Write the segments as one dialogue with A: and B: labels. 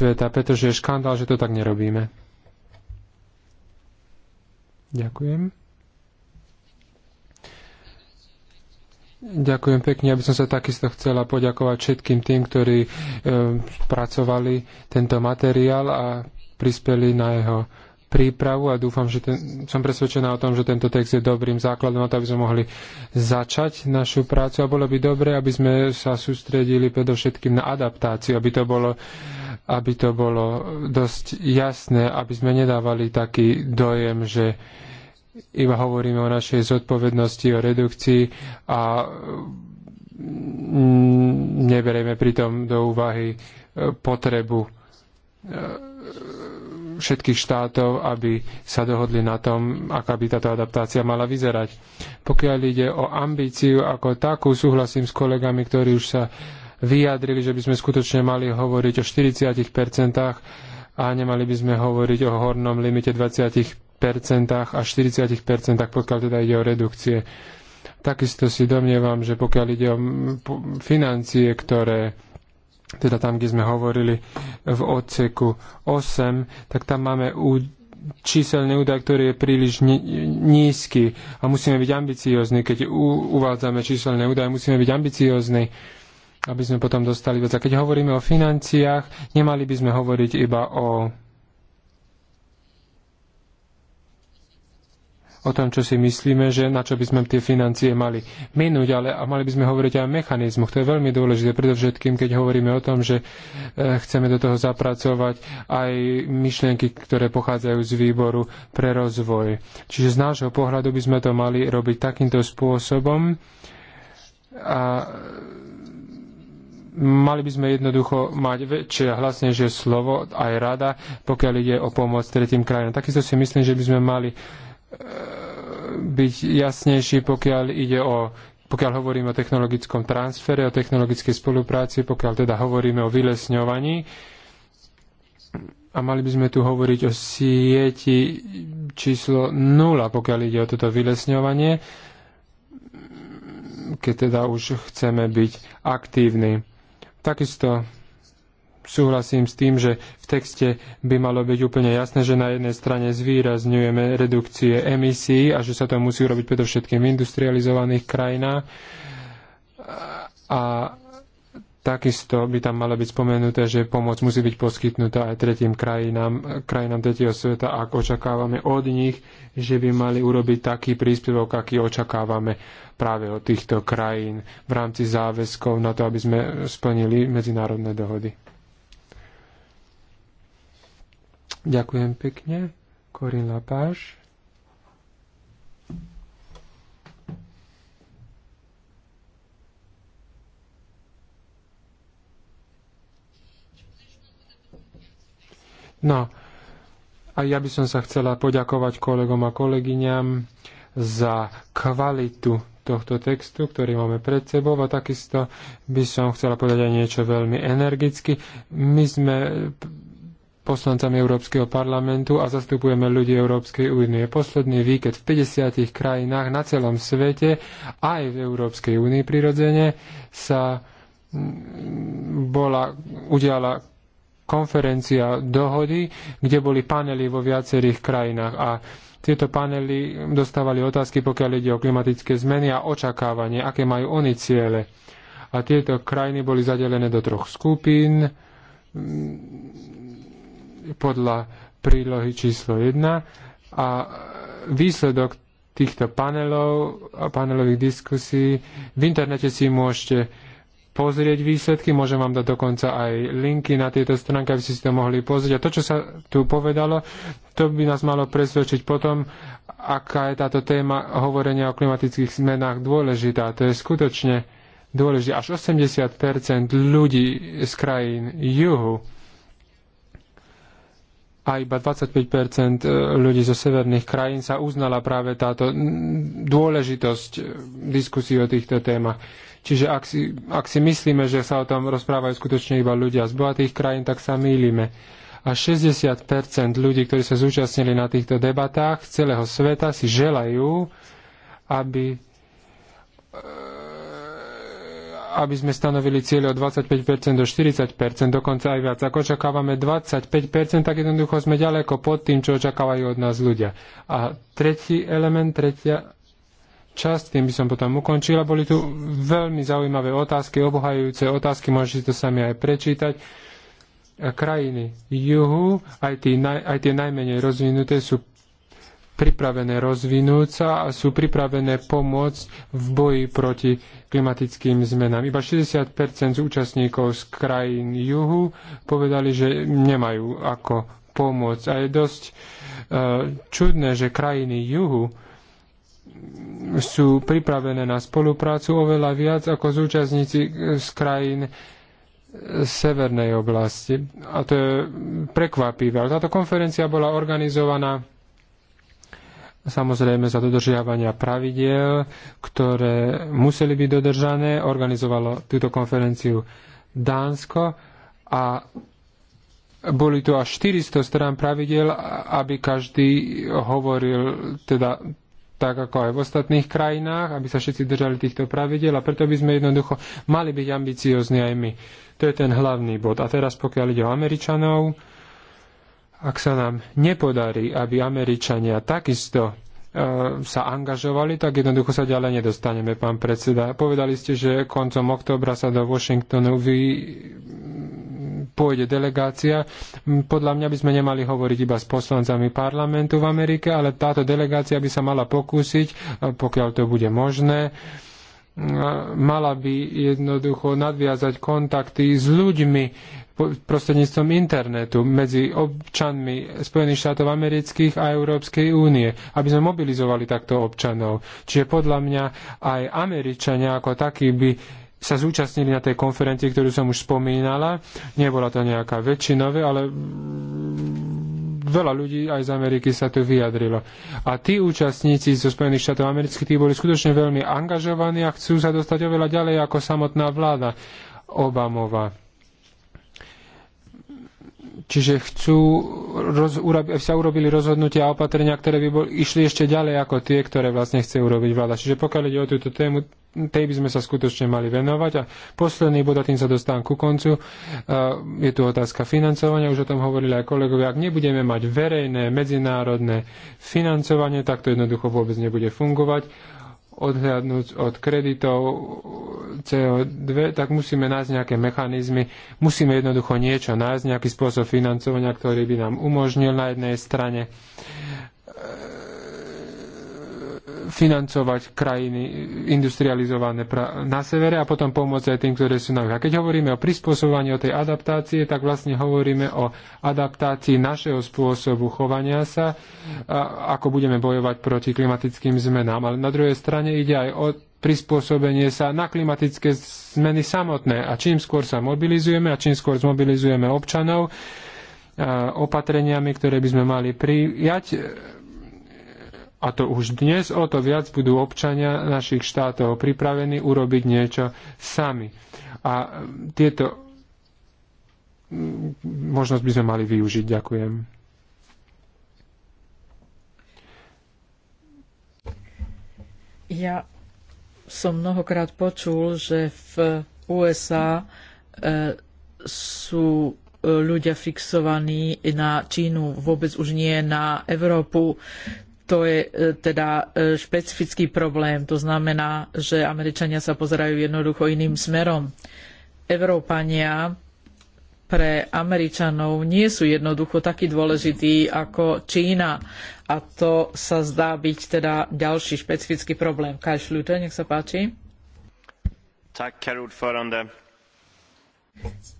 A: sveta, pretože je škandál, že to tak nerobíme. Ďakujem. Ďakujem pekne. aby som sa takisto chcela poďakovať všetkým tým, ktorí e, pracovali tento materiál a prispeli na jeho prípravu a dúfam, že ten, som presvedčená o tom, že tento text je dobrým základom na to, aby sme mohli začať našu prácu a bolo by dobre, aby sme sa sústredili predovšetkým na adaptáciu, aby to bolo aby to bolo dosť jasné, aby sme nedávali taký dojem, že iba hovoríme o našej zodpovednosti, o redukcii a neberieme pritom do úvahy potrebu všetkých štátov, aby sa dohodli na tom, aká by táto adaptácia mala vyzerať. Pokiaľ ide o ambíciu ako takú, súhlasím s kolegami, ktorí už sa vyjadrili, že by sme skutočne mali hovoriť o 40% a nemali by sme hovoriť o hornom limite 20% a 40%, pokiaľ teda ide o redukcie. Takisto si domnievam, že pokiaľ ide o financie, ktoré teda tam, kde sme hovorili v odseku 8, tak tam máme číselný údaj, ktorý je príliš nízky a musíme byť ambiciózni. Keď uvádzame číselné údaje, musíme byť ambiciózni, aby sme potom dostali viac. A keď hovoríme o financiách, nemali by sme hovoriť iba o o tom, čo si myslíme, že na čo by sme tie financie mali minúť, ale a mali by sme hovoriť aj o mechanizmoch. To je veľmi dôležité, predovšetkým, keď hovoríme o tom, že e, chceme do toho zapracovať aj myšlienky, ktoré pochádzajú z výboru pre rozvoj. Čiže z nášho pohľadu by sme to mali robiť takýmto spôsobom a mali by sme jednoducho mať väčšie a hlasnejšie slovo aj rada, pokiaľ ide o pomoc tretím krajinám. Takisto si myslím, že by sme mali byť jasnejší, pokiaľ ide o pokiaľ hovoríme o technologickom transfere, o technologickej spolupráci, pokiaľ teda hovoríme o vylesňovaní. A mali by sme tu hovoriť o sieti číslo 0, pokiaľ ide o toto vylesňovanie, keď teda už chceme byť aktívni. Takisto súhlasím s tým, že v texte by malo byť úplne jasné, že na jednej strane zvýrazňujeme redukcie emisí a že sa to musí urobiť predovšetkým v industrializovaných krajinách. A takisto by tam malo byť spomenuté, že pomoc musí byť poskytnutá aj tretím krajinám, krajinám tretieho sveta, ak očakávame od nich, že by mali urobiť taký príspevok, aký očakávame práve od týchto krajín v rámci záväzkov na to, aby sme splnili medzinárodné dohody. Ďakujem pekne. Corinne Lapáš. No, a ja by som sa chcela poďakovať kolegom a kolegyňam za kvalitu tohto textu, ktorý máme pred sebou a takisto by som chcela povedať aj niečo veľmi energicky. My sme poslancami Európskeho parlamentu a zastupujeme ľudí Európskej únie. Posledný víkend v 50 krajinách na celom svete, aj v Európskej únii prirodzene, sa mm, bola, udiala konferencia dohody, kde boli panely vo viacerých krajinách a tieto panely dostávali otázky, pokiaľ ide o klimatické zmeny a očakávanie, aké majú oni ciele. A tieto krajiny boli zadelené do troch skupín mm, podľa prílohy číslo 1 a výsledok týchto panelov a panelových diskusí. V internete si môžete pozrieť výsledky, môžem vám dať dokonca aj linky na tieto stránky, aby ste si to mohli pozrieť. A to, čo sa tu povedalo, to by nás malo presvedčiť potom, aká je táto téma hovorenia o klimatických zmenách dôležitá. To je skutočne dôležité. Až 80% ľudí z krajín juhu a iba 25 e, ľudí zo severných krajín sa uznala práve táto dôležitosť e, diskusí o týchto témach. Čiže ak si, ak si myslíme, že sa o tom rozprávajú skutočne iba ľudia z bohatých krajín, tak sa mýlime. A 60 ľudí, ktorí sa zúčastnili na týchto debatách z celého sveta, si želajú, aby e, aby sme stanovili cieľ o 25% do 40%, dokonca aj viac. Ak očakávame 25%, tak jednoducho sme ďaleko pod tým, čo očakávajú od nás ľudia. A tretí element, tretia časť, tým by som potom ukončila, boli tu veľmi zaujímavé otázky, obohajujúce otázky, môžete to sami aj prečítať. Krajiny juhu, aj, tí, aj tie najmenej rozvinuté, sú pripravené rozvinúť sa a sú pripravené pomôcť v boji proti klimatickým zmenám. Iba 60 z účastníkov z krajín juhu povedali, že nemajú ako pomôcť. A je dosť uh, čudné, že krajiny juhu sú pripravené na spoluprácu oveľa viac ako zúčastníci e, z krajín e, severnej oblasti. A to je prekvapivé. Ale táto konferencia bola organizovaná samozrejme za dodržiavania pravidiel, ktoré museli byť dodržané. Organizovalo túto konferenciu Dánsko a boli tu až 400 strán pravidel, aby každý hovoril teda tak ako aj v ostatných krajinách, aby sa všetci držali týchto pravidel a preto by sme jednoducho mali byť ambiciozni aj my. To je ten hlavný bod. A teraz pokiaľ ide o Američanov, ak sa nám nepodarí, aby Američania takisto e, sa angažovali, tak jednoducho sa ďalej nedostaneme, pán predseda. Povedali ste, že koncom októbra sa do Washingtonu vy... pôjde delegácia. Podľa mňa by sme nemali hovoriť iba s poslancami parlamentu v Amerike, ale táto delegácia by sa mala pokúsiť, e, pokiaľ to bude možné, uh, mala by jednoducho nadviazať kontakty s ľuďmi prostredníctvom internetu medzi občanmi Spojených štátov amerických a Európskej únie, aby sme mobilizovali takto občanov. Čiže podľa mňa aj Američania ako takí by sa zúčastnili na tej konferencii, ktorú som už spomínala. Nebola to nejaká väčšina, ale veľa ľudí aj z Ameriky sa to vyjadrilo. A tí účastníci zo Spojených štátov amerických, tí boli skutočne veľmi angažovaní a chcú sa dostať oveľa ďalej ako samotná vláda Obamova. Čiže chcú, roz, urobi, sa urobili rozhodnutia a opatrenia, ktoré by bol, išli ešte ďalej ako tie, ktoré vlastne chce urobiť vláda. Čiže pokiaľ ide o túto tému, tej by sme sa skutočne mali venovať. A posledný bod, a tým sa dostávam ku koncu, je tu otázka financovania, už o tom hovorili aj kolegovia. Ak nebudeme mať verejné, medzinárodné financovanie, tak to jednoducho vôbec nebude fungovať odhľadnúť od kreditov CO2, tak musíme nájsť nejaké mechanizmy, musíme jednoducho niečo nájsť, nejaký spôsob financovania, ktorý by nám umožnil na jednej strane financovať krajiny industrializované na severe a potom pomôcť aj tým, ktoré sú na juhu. A keď hovoríme o prispôsobovaní, o tej adaptácie, tak vlastne hovoríme o adaptácii našeho spôsobu chovania sa, ako budeme bojovať proti klimatickým zmenám. Ale na druhej strane ide aj o prispôsobenie sa na klimatické zmeny samotné. A čím skôr sa mobilizujeme a čím skôr zmobilizujeme občanov opatreniami, ktoré by sme mali prijať, a to už dnes o to viac budú občania našich štátov pripravení urobiť niečo sami. A mm, tieto mm, možnosť by sme mali využiť. Ďakujem.
B: Ja som mnohokrát počul, že v USA e, sú ľudia fixovaní na Čínu, vôbec už nie na Európu to je e, teda e, špecifický problém. To znamená, že Američania sa pozerajú jednoducho iným smerom. Európania pre Američanov nie sú jednoducho takí dôležití ako Čína. A to sa zdá byť teda ďalší špecifický problém. Kaj Šľute, nech sa páči. Tak,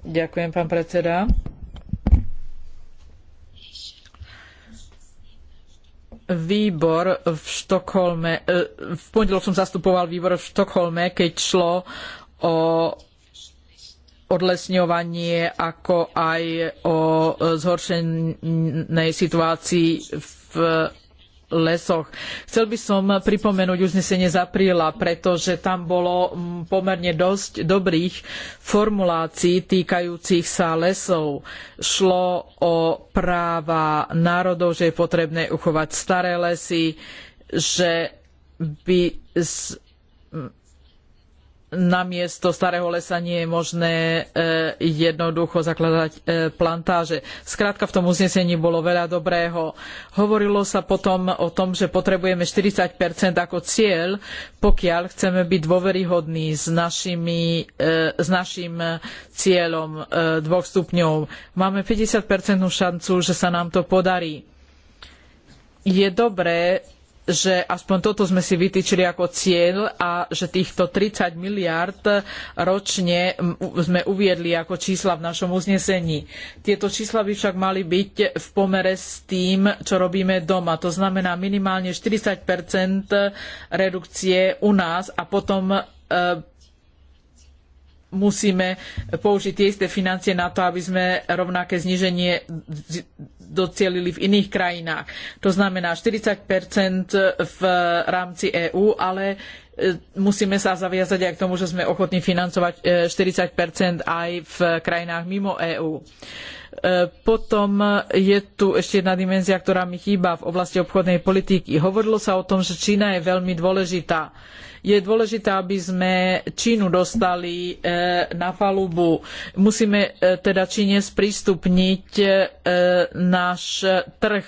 B: Ďakujem, pán predseda. výbor v Štokholme, e, v pondelok som zastupoval výbor v Štokholme, keď šlo o odlesňovanie, ako aj o zhoršenej situácii v lesoch. Chcel by som pripomenúť uznesenie z apríla, pretože tam bolo mm, pomerne dosť dobrých formulácií týkajúcich sa lesov. Šlo o práva národov, že je potrebné uchovať staré lesy, že by namiesto starého lesa nie je možné e, jednoducho zakladať e, plantáže. Skrátka v tom uznesení bolo veľa dobrého. Hovorilo sa potom o tom, že potrebujeme 40 ako cieľ, pokiaľ chceme byť dôveryhodní s, našimi, e, s našim cieľom dvoch stupňov. Máme 50 šancu, že sa nám to podarí. Je dobré že aspoň toto sme si vytýčili ako cieľ a že týchto 30 miliard ročne sme uviedli ako čísla v našom uznesení. Tieto čísla by však mali byť v pomere s tým, čo robíme doma. To znamená minimálne 40 redukcie u nás a potom e, musíme použiť tie isté financie na to, aby sme rovnaké zníženie docielili v iných krajinách. To znamená 40 v rámci EÚ, ale e, musíme sa zaviazať aj k tomu, že sme ochotní financovať 40 e, aj v krajinách mimo EÚ. E, potom je tu ešte jedna dimenzia, ktorá mi chýba v oblasti obchodnej politiky. Hovorilo sa o tom, že Čína je veľmi dôležitá je dôležité, aby sme Čínu dostali e, na palubu. Musíme e, teda Číne sprístupniť e, náš trh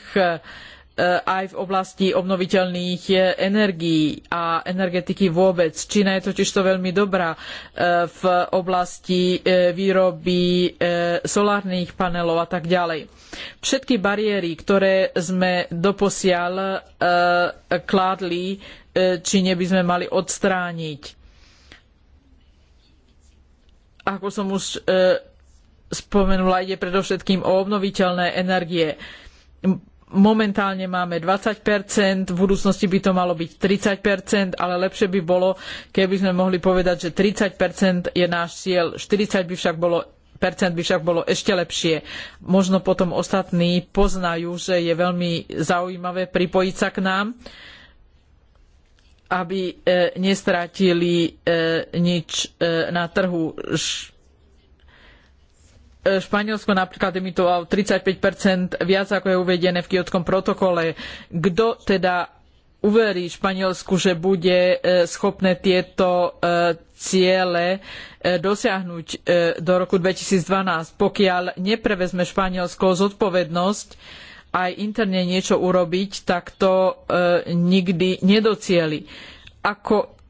B: Eh, aj v oblasti obnoviteľných eh, energií a energetiky vôbec. Čína je totižto veľmi dobrá eh, v oblasti výroby solárnych panelov a tak ďalej. Všetky bariéry, ktoré sme doposiaľ kládli, Číne by sme mali odstrániť. Ako som už spomenula, ide predovšetkým o obnoviteľné energie momentálne máme 20%, v budúcnosti by to malo byť 30%, ale lepšie by bolo, keby sme mohli povedať, že 30% je náš cieľ, 40 by však bolo percent by však bolo ešte lepšie. Možno potom ostatní poznajú, že je veľmi zaujímavé pripojiť sa k nám, aby e, nestratili e, nič e, na trhu. Š E, Španielsko napríklad emitoval 35 viac, ako je uvedené v kiotskom protokole. Kto teda uverí Španielsku, že bude e, schopné tieto e, ciele dosiahnuť do roku 2012, pokiaľ neprevezme Španielsko zodpovednosť aj interne niečo urobiť, tak to nikdy nedocieli. Ako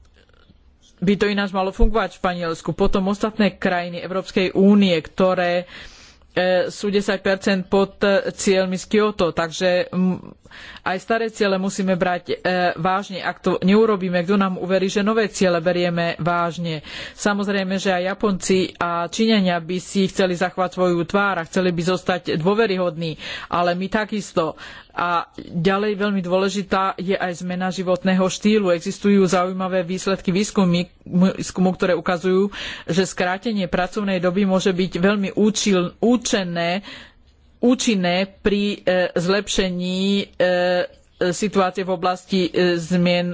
B: by to ináč malo fungovať v Španielsku. Potom ostatné krajiny Európskej únie, ktoré e, sú 10 pod e, cieľmi z Kyoto, takže aj staré ciele musíme brať e, vážne. Ak to neurobíme, kto nám uverí, že nové ciele berieme vážne. Samozrejme, že aj Japonci a Číňania by si chceli zachovať svoju tvár a chceli by zostať dôveryhodní, ale my takisto. A ďalej veľmi dôležitá je aj zmena životného štýlu. Existujú zaujímavé výsledky výskumu, ktoré ukazujú, že skrátenie pracovnej doby môže byť veľmi účil, účinné pri e, zlepšení e, e, situácie v oblasti e, zmien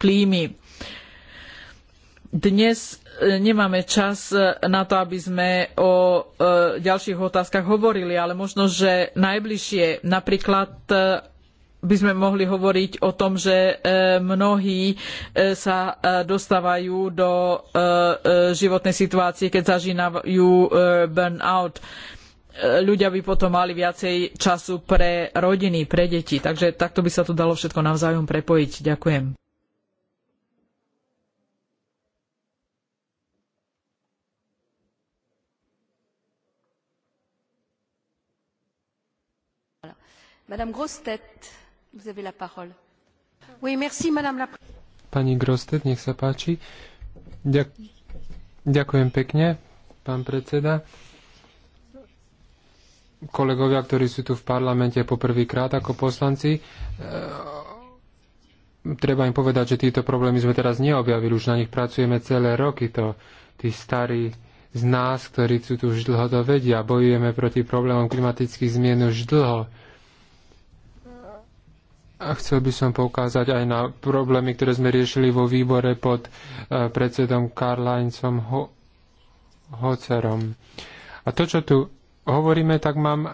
B: klímy dnes e, nemáme čas e, na to, aby sme o e, ďalších otázkach hovorili, ale možno, že najbližšie napríklad by sme mohli hovoriť o tom, že mnohí sa dostávajú do životnej situácie, keď zažívajú burnout. Ľudia by potom mali viacej času pre rodiny, pre deti. Takže takto by sa to dalo všetko navzájom prepojiť. Ďakujem.
A: Pani Grostet, nech sa páči. Ďak... Ďakujem pekne, pán predseda kolegovia, ktorí sú tu v parlamente poprvýkrát ako poslanci, e, treba im povedať, že títo problémy sme teraz neobjavili, už na nich pracujeme celé roky, to tí starí z nás, ktorí sú tu už dlho to vedia, bojujeme proti problémom klimatických zmien už dlho a Chcel by som poukázať aj na problémy, ktoré sme riešili vo výbore pod e, predsedom Karlajncom Ho- Hocerom. A to, čo tu hovoríme, tak mám,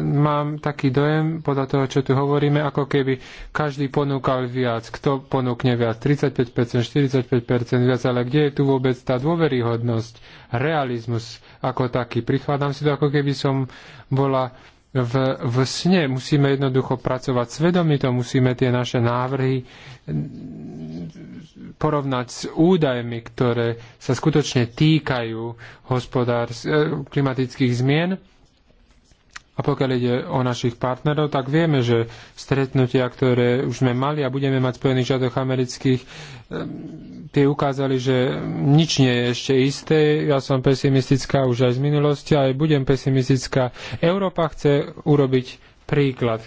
A: mám taký dojem, podľa toho, čo tu hovoríme, ako keby každý ponúkal viac. Kto ponúkne viac? 35%, 45% viac, ale kde je tu vôbec tá dôveryhodnosť, realizmus ako taký? Prichádzam si to, ako keby som bola v, v sne. Musíme jednoducho pracovať svedomito, musíme tie naše návrhy porovnať s údajmi, ktoré sa skutočne týkajú eh, klimatických zmien a pokiaľ ide o našich partnerov, tak vieme, že stretnutia, ktoré už sme mali a budeme mať v Spojených štátoch amerických, e, tie ukázali, že nič nie je ešte isté. Ja som pesimistická už aj z minulosti, aj budem pesimistická. Európa chce urobiť príklad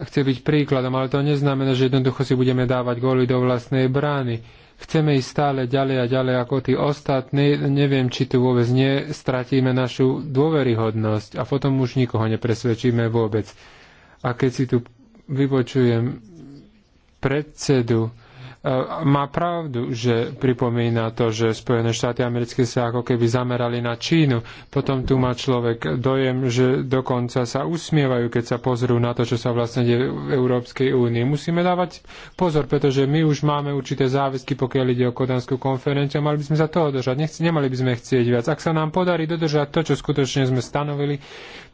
A: chce byť príkladom, ale to neznamená, že jednoducho si budeme dávať góly do vlastnej brány chceme ísť stále ďalej a ďalej ako tí ostatní, neviem, či tu vôbec nestratíme našu dôveryhodnosť a potom už nikoho nepresvedčíme vôbec. A keď si tu vypočujem predsedu má pravdu, že pripomína to, že Spojené štáty americké sa ako keby zamerali na Čínu. Potom tu má človek dojem, že dokonca sa usmievajú, keď sa pozrú na to, čo sa vlastne deje v Európskej únii. Musíme dávať pozor, pretože my už máme určité záväzky, pokiaľ ide o Kodanskú konferenciu, mali by sme sa toho držať. Nechci, nemali by sme chcieť viac. Ak sa nám podarí dodržať to, čo skutočne sme stanovili,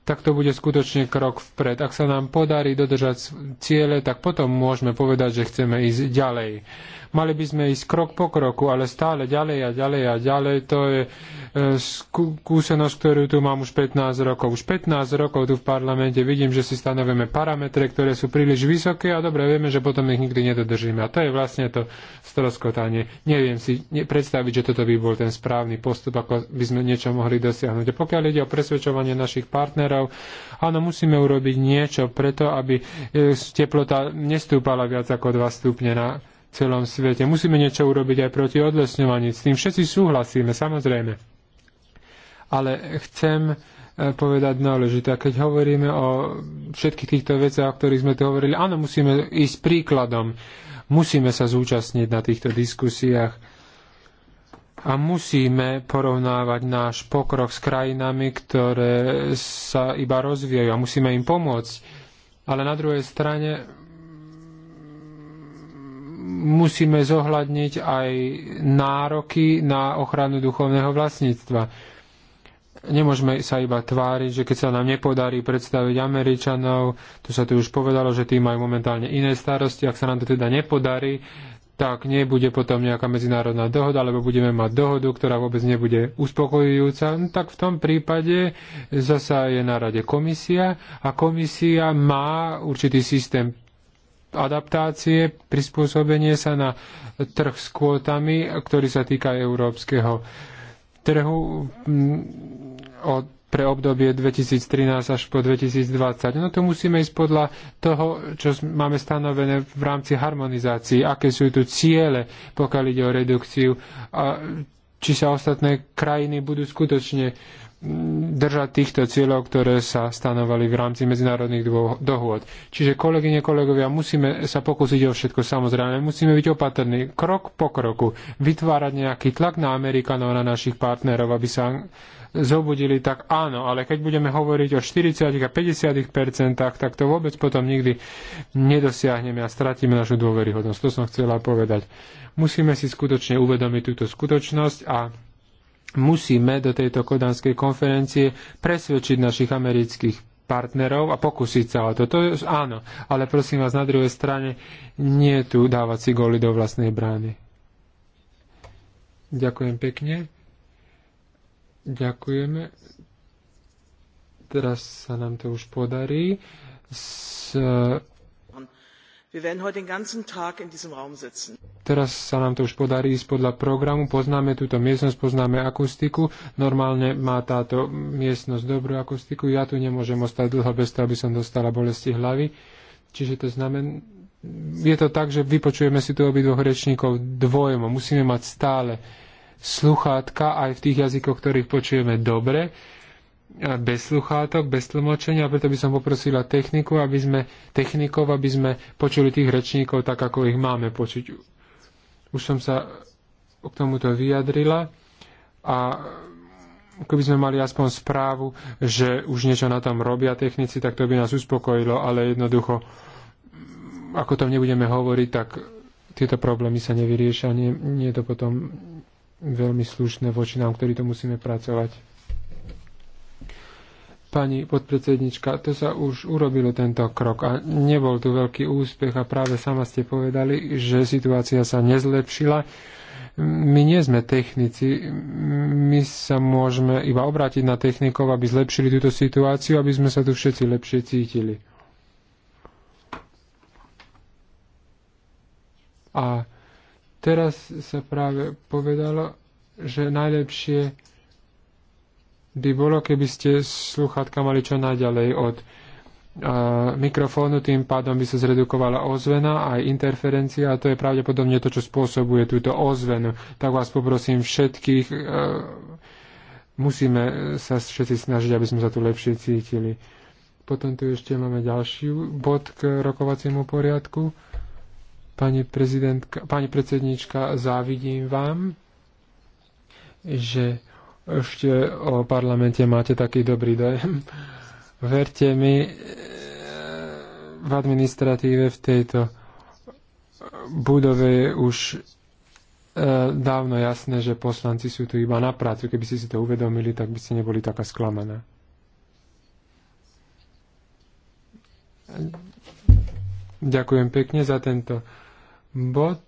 A: tak to bude skutočne krok vpred. Ak sa nám podarí dodržať ciele, tak potom môžeme povedať, že chceme ísť ďalej. Mali by sme ísť krok po kroku, ale stále ďalej a ďalej a ďalej. To je e, skúsenosť, ktorú tu mám už 15 rokov. Už 15 rokov tu v parlamente vidím, že si stanovíme parametre, ktoré sú príliš vysoké a dobre vieme, že potom ich nikdy nedodržíme. A to je vlastne to stroskotanie. Neviem si predstaviť, že toto by bol ten správny postup, ako by sme niečo mohli dosiahnuť. A pokiaľ ide o presvedčovanie našich partnerov, áno, musíme urobiť niečo preto, aby e, teplota nestúpala viac ako 2 stupne na celom svete. Musíme niečo urobiť aj proti odlesňovaní. S tým všetci súhlasíme, samozrejme. Ale chcem e, povedať náležité. A keď hovoríme o všetkých týchto veciach, o ktorých sme tu hovorili, áno, musíme ísť príkladom. Musíme sa zúčastniť na týchto diskusiách a musíme porovnávať náš pokrok s krajinami, ktoré sa iba rozvíjajú a musíme im pomôcť. Ale na druhej strane musíme zohľadniť aj nároky na ochranu duchovného vlastníctva. Nemôžeme sa iba tváriť, že keď sa nám nepodarí predstaviť Američanov, to sa tu už povedalo, že tí majú momentálne iné starosti, ak sa nám to teda nepodarí, tak nebude potom nejaká medzinárodná dohoda, alebo budeme mať dohodu, ktorá vôbec nebude uspokojujúca, no, tak v tom prípade zasa je na rade komisia a komisia má určitý systém adaptácie, prispôsobenie sa na trh s kvótami, ktorý sa týka európskeho trhu mm, od pre obdobie 2013 až po 2020. No to musíme ísť podľa toho, čo máme stanovené v rámci harmonizácií, aké sú tu ciele, pokiaľ ide o redukciu a či sa ostatné krajiny budú skutočne uh, držať týchto cieľov, ktoré sa stanovali v rámci medzinárodných dohôd. Čiže kolegyne, kolegovia, musíme sa pokúsiť o všetko, samozrejme. Musíme byť opatrní, krok po kroku, vytvárať nejaký tlak na Amerikanov, na našich partnerov, aby sa zobudili, tak áno, ale keď budeme hovoriť o 40 a 50 percentách, tak to vôbec potom nikdy nedosiahneme a stratíme našu dôveryhodnosť. To som chcela povedať. Musíme si skutočne uvedomiť túto skutočnosť a musíme do tejto kodanskej konferencie presvedčiť našich amerických partnerov a pokúsiť sa o to. To je, áno, ale prosím vás, na druhej strane nie tu dávať si góly do vlastnej brány. Ďakujem pekne. Ďakujeme. Teraz sa nám to už podarí. S
B: Wir werden heute den ganzen Tag in diesem Raum sitzen.
A: Teraz sa nám to už podarí ísť podľa programu. Poznáme túto miestnosť, poznáme akustiku. Normálne má táto miestnosť dobrú akustiku. Ja tu nemôžem ostať dlho bez toho, aby som dostala bolesti hlavy. Čiže to znamená, je to tak, že vypočujeme si tu obidvoch rečníkov dvojmo. Musíme mať stále sluchátka aj v tých jazykoch, ktorých počujeme dobre bez sluchátok, bez tlmočenia, preto by som poprosila techniku, aby sme, technikov, aby sme počuli tých rečníkov tak, ako ich máme počuť. Už som sa k tomuto vyjadrila a keby sme mali aspoň správu, že už niečo na tom robia technici, tak to by nás uspokojilo, ale jednoducho, ako tam nebudeme hovoriť, tak tieto problémy sa nevyriešia, nie, nie je to potom veľmi slušné voči nám, ktorí to musíme pracovať. Pani podpredsednička, to sa už urobilo tento krok a nebol tu veľký úspech a práve sama ste povedali, že situácia sa nezlepšila. My nie sme technici, my sa môžeme iba obrátiť na technikov, aby zlepšili túto situáciu, aby sme sa tu všetci lepšie cítili. A teraz sa práve povedalo, že najlepšie by bolo, keby ste sluchátka mali čo najďalej od mikrofónu, tým pádom by sa zredukovala ozvena aj interferencia a to je pravdepodobne to, čo spôsobuje túto ozvenu. Tak vás poprosím všetkých, e, musíme sa všetci snažiť, aby sme sa tu lepšie cítili. Potom tu ešte máme ďalší bod k rokovaciemu poriadku. Pani, prezidentka, pani predsednička, závidím vám, že ešte o parlamente máte taký dobrý dojem. Verte mi, e, v administratíve v tejto budove je už e, dávno jasné, že poslanci sú tu iba na prácu. Keby ste si to uvedomili, tak by ste neboli taká sklamaná. Ďakujem pekne za tento bod.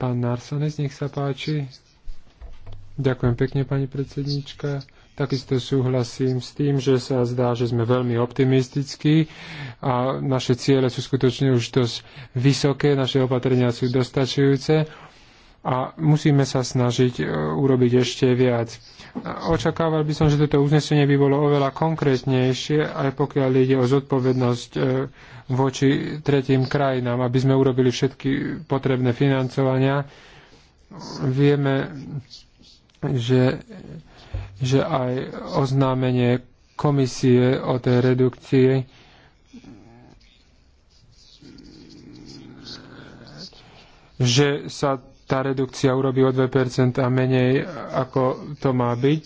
A: Pán Narsones, nech sa páči. Ďakujem pekne, pani predsednička. Takisto súhlasím s tým, že sa zdá, že sme veľmi optimistickí a naše ciele sú skutočne už dosť vysoké, naše opatrenia sú dostačujúce a musíme sa snažiť e, urobiť ešte viac. Očakával by som, že toto uznesenie by bolo oveľa konkrétnejšie, aj pokiaľ ide o zodpovednosť e, voči tretím krajinám, aby sme urobili všetky potrebné financovania. Vieme, že, že aj oznámenie komisie o tej redukcie že sa tá redukcia urobí o 2% a menej, ako to má byť.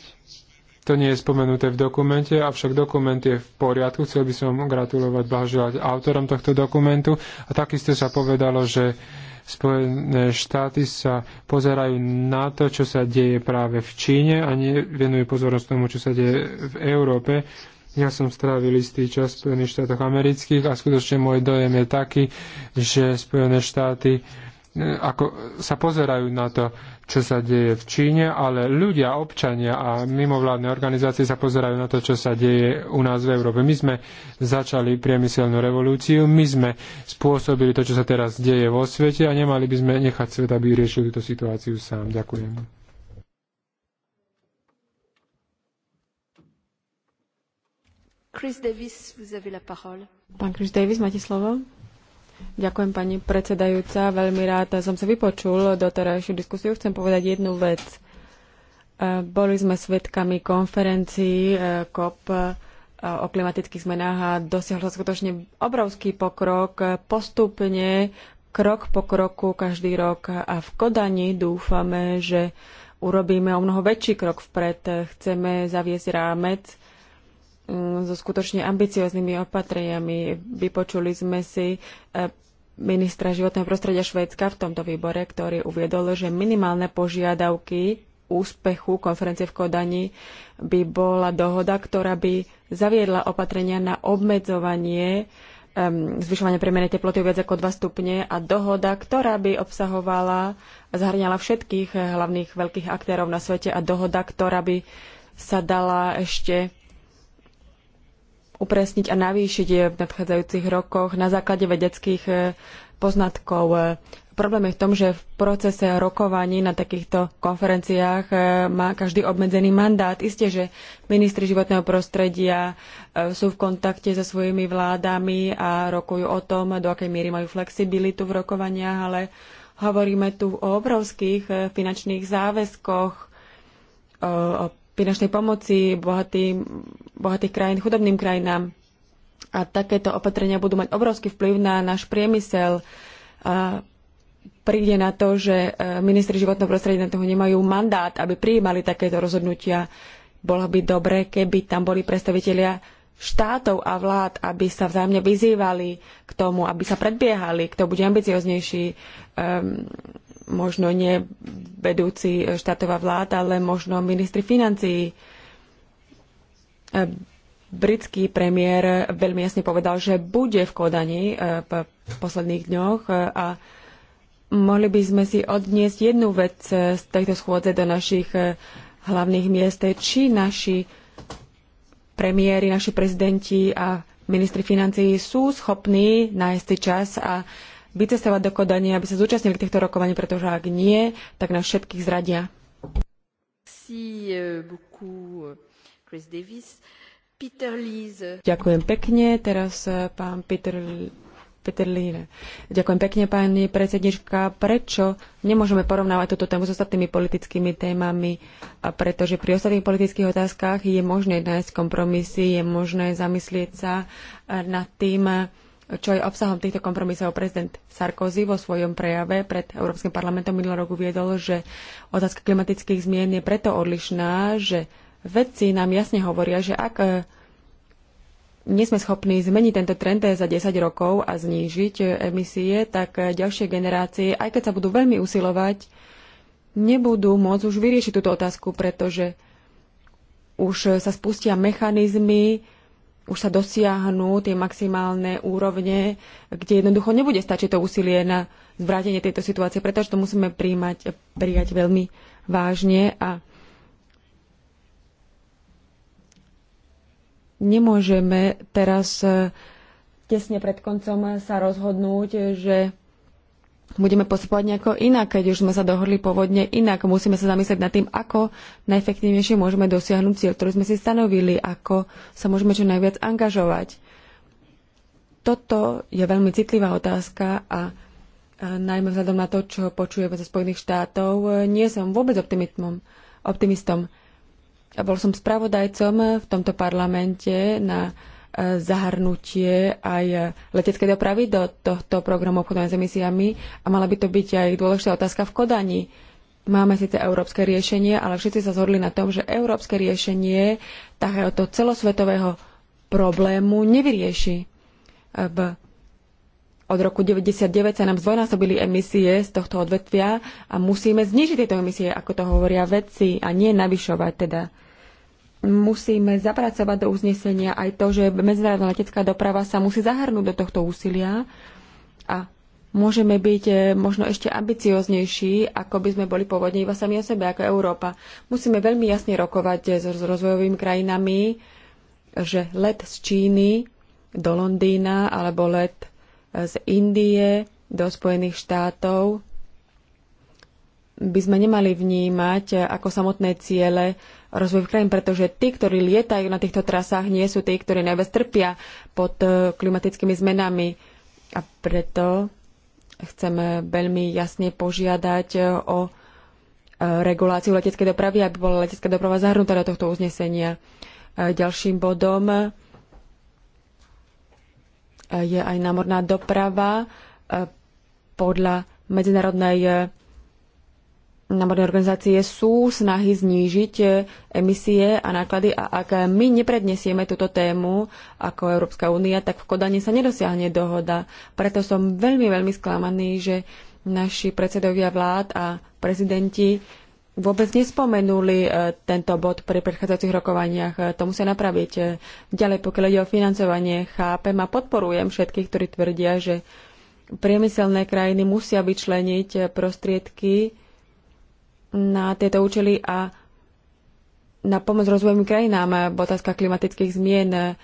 A: To nie je spomenuté v dokumente, avšak dokument je v poriadku. Chcel by som gratulovať, blahoželať autorom tohto dokumentu. A takisto sa povedalo, že Spojené štáty sa pozerajú na to, čo sa deje práve v Číne a nevenujú pozornosť tomu, čo sa deje v Európe. Ja som strávil istý čas v Spojených štátoch amerických a skutočne môj dojem je taký, že Spojené štáty eh, ako sa pozerajú na to, čo sa deje v Číne, ale ľudia, občania a mimovládne organizácie sa pozerajú na to, čo sa deje u nás v Európe. My sme začali priemyselnú revolúciu, my sme spôsobili to, čo sa teraz deje vo svete a nemali by sme nechať svet, aby riešil túto situáciu sám. Ďakujem.
C: Chris Davis, vous avez la parole. Pán Chris Davis, máte slovo. Ďakujem pani predsedajúca. Veľmi rád som sa vypočul doterajšiu diskusiu. Chcem povedať jednu vec. E, boli sme svedkami konferencií COP e, e, o klimatických zmenách a dosiahol sa skutočne obrovský pokrok. Postupne, krok po kroku, každý rok a v Kodani dúfame, že urobíme o mnoho väčší krok vpred. Chceme zaviesť rámec Mm, so skutočne ambicioznými opatreniami. Vypočuli sme si e, ministra životného prostredia Švédska v tomto výbore, ktorý uviedol, že minimálne požiadavky úspechu konferencie v Kodani by bola dohoda, ktorá by zaviedla opatrenia na obmedzovanie zvyšovanie priemernej teploty o viac ako 2 stupne a dohoda, ktorá by obsahovala a zahrňala všetkých hlavných veľkých aktérov na svete a dohoda, ktorá by sa dala ešte upresniť a navýšiť v nadchádzajúcich rokoch na základe vedeckých e, poznatkov. Problém je v tom, že v procese rokovaní na takýchto konferenciách e, má každý obmedzený mandát. Isté, že ministri životného prostredia e, sú v kontakte so svojimi vládami a rokujú o tom, do akej miery majú flexibilitu v rokovaniach, ale hovoríme tu o obrovských finančných záväzkoch, o finančnej pomoci bohatým, bohatých krajín chudobným krajinám. A takéto opatrenia budú mať obrovský vplyv na náš priemysel. A príde na to, že e, ministri životného prostredia na toho nemajú mandát, aby prijímali takéto rozhodnutia. Bolo by dobre, keby tam boli predstavitelia štátov a vlád, aby sa vzájomne vyzývali k tomu, aby sa predbiehali, kto bude ambicioznejší. Um, možno nie vedúci štátová vláda, ale možno ministri financií. Britský premiér veľmi jasne povedal, že bude v Kodani eh, v posledných dňoch eh, a mohli by sme si odniesť jednu vec z tejto schôdze do našich eh, hlavných miest, či naši premiéry, naši prezidenti a ministri financií sú schopní nájsť čas a vycestovať do Kodane, aby sa zúčastnili týchto rokovaní, pretože ak nie, tak nás všetkých zradia.
B: Euh, euh,
C: Ďakujem pekne. Teraz euh, pán Peter, Peter Ďakujem pekne, pani predsednička. Prečo nemôžeme porovnávať túto tému s ostatnými politickými témami? A pretože pri ostatných politických otázkach je možné nájsť kompromisy, je možné zamyslieť sa nad tým, čo je obsahom týchto kompromisov. Prezident Sarkozy vo svojom prejave pred Európskym parlamentom minulý rok uviedol, že otázka klimatických zmien je preto odlišná, že vedci nám jasne hovoria, že ak eh, nie sme schopní zmeniť tento trend eh, za 10 rokov a znížiť eh, emisie, tak ďalšie generácie, aj keď sa budú veľmi usilovať, nebudú môcť už vyriešiť túto otázku, pretože už sa spustia mechanizmy, už sa dosiahnu tie maximálne úrovne, kde jednoducho nebude stačiť to úsilie na zvrátenie tejto situácie, pretože to musíme príjmať, prijať veľmi vážne a nemôžeme teraz eh, tesne pred koncom sa rozhodnúť, že budeme postupovať nejako inak, keď už sme sa dohodli pôvodne inak. Musíme sa zamyslieť nad tým, ako najefektívnejšie môžeme dosiahnuť cieľ, ktorý sme si stanovili, ako sa môžeme čo najviac angažovať. Toto je veľmi citlivá otázka a najmä vzhľadom na to, čo počujeme zo Spojených štátov, nie som vôbec optimistom. optimistom. Bol som spravodajcom v tomto parlamente na zahrnutie aj leteckej dopravy do tohto programu obchodovania s emisiami a mala by to byť aj dôležitá otázka v Kodani. Máme síce európske riešenie, ale všetci sa zhodli na tom, že európske riešenie takéhoto celosvetového problému nevyrieši. V, od roku 1999 sa nám zdvojnásobili emisie z tohto odvetvia a musíme znižiť tieto emisie, ako to hovoria vedci, a nie navyšovať teda musíme zapracovať do uznesenia aj to, že medzinárodná letecká doprava sa musí zahrnúť do tohto úsilia a môžeme byť eh, možno ešte ambicioznejší, ako by sme boli pôvodne iba sami o sebe, ako Európa. Musíme veľmi jasne rokovať eh, s rozvojovými krajinami, že let z Číny do Londýna alebo let eh, z Indie do Spojených štátov by sme nemali vnímať ako samotné ciele rozvojových krajín, pretože tí, ktorí lietajú na týchto trasách, nie sú tí, ktorí najviac trpia pod e, klimatickými zmenami. A preto chceme veľmi jasne požiadať e, o e, reguláciu leteckej dopravy, aby bola letecká doprava zahrnutá do tohto uznesenia. Ďalším bodom je aj námorná doprava podľa medzinárodnej námorné organizácie sú snahy znížiť e, emisie a náklady a ak my neprednesieme túto tému ako Európska únia, tak v Kodani sa nedosiahne dohoda. Preto som veľmi, veľmi sklamaný, že naši predsedovia vlád a prezidenti vôbec nespomenuli e, tento bod pri predchádzajúcich rokovaniach. E, to musia napraviť. Ďalej, pokiaľ ide o financovanie, chápem a podporujem všetkých, ktorí tvrdia, že priemyselné krajiny musia vyčleniť prostriedky na tieto účely a na pomoc rozvojovým krajinám eh, v otázkach klimatických zmien.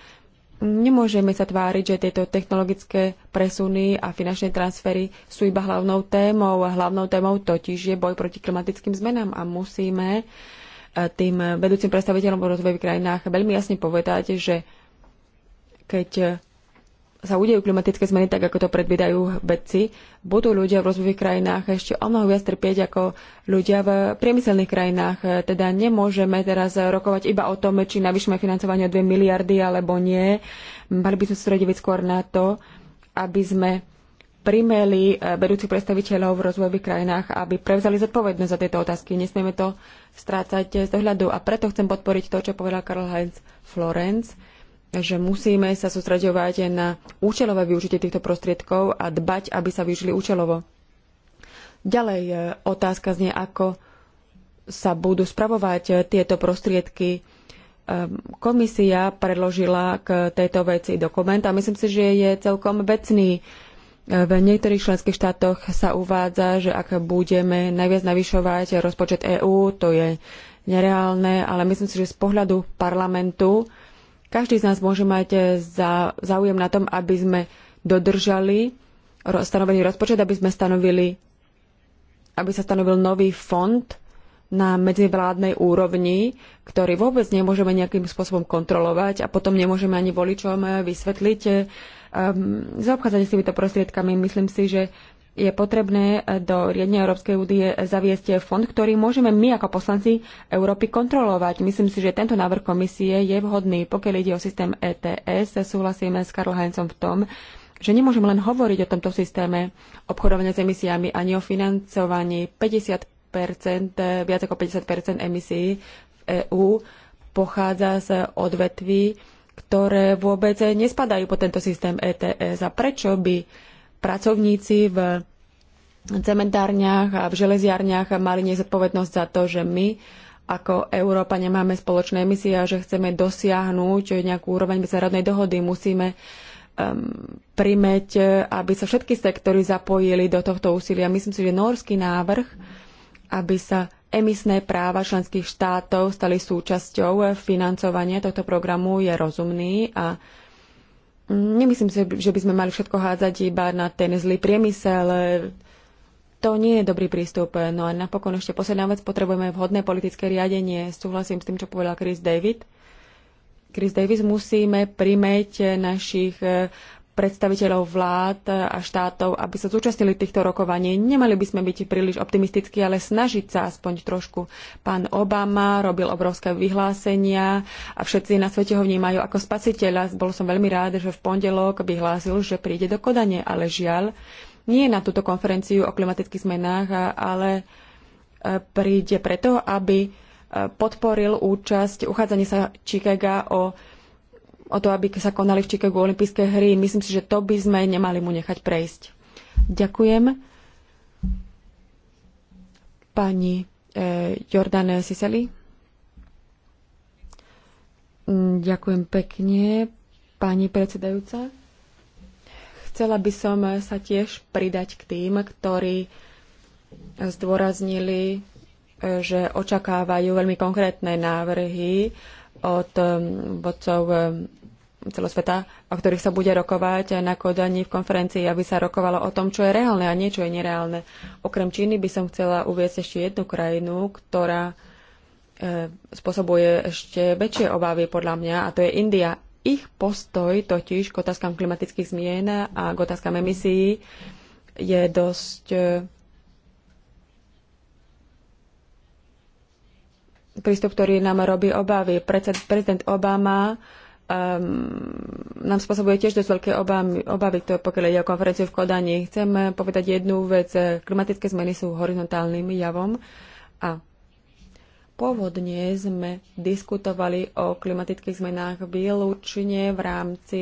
C: Nemôžeme sa tváriť, že tieto technologické presuny a finančné transfery sú iba hlavnou témou. Hlavnou témou totiž je boj proti klimatickým zmenám a musíme eh, tým vedúcim predstaviteľom v rozvojových krajinách veľmi jasne povedať, že keď sa udejú klimatické zmeny, tak ako to predvídajú vedci, budú ľudia v rozvojových krajinách ešte o mnoho viac trpieť ako ľudia v priemyselných krajinách. Teda nemôžeme teraz rokovať iba o tom, či navýšme financovanie o 2 miliardy alebo nie. Mali by sme strediť skôr na to, aby sme primeli eh, vedúcich predstaviteľov v rozvojových krajinách, aby prevzali zodpovednosť za tieto otázky. Nesmieme to strácať z dohľadu. A preto chcem podporiť to, čo povedal Karl Heinz Florence že musíme sa sústreďovať na účelové využitie týchto prostriedkov a dbať, aby sa využili účelovo. Ďalej e, otázka znie, ako sa budú spravovať e, tieto prostriedky. E, komisia predložila k tejto veci dokument a myslím si, že je celkom vecný. V niektorých členských štátoch sa uvádza, že ak budeme najviac navyšovať rozpočet EÚ, to je nereálne, ale myslím si, že z pohľadu parlamentu každý z nás môže mať eh, za, záujem na tom, aby sme dodržali stanovený rozpočet, aby sme stanovili, aby sa stanovil nový fond na medzivládnej úrovni, ktorý vôbec nemôžeme nejakým spôsobom kontrolovať a potom nemôžeme ani voličom eh, vysvetliť um, zaobchádzanie s týmito prostriedkami. Myslím si, že je potrebné do riadne Európskej údie zaviesť fond, ktorý môžeme my ako poslanci Európy kontrolovať. Myslím si, že tento návrh komisie je vhodný. Pokiaľ ide o systém ETS, súhlasíme s Karl Heincom v tom, že nemôžeme len hovoriť o tomto systéme obchodovania s emisiami ani o financovaní 50 viac ako 50 emisí v EÚ pochádza z odvetví, ktoré vôbec nespadajú po tento systém ETS. A prečo by pracovníci v cementárniach a v železiarniach mali nezodpovednosť za to, že my ako Európa nemáme spoločné emisie a že chceme dosiahnuť nejakú úroveň medzinárodnej dohody. Musíme um, primeť, aby sa všetky sektory zapojili do tohto úsilia. Myslím si, že norský návrh, aby sa emisné práva členských štátov stali súčasťou financovania tohto programu, je rozumný a Nemyslím si, že by sme mali všetko hádzať iba na ten zlý priemysel. To nie je dobrý prístup. No a napokon ešte posledná vec, potrebujeme vhodné politické riadenie. Súhlasím s tým, čo povedal Chris David. Chris Davis, musíme primeť našich eh, predstaviteľov vlád a štátov, aby sa zúčastnili týchto rokovaní. Nemali by sme byť príliš optimistickí, ale snažiť sa aspoň trošku. Pán Obama robil obrovské vyhlásenia a všetci na svete ho vnímajú ako spasiteľa. Bol som veľmi rád, že v pondelok vyhlásil, že príde do Kodane, ale žiaľ, nie na túto konferenciu o klimatických zmenách, ale e, príde preto, aby e, podporil účasť uchádzania sa Čikega o o to, aby sa konali v Chicagu olympijské hry. Myslím si, že to by sme nemali mu nechať prejsť. Ďakujem. Pani eh, Jordan Siseli. Mm, ďakujem pekne, pani predsedajúca. Chcela by som sa tiež pridať k tým, ktorí zdôraznili, e, že očakávajú veľmi konkrétne návrhy od eh, vodcov eh, celého sveta, o ktorých sa bude rokovať na kodaní v konferencii, aby sa rokovalo o tom, čo je reálne a nie, čo je nereálne. Okrem Číny by som chcela uvieť ešte jednu krajinu, ktorá e, spôsobuje ešte väčšie obavy podľa mňa, a to je India. Ich postoj totiž k otázkam klimatických zmien a k otázkam emisí je dosť e, prístup, ktorý nám robí obavy. Prezident Obama um, nám spôsobuje tiež dosť veľké obavy, obavy to, pokiaľ ide o konferenciu v Kodani. Chcem povedať jednu vec. Klimatické zmeny sú horizontálnym javom a pôvodne sme diskutovali o klimatických zmenách výlučne v rámci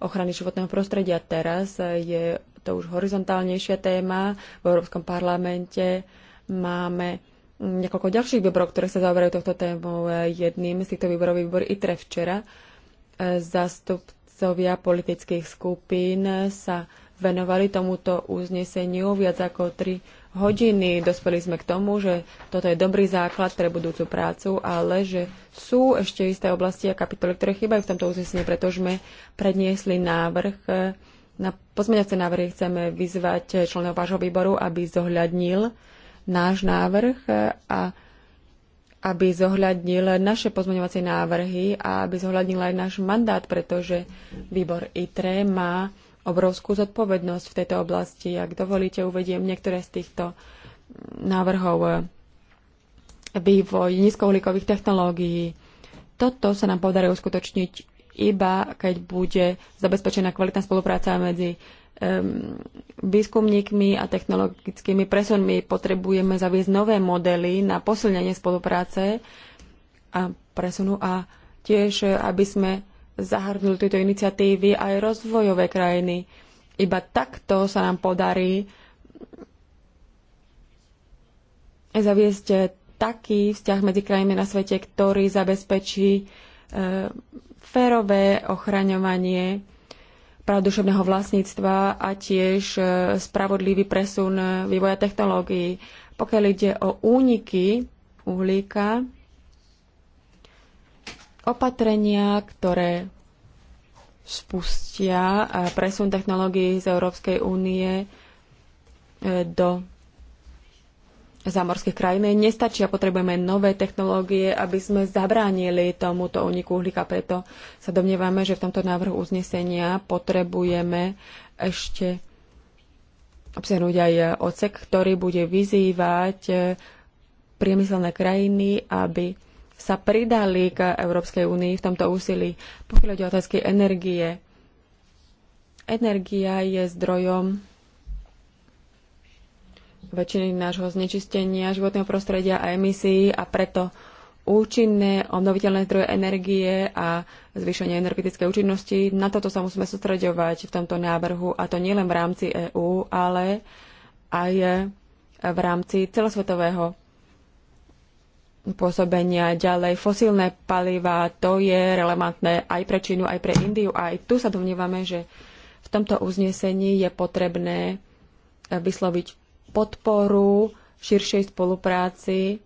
C: ochrany životného prostredia. Teraz je to už horizontálnejšia téma. V Európskom parlamente máme niekoľko ďalších výborov, ktoré sa zaoberajú tohto témou. Jedným z týchto výborov výbor tre včera. Zastupcovia politických skupín sa venovali tomuto uzneseniu viac ako tri hodiny. Dospeli sme k tomu, že toto je dobrý základ pre budúcu prácu, ale že sú ešte isté oblasti a kapitoly, ktoré chýbajú v tomto uznesení, pretože sme predniesli návrh na pozmeňovacie návrhy chceme vyzvať členov vášho výboru, aby zohľadnil náš návrh a aby zohľadnil naše pozmeňovacie návrhy a aby zohľadnil aj náš mandát, pretože výbor ITRE má obrovskú zodpovednosť v tejto oblasti. Ak dovolíte, uvediem niektoré z týchto návrhov. Vývoj nízkouhlíkových technológií. Toto sa nám podarí uskutočniť iba keď bude zabezpečená kvalitná spolupráca medzi výskumníkmi a technologickými presunmi. Potrebujeme zaviesť nové modely na posilnenie spolupráce a presunu a tiež, aby sme zahrnuli tieto iniciatívy aj rozvojové krajiny. Iba takto sa nám podarí zaviesť taký vzťah medzi krajinami na svete, ktorý zabezpečí e, férové ochraňovanie práv duševného vlastníctva a tiež e, spravodlivý presun e, vývoja technológií. Pokiaľ ide o úniky uhlíka, opatrenia, ktoré spustia e, presun technológií z Európskej únie do zámorských krajín nestačia. Potrebujeme nové technológie, aby sme zabránili tomuto uniku uhlíka. Preto sa domnievame, že v tomto návrhu uznesenia potrebujeme ešte obsiahnuť aj odsek, ktorý bude vyzývať eh, priemyselné krajiny, aby sa pridali k Európskej únii v tomto úsilí. Pokiaľ ide otázky energie, energia je zdrojom väčšiny nášho znečistenia životného prostredia a emisí a preto účinné obnoviteľné zdroje energie a zvýšenie energetickej účinnosti. Na toto sa musíme sústreďovať v tomto návrhu a to nielen v rámci EÚ, ale aj v rámci celosvetového pôsobenia ďalej. Fosílne paliva, to je relevantné aj pre Čínu, aj pre Indiu. A aj tu sa domnívame, že v tomto uznesení je potrebné vysloviť podporu širšej spolupráci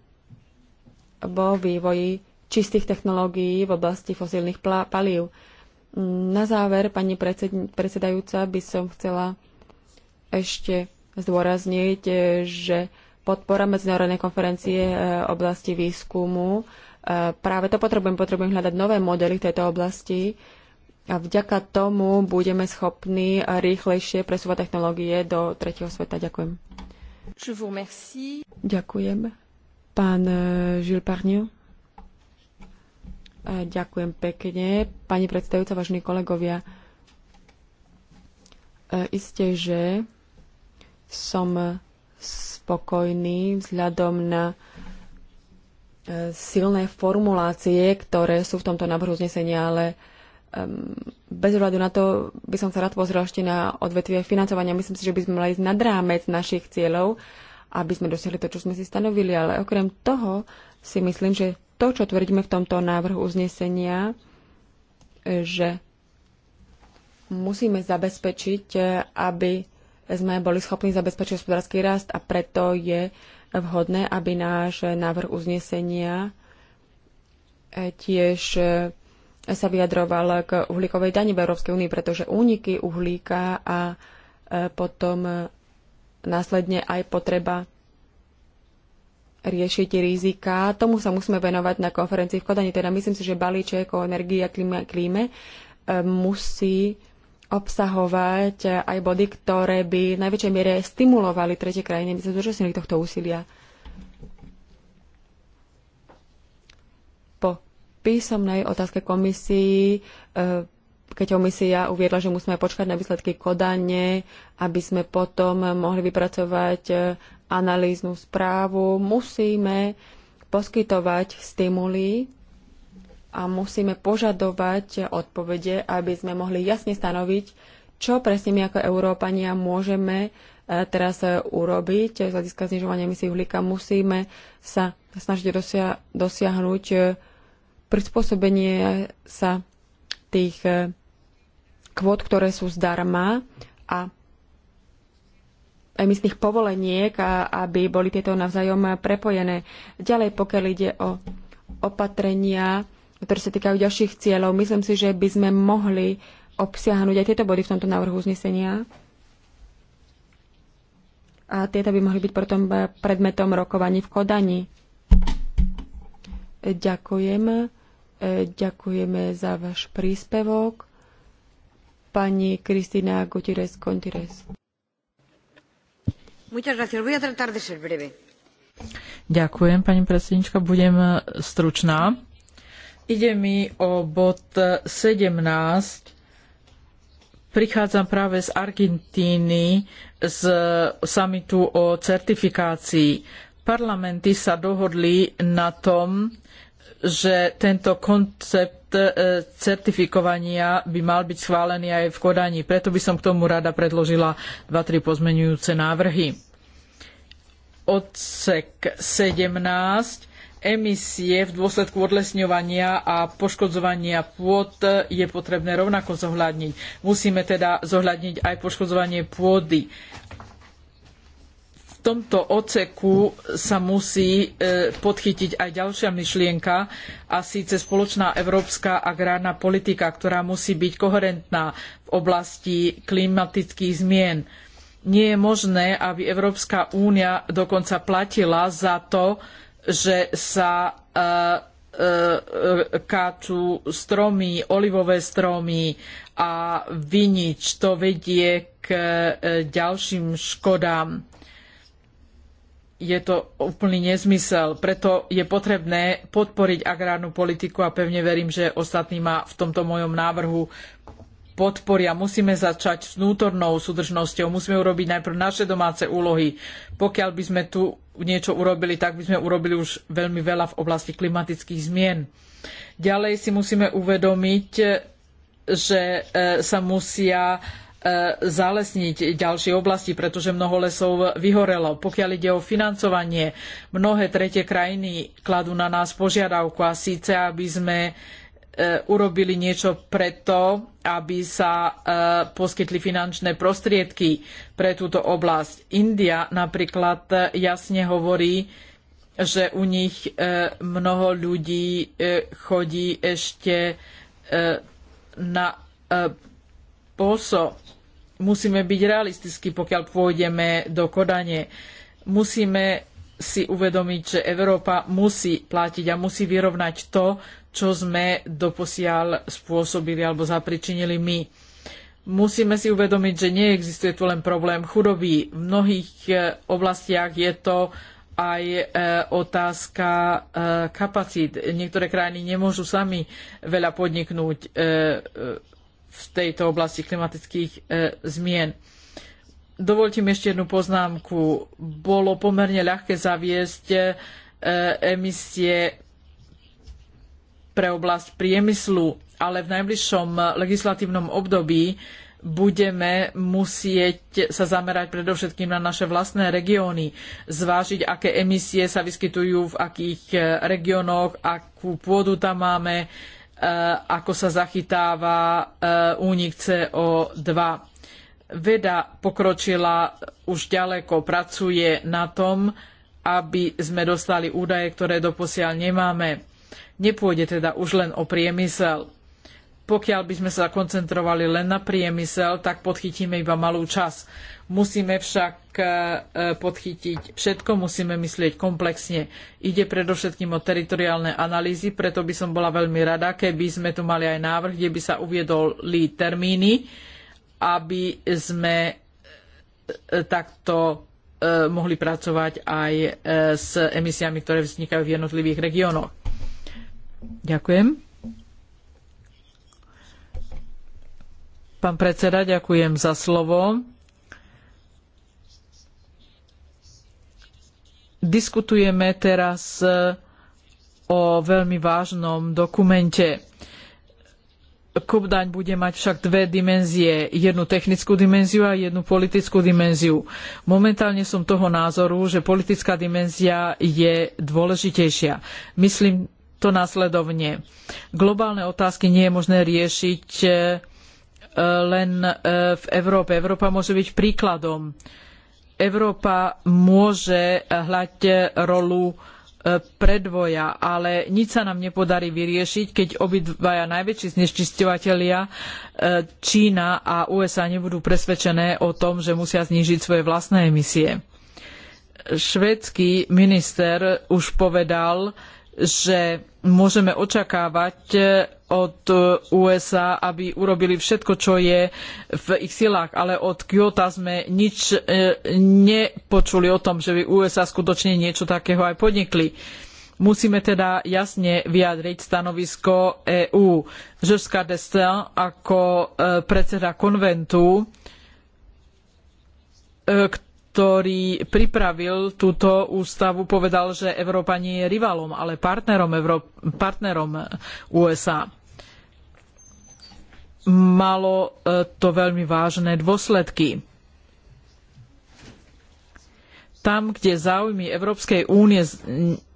C: vo vývoji čistých technológií v oblasti fosílnych palív. Na záver, pani predsedajúca, by som chcela ešte zdôrazniť, že podpora medzinárodnej konferencie e, oblasti výskumu, e, práve to potrebujem, potrebujem hľadať nové modely v tejto oblasti a vďaka tomu budeme schopní rýchlejšie presúvať technológie do tretieho sveta. Ďakujem. Je vous remercie. Ďakujem. Pán Žil e, Parniu. E, ďakujem pekne. Pani predstavujúca, vážení kolegovia, e, isté, že som spokojný vzhľadom na silné formulácie, ktoré sú v tomto návrhu znesenia, ale bez ohľadu na to by som sa rád pozrel ešte na odvetvie financovania. Myslím si, že by sme mali ísť nad rámec našich cieľov, aby sme dosiahli to, čo sme si stanovili. Ale okrem toho si myslím, že to, čo tvrdíme v tomto návrhu uznesenia, že musíme zabezpečiť, aby sme boli schopní zabezpečiť hospodársky rast a preto je vhodné, aby náš návrh uznesenia tiež sa vyjadroval k uhlíkovej dani v Európskej únii, pretože úniky uhlíka a e, potom e, následne aj potreba riešiť rizika. Tomu sa musíme venovať na konferencii v Kodani. Teda myslím si, že balíček o energii a klíme, klíme e, musí obsahovať aj body, ktoré by v najväčšej miere stimulovali tretie krajiny, aby sa zúčastnili tohto úsilia. písomnej otázke komisii, eh, keď komisia uviedla, že musíme počkať na výsledky kodane, aby sme potom mohli vypracovať eh, analýznu správu, musíme poskytovať stimuly a musíme požadovať odpovede, aby sme mohli jasne stanoviť, čo presne my ako Európania môžeme eh, teraz urobiť z hľadiska znižovania emisí uhlíka. Musíme sa snažiť dosia- dosiahnuť prispôsobenie sa tých eh, kvót, ktoré sú zdarma a emisných povoleniek, aby boli tieto navzájom prepojené. Ďalej, pokiaľ ide o opatrenia, ktoré sa týkajú ďalších cieľov, myslím si, že by sme mohli obsiahnuť aj tieto body v tomto návrhu uznesenia. A tieto by mohli byť potom eh, predmetom rokovaní v Kodani. Ďakujem. E, ďakujeme za váš príspevok. Pani Kristina Gutierrez Contires.
B: Ďakujem, pani predsednička. Budem e, stručná. Ide mi o bod 17. Prichádzam práve z Argentíny z samitu o certifikácii. Parlamenty sa dohodli na tom, že tento koncept e, certifikovania by mal byť schválený aj v Kodani. Preto by som k tomu rada predložila 2-3 pozmenujúce návrhy. Odsek 17 emisie v dôsledku odlesňovania a poškodzovania pôd je potrebné rovnako zohľadniť. Musíme teda zohľadniť aj poškodzovanie pôdy tomto oceku sa musí e, podchytiť aj ďalšia myšlienka, a síce spoločná európska agrárna politika, ktorá musí byť koherentná v oblasti klimatických zmien. Nie je možné, aby Európska únia dokonca platila za to, že sa e, e, káču stromy, olivové stromy a vinič. To vedie k ďalším škodám je to úplný nezmysel. Preto je potrebné podporiť agrárnu politiku a pevne verím, že ostatní ma v tomto mojom návrhu podporia. Musíme začať s vnútornou súdržnosťou, musíme urobiť najprv naše domáce úlohy. Pokiaľ by sme tu niečo urobili, tak by sme urobili už veľmi veľa v oblasti klimatických zmien. Ďalej si musíme uvedomiť, že e, sa musia E, zalesniť ďalšie oblasti, pretože mnoho lesov vyhorelo. Pokiaľ ide o financovanie, mnohé tretie krajiny kladú na nás požiadavku a síce, aby sme e, urobili niečo preto, aby sa e, poskytli finančné prostriedky pre túto oblasť. India napríklad jasne hovorí, že u nich mnoho ľudí chodí ešte na poso musíme byť realistickí, pokiaľ pôjdeme do Kodane. Musíme si uvedomiť, že Európa musí platiť a musí vyrovnať to, čo sme doposiaľ spôsobili alebo zapričinili my. Musíme si uvedomiť, že neexistuje tu len problém chudoby. V mnohých eh, oblastiach je to aj eh, otázka eh, kapacít. Niektoré krajiny nemôžu sami veľa podniknúť v tejto oblasti klimatických e, zmien. Dovolte mi ešte jednu poznámku. Bolo pomerne ľahké zaviesť e, emisie pre oblasť priemyslu, ale v najbližšom legislatívnom období budeme musieť sa zamerať predovšetkým na naše vlastné regióny, zvážiť, aké emisie sa vyskytujú v akých e, regiónoch, akú pôdu tam máme, Eh, ako sa zachytáva eh, únik CO2. Veda pokročila eh, už ďaleko, pracuje na tom, aby sme dostali údaje, ktoré doposiaľ nemáme. Nepôjde teda už len o priemysel. Pokiaľ by sme sa koncentrovali len na priemysel, tak podchytíme iba malú časť Musíme však e, e, podchytiť všetko, musíme myslieť komplexne. Ide predovšetkým o teritoriálne analýzy, preto by som bola veľmi rada, keby sme tu mali aj návrh, kde by sa uviedoli termíny, aby sme e, takto mohli pracovať aj s emisiami, ktoré vznikajú v jednotlivých regiónoch. Ďakujem. Pán predseda, ďakujem za slovo. diskutujeme teraz e, o veľmi vážnom dokumente. Kupdaň bude mať však dve dimenzie, jednu technickú dimenziu a jednu politickú dimenziu. Momentálne som toho názoru, že politická dimenzia je dôležitejšia. Myslím to následovne. Globálne otázky nie je možné riešiť e, len e, v Európe. Európa môže byť príkladom. Európa môže hrať rolu e, predvoja, ale nič sa nám nepodarí vyriešiť, keď obidvaja najväčší znečisťovatelia e, Čína a USA nebudú presvedčené o tom, že musia znížiť svoje vlastné emisie. Švédsky minister už povedal, že že môžeme očakávať e, od e, USA, aby urobili všetko, čo je v ich silách, ale od Kyoto sme nič e, nepočuli o tom, že by USA skutočne niečo takého aj podnikli. Musíme teda jasne vyjadriť stanovisko EÚ. Žerská Destin ako predseda konventu, ktorý pripravil túto ústavu, povedal, že Európa nie je rivalom, ale partnerom, Euró- partnerom USA. Malo e, to veľmi vážne dôsledky. Tam, kde záujmy Európskej únie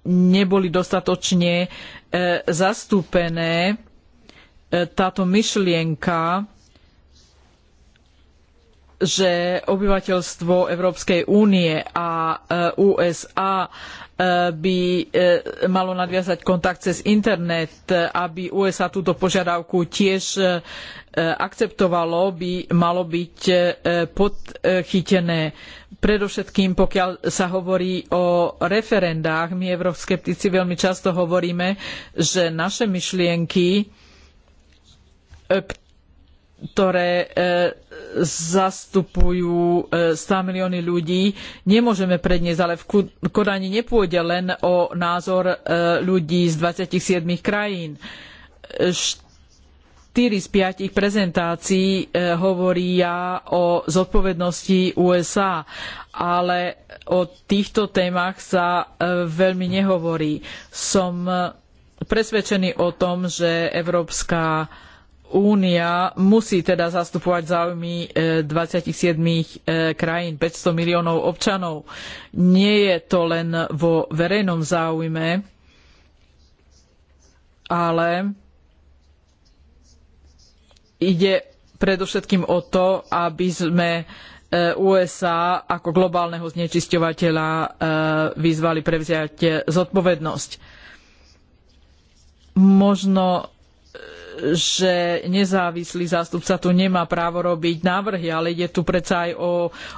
B: neboli dostatočne e, zastúpené, e, táto myšlienka že obyvateľstvo Európskej únie a e, USA e, by e, malo nadviazať kontakt cez internet, aby USA túto požiadavku tiež akceptovalo, by malo byť podchytené. Predovšetkým, pokiaľ sa hovorí o referendách, my euroskeptici veľmi často hovoríme, že naše myšlienky ktoré e, zastupujú 100 e, milióny ľudí, nemôžeme predniesť, ale v Kodani nepôjde len o názor e, ľudí z 27 krajín. 4 z 5 prezentácií hovoria o zodpovednosti USA, ale o týchto témach sa veľmi nehovorí. Som presvedčený o tom, že Európska únia musí teda zastupovať záujmy 27 e, e, krajín, 500 miliónov občanov. Nie je to len vo verejnom záujme, ale ide predovšetkým o to, aby sme e, USA ako globálneho znečisťovateľa vyzvali prevziať zodpovednosť. Možno že nezávislý zástupca tu nemá právo robiť návrhy, ale ide tu predsa aj o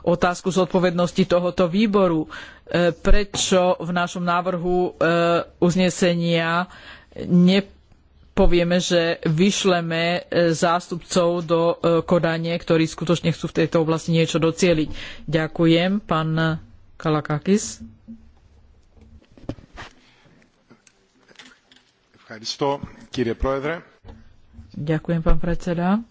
B: otázku zodpovednosti tohoto výboru. E, prečo v našom návrhu e, uznesenia nepovieme, že vyšleme e, zástupcov do Kodane, ktorí skutočne chcú v tejto oblasti niečo docieliť. Ďakujem, pán Kalakakis. Ďakujem, pán predseda.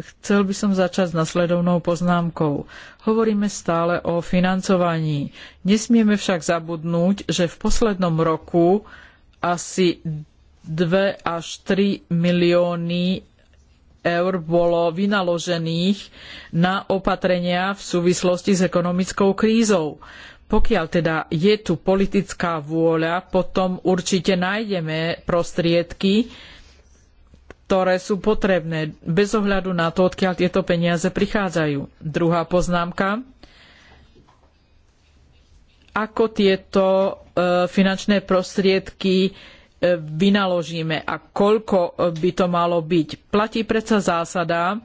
B: Chcel by som začať s nasledovnou poznámkou. Hovoríme stále o financovaní. Nesmieme však zabudnúť, že v poslednom roku asi 2 až 3 milióny eur bolo vynaložených na opatrenia v súvislosti s ekonomickou krízou. Pokiaľ teda je tu politická vôľa, potom určite nájdeme prostriedky, ktoré sú potrebné bez ohľadu na to, odkiaľ tieto peniaze prichádzajú. Druhá poznámka. Ako tieto e, finančné prostriedky e, vynaložíme a koľko e, by to malo byť. Platí predsa zásada,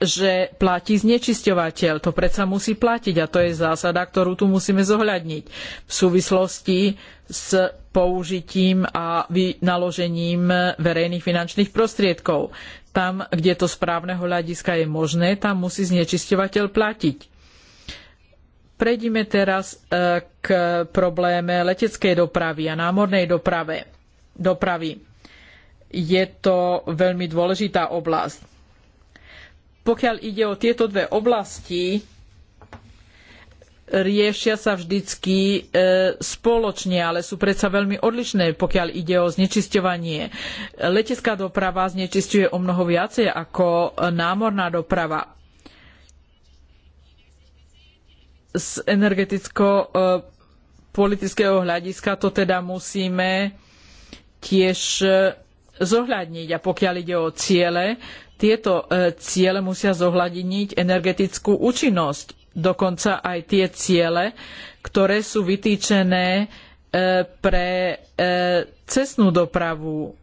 B: že platí znečisťovateľ. To predsa musí platiť a to je zásada, ktorú tu musíme zohľadniť v súvislosti s použitím a vynaložením verejných finančných prostriedkov. Tam, kde to správneho hľadiska je možné, tam musí znečisťovateľ platiť. Prejdime teraz e, k probléme leteckej dopravy a námornej doprave, dopravy. Je to veľmi dôležitá oblasť pokiaľ ide o tieto dve oblasti, riešia sa vždycky e, spoločne, ale sú predsa veľmi odlišné, pokiaľ ide o znečisťovanie. Letecká doprava znečisťuje omnoho viacej ako námorná doprava. Z energeticko-politického hľadiska to teda musíme tiež e, zohľadniť. A pokiaľ ide o ciele, tieto e, ciele musia zohľadniť energetickú účinnosť, dokonca aj tie ciele, ktoré sú vytýčené e, pre e, cestnú dopravu.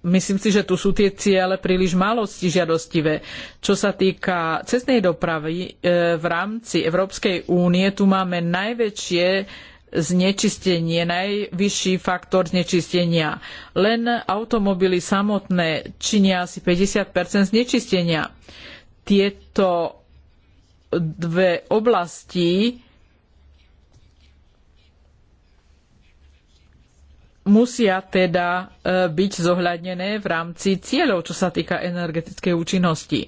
B: Myslím si, že tu sú tie ciele príliš málo žiadostivé. Čo sa týka cestnej dopravy v rámci Európskej únie, tu máme najväčšie znečistenie, najvyšší faktor znečistenia. Len automobily samotné činia asi 50 znečistenia. Tieto dve oblasti musia teda e, byť zohľadnené v rámci cieľov, čo sa týka energetickej účinnosti.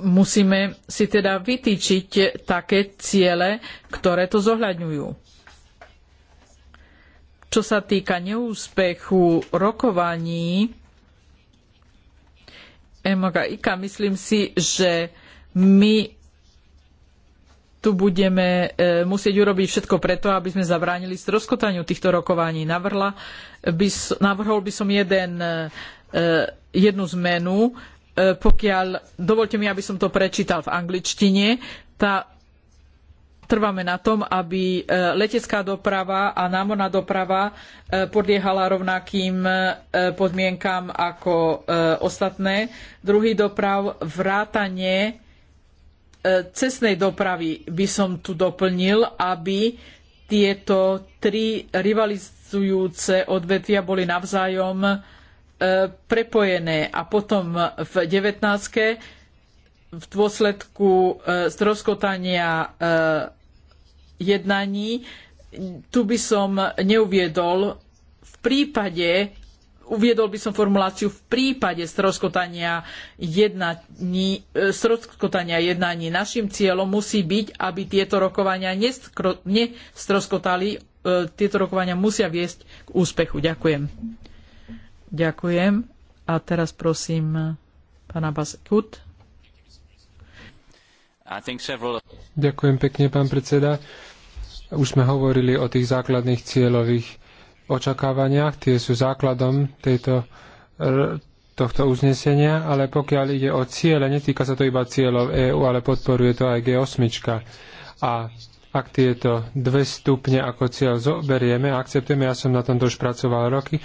B: musíme si teda vytýčiť také ciele, ktoré to zohľadňujú. Čo sa týka neúspechu rokovaní Emoga Ika, myslím si, že my tu budeme e, musieť urobiť všetko preto, aby sme zabránili rozkotaniu týchto rokovaní. Navrhla by, navrhol by som jeden, e, e, jednu zmenu, E, pokiaľ, dovolte mi, aby som to prečítal v angličtine, tá trváme na tom, aby e, letecká doprava a námorná doprava e, podliehala rovnakým podmienkam ako ostatné druhy doprav, vrátanie cestnej dopravy by som tu doplnil, aby tieto tri rivalizujúce odvetvia boli navzájom E, prepojené a potom v 19. v dôsledku stroskotania e, e, jednaní tu by som neuviedol v prípade uviedol by som formuláciu v prípade stroskotania jednaní, stroskotania jednaní. Našim cieľom musí byť, aby tieto rokovania nestroskotali. Tieto rokovania musia viesť k úspechu. Ďakujem. Ďakujem.
A: A teraz prosím pána Baskut. Ďakujem pekne, pán predseda. Už sme hovorili o tých základných cieľových očakávaniach. Tie sú základom tejto, tohto uznesenia, ale pokiaľ ide o ciele, netýka sa to iba cieľov EÚ, ale podporuje to aj G8. A ak tieto dve stupne ako cieľ zoberieme a akceptujeme, ja som na tomto už pracoval roky,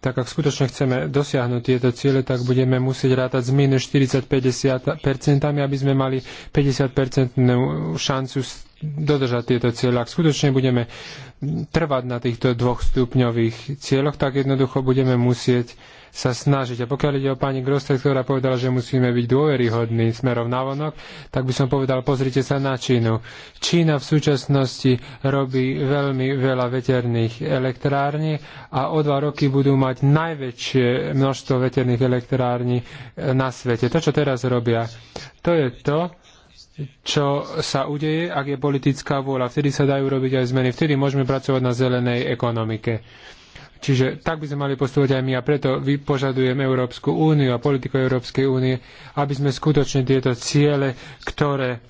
A: tak ak skutočne chceme dosiahnuť tieto ciele, tak budeme musieť rátať z minus 40-50%, aby sme mali 50% šancu dodržať tieto cieľe. Ak skutočne budeme trvať na týchto dvoch stupňových cieľoch, tak jednoducho budeme musieť sa snažiť. A pokiaľ ide o pani Grostek, ktorá povedala, že musíme byť dôveryhodní smerom na vonok, tak by som povedal, pozrite sa na Čínu. Čína v súčasnosti robí veľmi veľa veterných elektrární a o dva roky budú mať najväčšie množstvo veterných elektrární e, na svete. To, čo teraz robia, to je to, čo sa udeje, ak je politická vôľa. Vtedy sa dajú robiť aj zmeny, vtedy môžeme pracovať na zelenej ekonomike. Čiže tak by sme mali postupovať aj my a preto vypožadujem Európsku úniu a politiku Európskej únie, aby sme skutočne tieto ciele, ktoré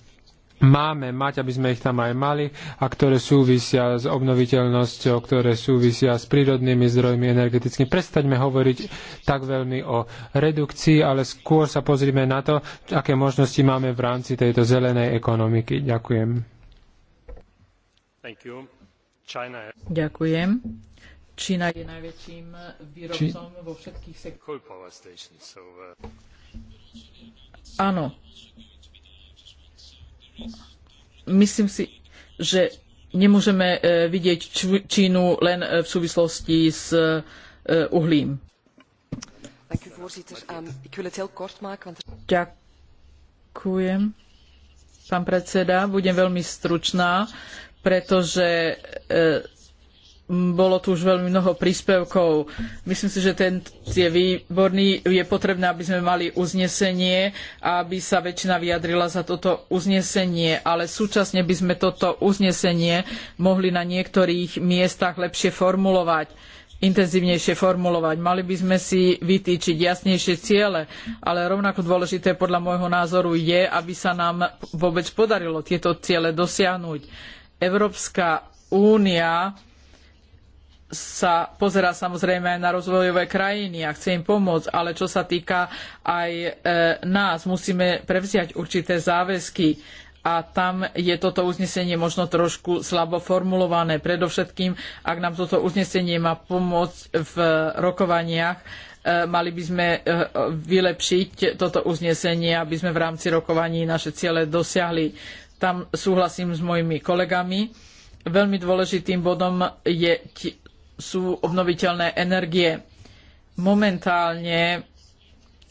A: máme mať, aby sme ich tam aj mali a ktoré súvisia s obnoviteľnosťou, ktoré súvisia s prírodnými zdrojmi energetickými. Prestaňme hovoriť tak veľmi o redukcii, ale skôr sa pozrime na to, aké možnosti máme v rámci tejto zelenej ekonomiky. Ďakujem.
B: Ďakujem. Čína je najväčším výrobcom Či... vo všetkých sektoroch. Uh, Áno. Myslím si, že nemôžeme e, vidieť Čínu len e, v súvislosti s e, uhlím.
C: Ehm, er-
B: Ďakujem. Pán predseda, budem veľmi stručná, pretože bolo tu už veľmi mnoho príspevkov. Myslím si, že ten je výborný. Je potrebné, aby sme mali uznesenie a aby sa väčšina vyjadrila za toto uznesenie, ale súčasne by sme toto uznesenie mohli na niektorých miestach lepšie formulovať intenzívnejšie formulovať. Mali by sme si vytýčiť jasnejšie ciele, ale rovnako dôležité podľa môjho názoru je, aby sa nám vôbec podarilo tieto ciele dosiahnuť. Európska únia sa pozerá samozrejme aj na rozvojové krajiny a chce im pomôcť, ale čo sa týka aj e, nás, musíme prevziať určité záväzky a tam je toto uznesenie možno trošku slabo formulované. Predovšetkým, ak nám toto uznesenie má pomôcť v rokovaniach, e, mali by sme e, vylepšiť toto uznesenie, aby sme v rámci rokovaní naše ciele dosiahli. Tam súhlasím s mojimi kolegami. Veľmi dôležitým bodom je sú obnoviteľné energie. Momentálne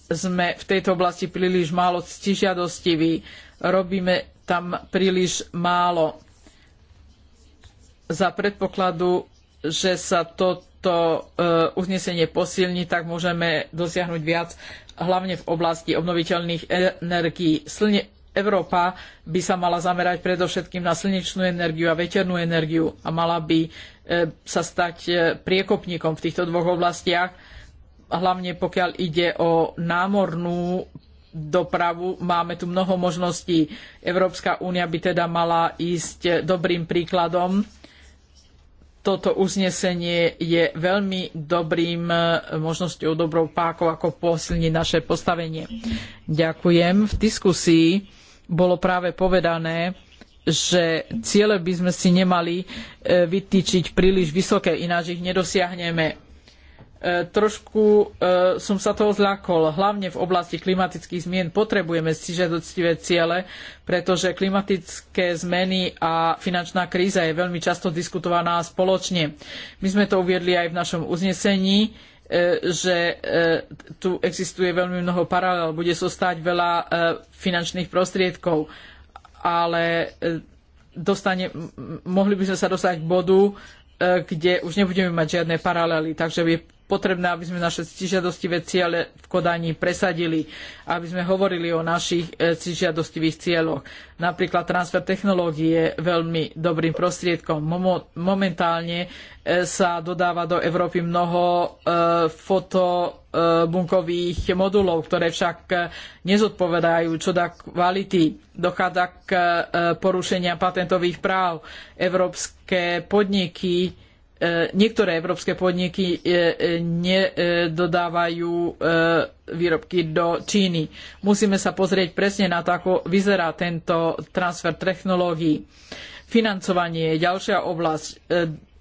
B: sme v tejto oblasti príliš málo stižiadostiví, robíme tam príliš málo. Za predpokladu, že sa toto e, uznesenie posilní, tak môžeme dosiahnuť viac, hlavne v oblasti obnoviteľných e, energií. Európa by sa mala zamerať predovšetkým na slnečnú energiu a veternú energiu a mala by e, sa stať e, priekopníkom v týchto dvoch oblastiach, hlavne pokiaľ ide o námornú dopravu. Máme tu mnoho možností. Európska únia by teda mala ísť dobrým príkladom. Toto uznesenie je veľmi dobrým e, možnosťou, dobrou pákou, ako posilniť naše postavenie. Ďakujem. V diskusii bolo práve povedané, že ciele by sme si nemali e, vytýčiť príliš vysoké, ináč ich nedosiahneme. E, trošku e, som sa toho zľakol. Hlavne v oblasti klimatických zmien potrebujeme si stižadostivé ciele, pretože klimatické zmeny a finančná kríza je veľmi často diskutovaná spoločne. My sme to uviedli aj v našom uznesení E, že e, tu existuje veľmi mnoho paralel, bude zostať veľa e, finančných prostriedkov, ale dostane, mohli by sme sa dostať k bodu, kde už nebudeme mať žiadne paralely. Takže je potrebné, aby sme naše ctižiadostivé ciele v Kodani presadili, aby sme hovorili o našich e, ctižiadostivých cieľoch. Napríklad transfer technológie je veľmi dobrým prostriedkom. Momentálne e, sa dodáva do Európy mnoho e, fotobunkových modulov, ktoré však nezodpovedajú čo do kvality. Dochádza k porušenia patentových práv. Európske podniky niektoré európske podniky e, e, nedodávajú e, výrobky do Číny. Musíme sa pozrieť presne na to, ako vyzerá tento transfer technológií. Financovanie je ďalšia oblasť.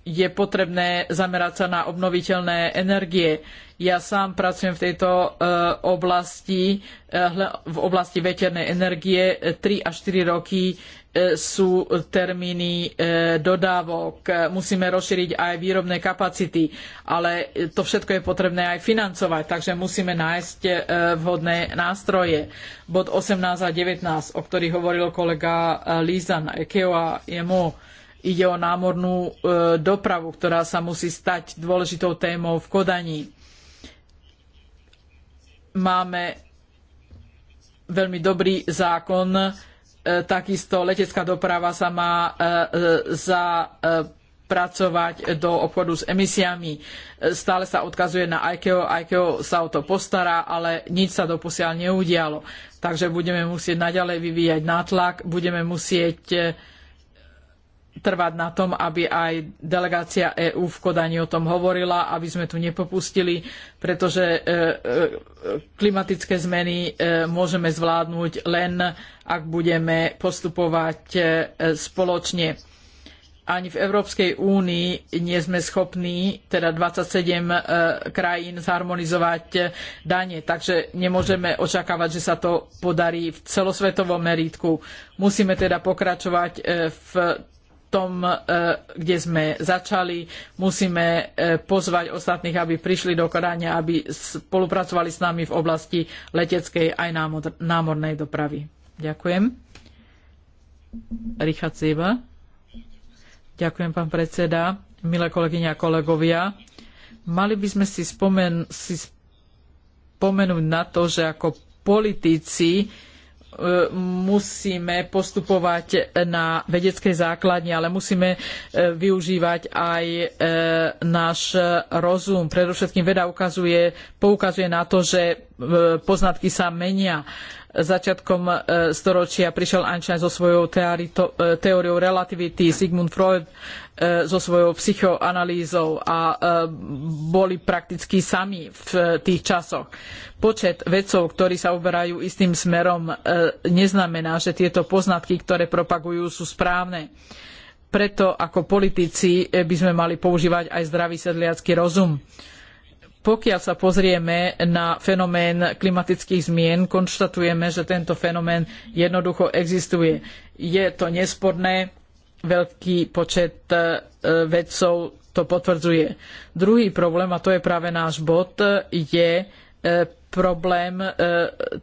B: Je potrebné zamerať sa na obnoviteľné energie. Ja sám pracujem v tejto eh, oblasti, eh, v oblasti veternej energie. 3 až 4 roky eh, sú termíny dodávok. Musíme rozšíriť aj výrobné kapacity, ale to všetko je potrebné aj financovať, takže musíme nájsť vhodné nástroje. Bod 18 a 19, o ktorých hovoril kolega Lízan, Ekeo a Jemo, ide o námornú dopravu, ktorá sa musí stať dôležitou témou v Kodani máme veľmi dobrý zákon, e, takisto letecká doprava sa má e, e, zapracovať do obchodu s emisiami. Stále sa odkazuje na ICAO, ICAO sa o to postará, ale nič sa doposiaľ neudialo. Takže budeme musieť naďalej vyvíjať nátlak, budeme musieť trvať na tom, aby aj delegácia EÚ v Kodani o tom hovorila, aby sme tu nepopustili, pretože e, e, klimatické zmeny e, môžeme zvládnuť len, ak budeme postupovať spoločne. Ani v Európskej únii nie sme schopní, teda 27 krajín, zharmonizovať dane. Takže nemôžeme očakávať, že sa to podarí v celosvetovom meritku. Musíme teda pokračovať v tom, e, kde sme začali. Musíme e, pozvať ostatných, aby prišli do Kodania, aby spolupracovali s nami v oblasti leteckej aj námornej dopravy. Ďakujem. Richard Ďakujem, pán predseda. Milé kolegyne a kolegovia, mali by sme si, spomen- si spomenúť na to, že ako politici E, musíme postupovať na vedeckej základni, ale musíme e, využívať aj e, náš rozum. Predovšetkým veda ukazuje, poukazuje na to, že poznatky sa menia. Začiatkom storočia prišiel Einstein so svojou teóriou relativity, Sigmund Freud so svojou psychoanalýzou a e, boli prakticky sami v tých časoch. Počet vedcov, ktorí sa uberajú istým smerom, e, neznamená, že tieto poznatky, ktoré propagujú, sú správne. Preto ako politici e, by sme mali používať aj zdravý sedliacky rozum. Pokiaľ sa pozrieme na fenomén klimatických zmien, konštatujeme, že tento fenomén jednoducho existuje. Je to nesporné, veľký počet e, vedcov to potvrdzuje. Druhý problém, a to je práve náš bod, je e, problém e,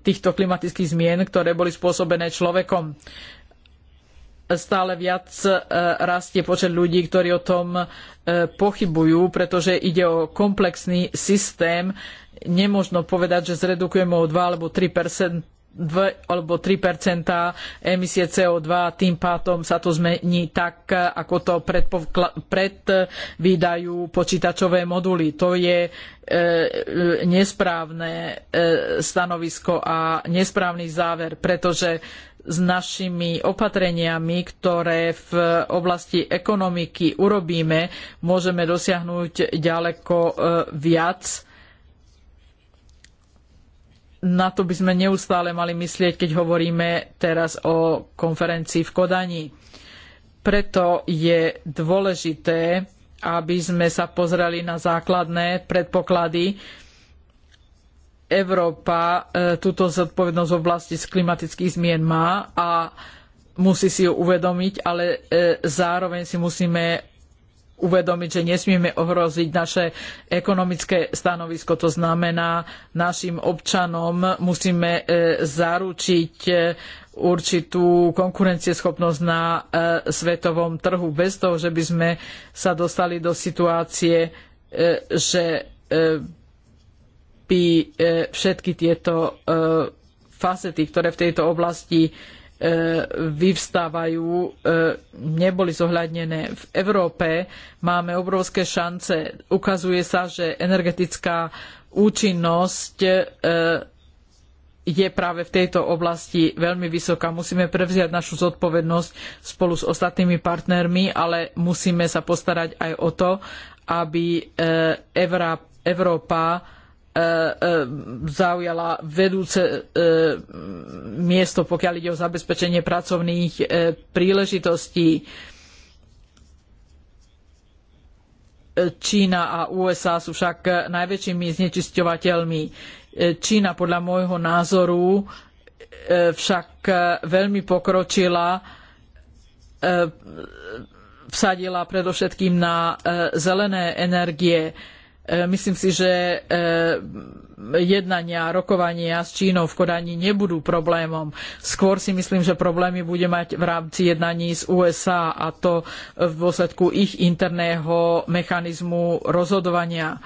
B: týchto klimatických zmien, ktoré boli spôsobené človekom. Stále viac rastie počet ľudí, ktorí o tom pochybujú, pretože ide o komplexný systém. Nemožno povedať, že zredukujeme o 2 alebo 3 2 alebo 3 emisie CO2, tým pádom sa to zmení tak, ako to predvídajú počítačové moduly. To je e, nesprávne e, stanovisko a nesprávny záver, pretože s našimi opatreniami, ktoré v oblasti ekonomiky urobíme, môžeme dosiahnuť ďaleko e, viac na to by sme neustále mali myslieť, keď hovoríme teraz o konferencii v Kodani. Preto je dôležité, aby sme sa pozreli na základné predpoklady. Európa e, túto zodpovednosť v oblasti klimatických zmien má a musí si ju uvedomiť, ale e, zároveň si musíme uvedomiť, že nesmieme ohroziť naše ekonomické stanovisko. To znamená, našim občanom musíme e, zaručiť e, určitú konkurencieschopnosť na e, svetovom trhu bez toho, že by sme sa dostali do situácie, že by všetky tieto facety, ktoré v tejto oblasti E, vyvstávajú, e, neboli zohľadnené. V Európe máme obrovské šance. Ukazuje sa, že energetická účinnosť e, je práve v tejto oblasti veľmi vysoká. Musíme prevziať našu zodpovednosť spolu s ostatnými partnermi, ale musíme sa postarať aj o to, aby Európa zaujala vedúce miesto, pokiaľ ide o zabezpečenie pracovných e, príležitostí. E, Čína a USA sú však e, najväčšími znečisťovateľmi. Čína podľa môjho názoru však veľmi pokročila, vsadila predovšetkým na zelené energie. Myslím si, že jednania a rokovania s Čínou v Kodani nebudú problémom. Skôr si myslím, že problémy bude mať v rámci jednaní s USA a to v dôsledku ich interného mechanizmu rozhodovania.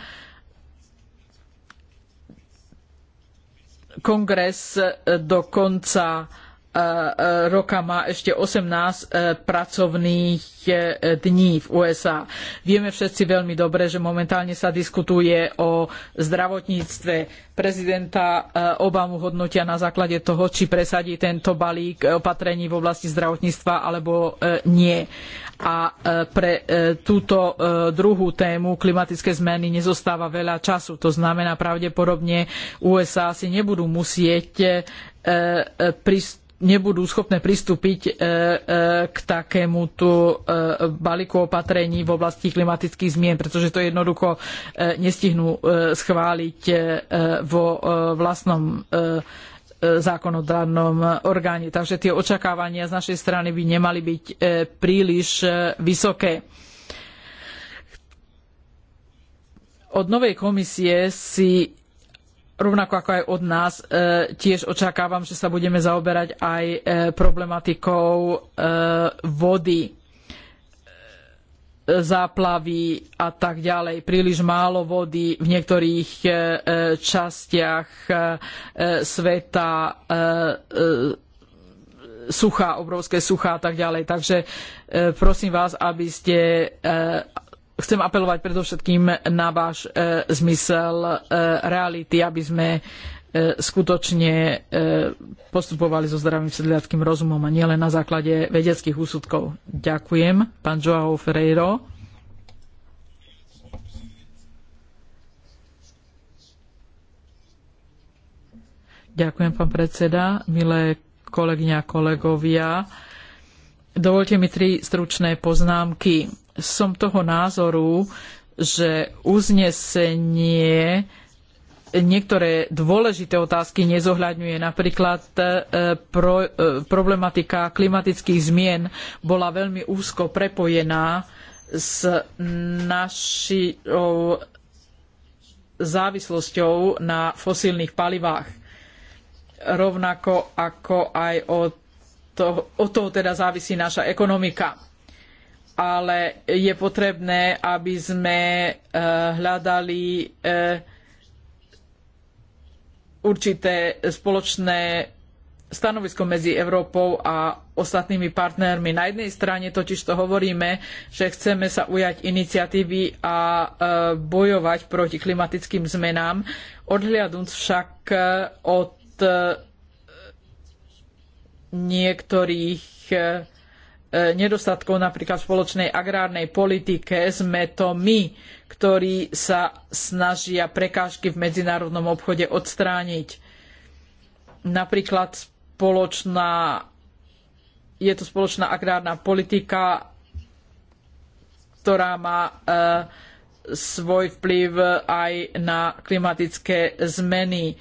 B: Kongres do konca E, e, roka má ešte 18 e, pracovných dní v USA. Vieme všetci veľmi dobre, že momentálne sa diskutuje o zdravotníctve. Prezidenta Obamu hodnotia na základe toho, či presadí tento balík opatrení v oblasti zdravotníctva alebo nie. A pre túto druhú tému klimatické zmeny nezostáva veľa času. To znamená, pravdepodobne USA si nebudú musieť pristúpiť nebudú schopné pristúpiť e, e, k takémuto e, balíku opatrení v oblasti klimatických zmien, pretože to jednoducho nestihnú schváliť vo vlastnom zákonodárnom orgáne. Takže tie očakávania z našej strany by nemali byť príliš vysoké. Od novej komisie si rovnako ako aj od nás, e, tiež očakávam, že sa budeme zaoberať aj e, problematikou e, vody, záplavy a tak ďalej. Príliš málo vody v niektorých častiach sveta, suchá, obrovské suchá a tak ďalej. Takže prosím vás, aby ste chcem apelovať predovšetkým na váš e, zmysel e, reality, aby sme e, skutočne postupovali so zdravým sedliackým rozumom a nielen na základe vedeckých úsudkov. Ďakujem, pán Joao Ferreiro. Ďakujem, pán predseda, milé kolegyňa a kolegovia. Dovolte mi tri stručné poznámky som toho názoru, že uznesenie niektoré dôležité otázky nezohľadňuje. Napríklad e, pro, e, problematika klimatických zmien bola veľmi úzko prepojená s našou závislosťou na fosílnych palivách. Rovnako ako aj od toho, od toho teda závisí naša ekonomika ale je potrebné, aby sme eh, hľadali eh, určité spoločné stanovisko medzi Európou a ostatnými partnermi. Na jednej strane totiž to hovoríme, že chceme sa ujať iniciatívy a eh, bojovať proti klimatickým zmenám, odhliadnúc však od niektorých E, nedostatkov napríklad v spoločnej agrárnej politike sme to my, ktorí sa snažia prekážky v medzinárodnom obchode odstrániť. Napríklad spoločná, je to spoločná agrárna politika, ktorá má e, svoj vplyv aj na klimatické zmeny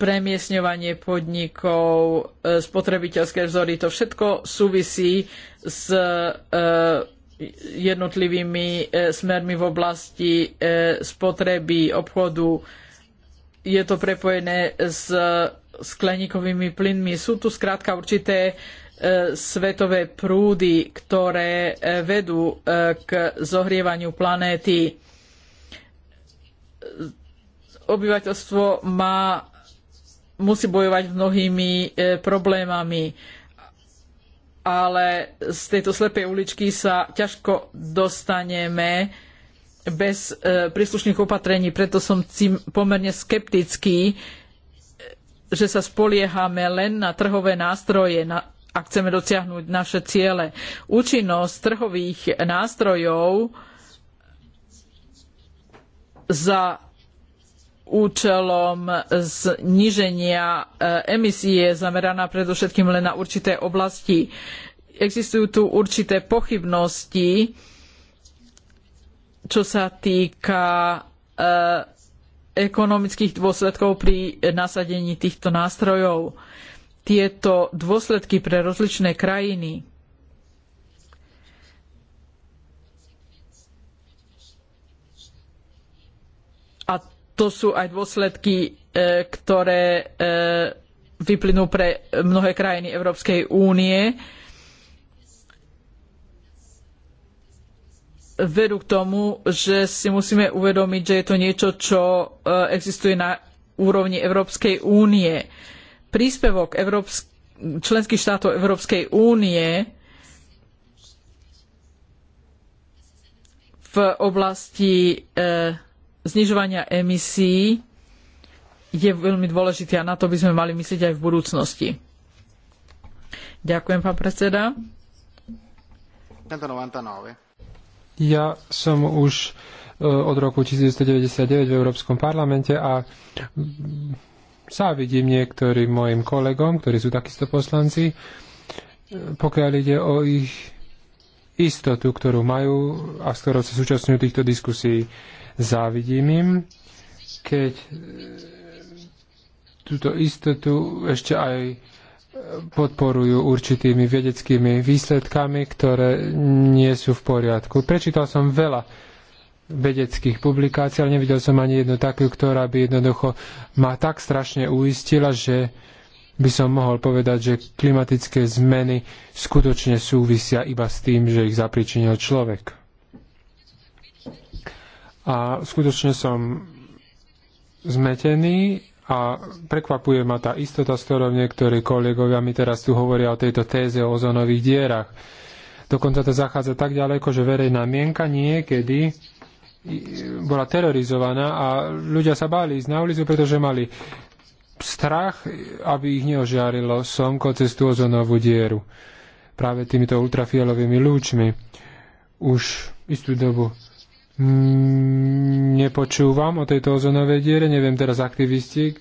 B: premiesňovanie podnikov, e, spotrebiteľské vzory, to všetko súvisí s e, jednotlivými e, smermi v oblasti spotreby, obchodu. Je to prepojené s skleníkovými plynmi. Sú tu skrátka určité svetové prúdy, ktoré vedú k zohrievaniu planéty. Obyvateľstvo má musí bojovať mnohými e, problémami. Ale z tejto slepej uličky sa ťažko dostaneme bez e, príslušných opatrení. Preto som pomerne skeptický, e, že sa spoliehame len na trhové nástroje, na, ak chceme dosiahnuť naše ciele. Účinnosť trhových nástrojov za účelom zníženia eh, emisí je zameraná predovšetkým len na určité oblasti. Existujú tu určité pochybnosti, čo sa týka eh, ekonomických dôsledkov pri nasadení týchto nástrojov. Tieto dôsledky pre rozličné krajiny to sú aj dôsledky, e, ktoré e, vyplynú pre mnohé krajiny Európskej únie. vedú k tomu, že si musíme uvedomiť, že je to niečo, čo e, existuje na úrovni Európskej únie. Príspevok Európsk- členských štátov Európskej únie v oblasti znižovania emisí je veľmi dôležitý a na to by sme mali myslieť aj v budúcnosti. Ďakujem,
A: pán predseda. Ja som už e, od roku 1999 v Európskom parlamente a vidím niektorým mojim kolegom, ktorí sú takisto poslanci, e, pokiaľ ide o ich istotu, ktorú majú a s ktorou sa súčasňujú týchto diskusí. Závidím im, keď e, túto istotu ešte aj e, podporujú určitými vedeckými výsledkami, ktoré nie sú v poriadku. Prečítal som veľa vedeckých publikácií, ale nevidel som ani jednu takú, ktorá by jednoducho ma tak strašne uistila, že by som mohol povedať, že klimatické zmeny skutočne súvisia iba s tým, že ich zapričinil človek. A skutočne som zmetený a prekvapuje ma tá istota, s ktorou niektorí kolegovia mi teraz tu hovoria o tejto téze o ozonových dierach. Dokonca to zachádza tak ďaleko, že verejná mienka niekedy bola terorizovaná a ľudia sa báli ísť na ulicu, pretože mali strach, aby ich neožiarilo slnko cez tú ozonovú dieru. Práve týmito ultrafialovými lúčmi. Už istú dobu Mm, nepočúvam o tejto ozonovej diere, neviem teraz aktivisti,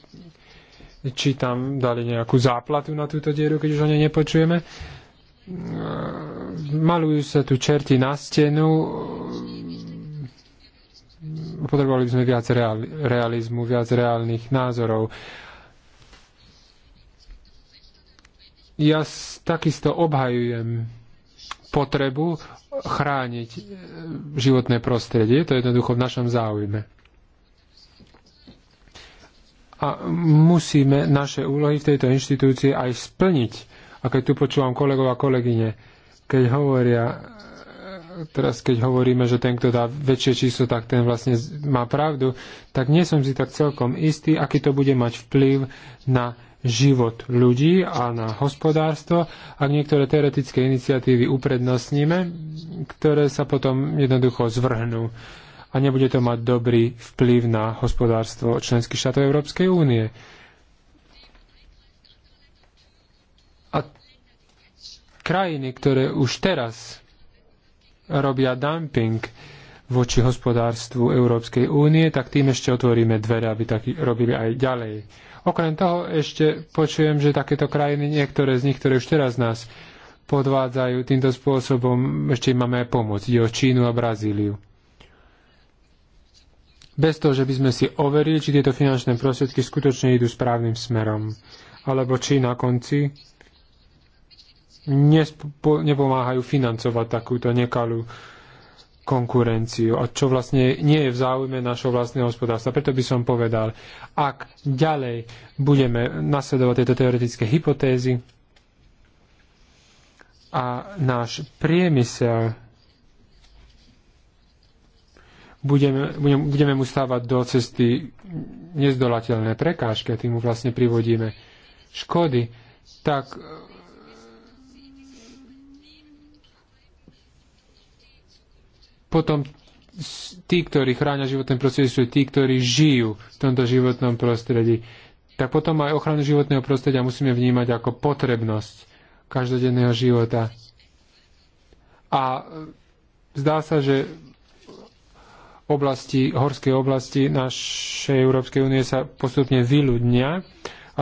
A: či tam dali nejakú záplatu na túto dieru, keď už o nej nepočujeme. Mm, malujú sa tu čerti na stenu, potrebovali by sme viac realizmu, viac reálnych názorov. Ja takisto obhajujem potrebu chrániť e, životné prostredie. To je jednoducho v našom záujme. A musíme naše úlohy v tejto inštitúcii aj splniť. A keď tu počúvam kolegov a kolegyne, keď hovoria, e, teraz keď hovoríme, že ten, kto dá väčšie číslo, tak ten vlastne má pravdu, tak nie som si tak celkom istý, aký to bude mať vplyv na život ľudí a na hospodárstvo, ak niektoré teoretické iniciatívy uprednostníme, ktoré sa potom jednoducho zvrhnú a nebude to mať dobrý vplyv na hospodárstvo členských štátov Európskej únie. A krajiny, ktoré už teraz robia dumping voči hospodárstvu Európskej únie, tak tým ešte otvoríme dvere, aby tak robili aj ďalej. Okrem toho ešte počujem, že takéto krajiny, niektoré z nich, ktoré už teraz nás podvádzajú týmto spôsobom, ešte máme aj pomoc. Ide o Čínu a Brazíliu. Bez toho, že by sme si overili, či tieto finančné prostriedky skutočne idú správnym smerom. Alebo či na konci nepomáhajú financovať takúto nekalú konkurenciu a čo vlastne nie je v záujme našho vlastného hospodárstva. Preto by som povedal, ak ďalej budeme nasledovať tieto teoretické hypotézy a náš priemysel budeme, budeme, budeme mu stávať do cesty nezdolateľné prekážky a tým mu vlastne privodíme škody, tak potom tí, ktorí chránia životné prostredie, sú tí, ktorí žijú v tomto životnom prostredí. Tak potom aj ochranu životného prostredia musíme vnímať ako potrebnosť každodenného života. A e, zdá sa, že oblasti, horské oblasti našej Európskej únie sa postupne vyľudnia a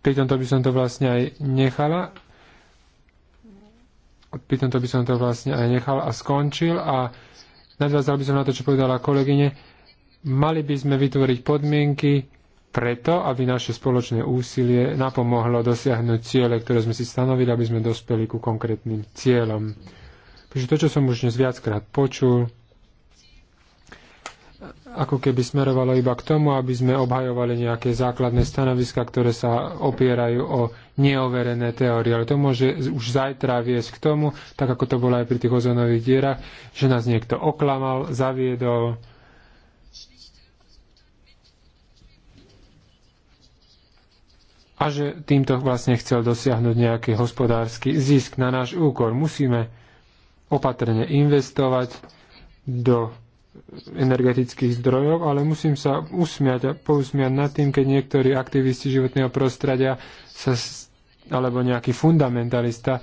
A: pri tomto by som to vlastne aj nechala pri tomto by som to vlastne aj nechal a skončil a Nadviazal by som na to, čo povedala kolegyne. Mali by sme vytvoriť podmienky preto, aby naše spoločné úsilie napomohlo dosiahnuť ciele, ktoré sme si stanovili, aby sme dospeli ku konkrétnym cieľom. Takže to, čo som už dnes viackrát počul, ako keby smerovalo iba k tomu, aby sme obhajovali nejaké základné stanoviska, ktoré sa opierajú o neoverené teórie. Ale to môže už zajtra viesť k tomu, tak ako to bolo aj pri tých ozonových dierach, že nás niekto oklamal, zaviedol, a že týmto vlastne chcel dosiahnuť nejaký hospodársky zisk na náš úkor. Musíme opatrne investovať do energetických zdrojov, ale musím sa usmiať a pousmiať nad tým, keď niektorí aktivisti životného prostredia sa, alebo nejaký fundamentalista,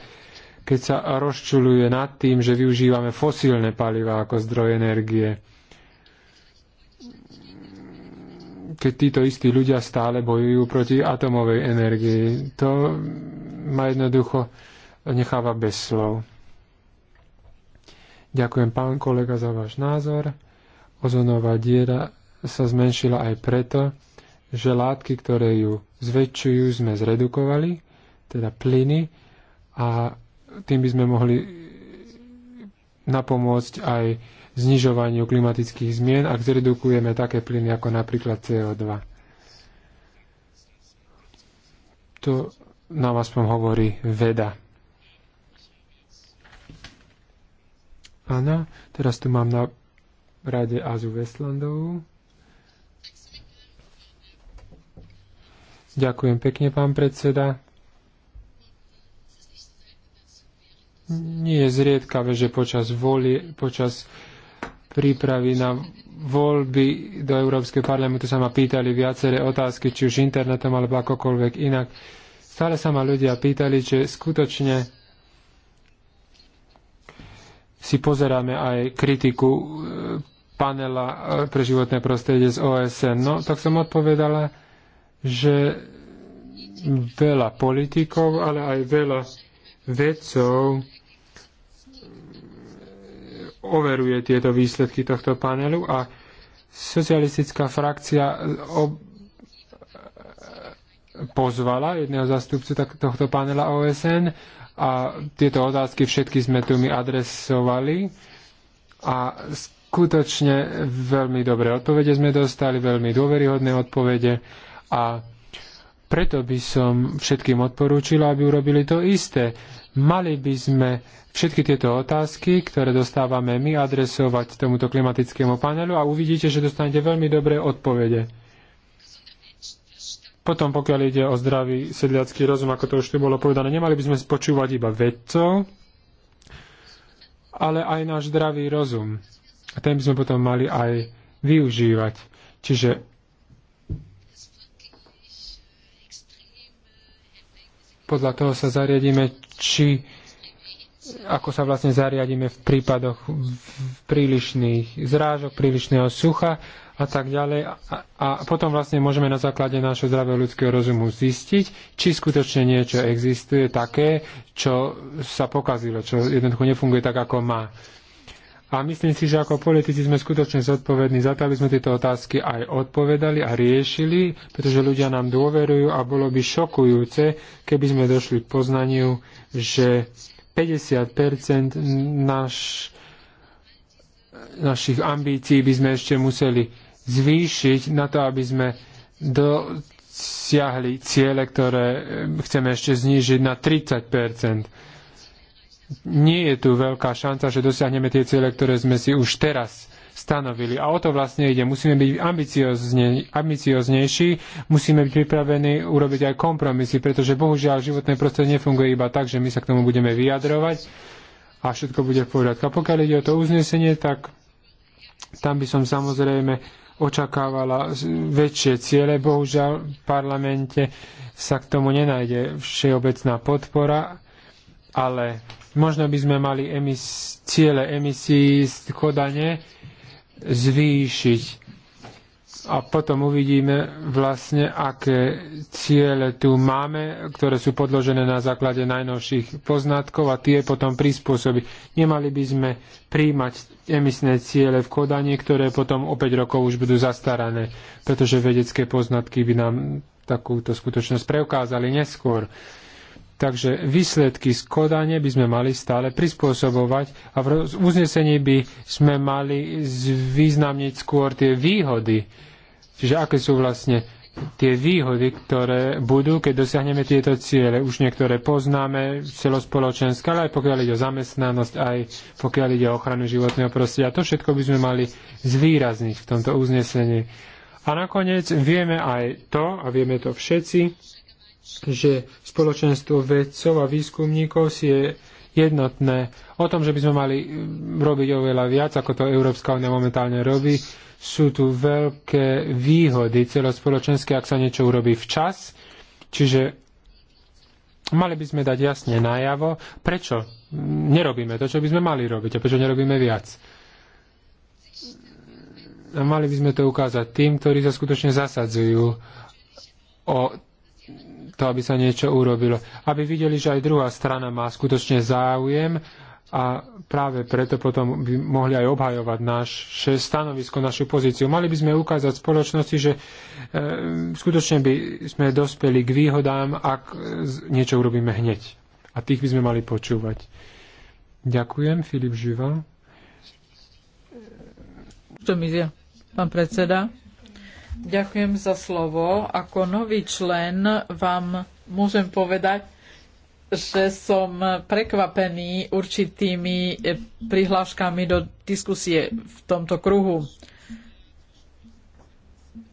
A: keď sa rozčuluje nad tým, že využívame fosílne paliva ako zdroj energie. Keď títo istí ľudia stále bojujú proti atomovej energii, to ma jednoducho necháva bez slov. Ďakujem pán kolega za váš názor. Ozonová diera sa zmenšila aj preto, že látky, ktoré ju zväčšujú, sme zredukovali, teda plyny, a tým by sme mohli napomôcť aj znižovaniu klimatických zmien, ak zredukujeme také plyny ako napríklad CO2. To nám aspoň hovorí veda. Áno, teraz tu mám na Rade Azu Westlandov. Ďakujem pekne, pán predseda. Nie je zriedkavé, že počas, voli, počas prípravy na voľby do Európskej parlamentu sa ma pýtali viaceré otázky, či už internetom alebo akokoľvek inak. Stále sa ma ľudia pýtali, že skutočne si pozeráme aj kritiku e, panela e, pre životné prostredie z OSN. No, tak som odpovedala, že veľa politikov, ale aj veľa vedcov overuje tieto výsledky tohto panelu a socialistická frakcia e, ob- pozvala jedného zastupcu tohto panela OSN a tieto otázky všetky sme tu mi adresovali a skutočne veľmi dobré odpovede sme dostali, veľmi dôveryhodné odpovede a preto by som všetkým odporúčila, aby urobili to isté. Mali by sme všetky tieto otázky, ktoré dostávame my, adresovať tomuto klimatickému panelu a uvidíte, že dostanete veľmi dobré odpovede. Potom, pokiaľ ide o zdravý sedliacký rozum, ako to už tu bolo povedané, nemali by sme spočúvať iba vedcov, ale aj náš zdravý rozum. A ten by sme potom mali aj využívať. Čiže podľa toho sa zariadíme, či ako sa vlastne zariadíme v prípadoch prílišných zrážok, prílišného sucha a tak ďalej. A, a potom vlastne môžeme na základe nášho zdravého ľudského rozumu zistiť, či skutočne niečo existuje také, čo sa pokazilo, čo jednoducho nefunguje tak, ako má. A myslím si, že ako politici sme skutočne zodpovední za to, aby sme tieto otázky aj odpovedali a riešili, pretože ľudia nám dôverujú a bolo by šokujúce, keby sme došli k poznaniu, že 50 naš, našich ambícií by sme ešte museli zvýšiť na to, aby sme dosiahli ciele, ktoré chceme ešte znížiť na 30 nie je tu veľká šanca, že dosiahneme tie ciele, ktoré sme si už teraz stanovili. A o to vlastne ide. Musíme byť ambiciozne, ambicioznejší, musíme byť pripravení urobiť aj kompromisy, pretože bohužiaľ životné prostredie nefunguje iba tak, že my sa k tomu budeme vyjadrovať a všetko bude v poriadku. A pokiaľ ide o to uznesenie, tak tam by som samozrejme očakávala väčšie ciele. Bohužiaľ v parlamente sa k tomu nenájde všeobecná podpora, ale Možno by sme mali emis, ciele emisí z Kodane zvýšiť a potom uvidíme vlastne, aké ciele tu máme, ktoré sú podložené na základe najnovších poznatkov a tie potom prispôsobiť. Nemali by sme príjmať emisné ciele v kodanie, ktoré potom o 5 rokov už budú zastarané, pretože vedecké poznatky by nám takúto skutočnosť preukázali neskôr. Takže výsledky z Kodane by sme mali stále prispôsobovať a v uznesení by sme mali zvýznamniť skôr tie výhody. Čiže aké sú vlastne tie výhody, ktoré budú, keď dosiahneme tieto ciele. Už niektoré poznáme, celospoločenské, ale aj pokiaľ ide o zamestnanosť, aj pokiaľ ide o ochranu životného prostredia. To všetko by sme mali zvýrazniť v tomto uznesení. A nakoniec vieme aj to, a vieme to všetci, že spoločenstvo vedcov a výskumníkov si je jednotné. O tom, že by sme mali mm, robiť oveľa viac, ako to Európska únia momentálne robí, sú tu veľké výhody celospoločenské, ak sa niečo urobí včas. Čiže mali by sme dať jasne najavo, prečo nerobíme to, čo by sme mali robiť a prečo nerobíme viac. A mali by sme to ukázať tým, ktorí sa skutočne zasadzujú o to, aby sa niečo urobilo. Aby videli, že aj druhá strana má skutočne záujem a práve preto potom by mohli aj obhajovať naše stanovisko, našu pozíciu. Mali by sme ukázať spoločnosti, že e, skutočne by sme dospeli k výhodám, ak niečo urobíme hneď. A tých by sme mali počúvať. Ďakujem, Filip Živa.
B: Čo mi je, pán predseda? Ďakujem za slovo. Ako nový člen vám môžem povedať, že som prekvapený určitými prihláškami do diskusie v tomto kruhu.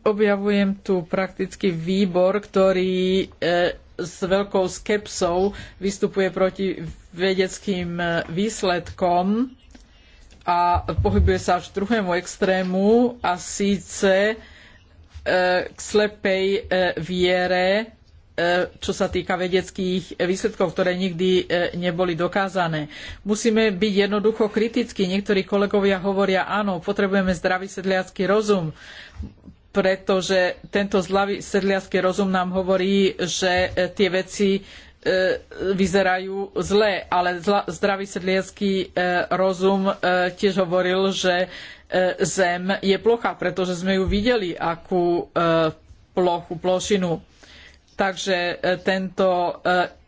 B: Objavujem tu prakticky výbor, ktorý e, s veľkou skepsou vystupuje proti vedeckým e, výsledkom a pohybuje sa až k druhému extrému a síce E, k slepej e, viere, e, čo sa týka vedeckých výsledkov, ktoré nikdy neboli dokázané. Musíme byť jednoducho kritickí. Niektorí kolegovia hovoria, áno, potrebujeme zdravý sedliacký rozum, pretože tento zdravý sedliacký rozum nám hovorí, že tie veci vyzerajú zle, ale zdravý sedliacký rozum tiež hovoril, že E, zem je plocha, pretože sme ju videli, akú e, plochu, plošinu. Takže e, tento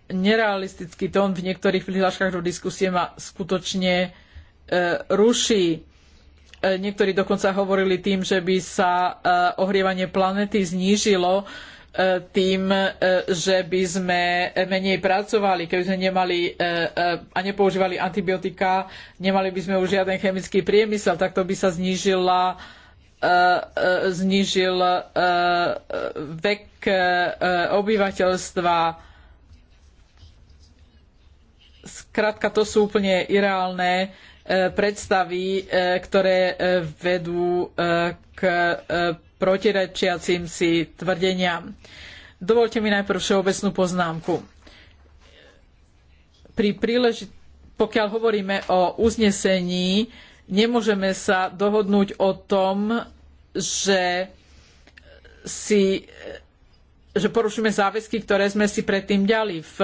B: nerealistický tón v niektorých prihláškach do diskusie ma skutočne ruší. Niektorí dokonca hovorili tým, že by sa ohrievanie planéty znížilo tým, e, že by sme menej pracovali, keby sme nemali e, e, a nepoužívali antibiotika, nemali by sme už žiaden chemický priemysel, tak to by sa znížila znížil vek obyvateľstva. Skrátka, to sú úplne ireálne predstavy, ktoré vedú k protirečiacim si tvrdeniam. Dovolte mi najprv všeobecnú poznámku. Pri príleži- pokiaľ hovoríme o uznesení, nemôžeme sa dohodnúť o tom, že si že porušíme záväzky, ktoré sme si predtým dali. V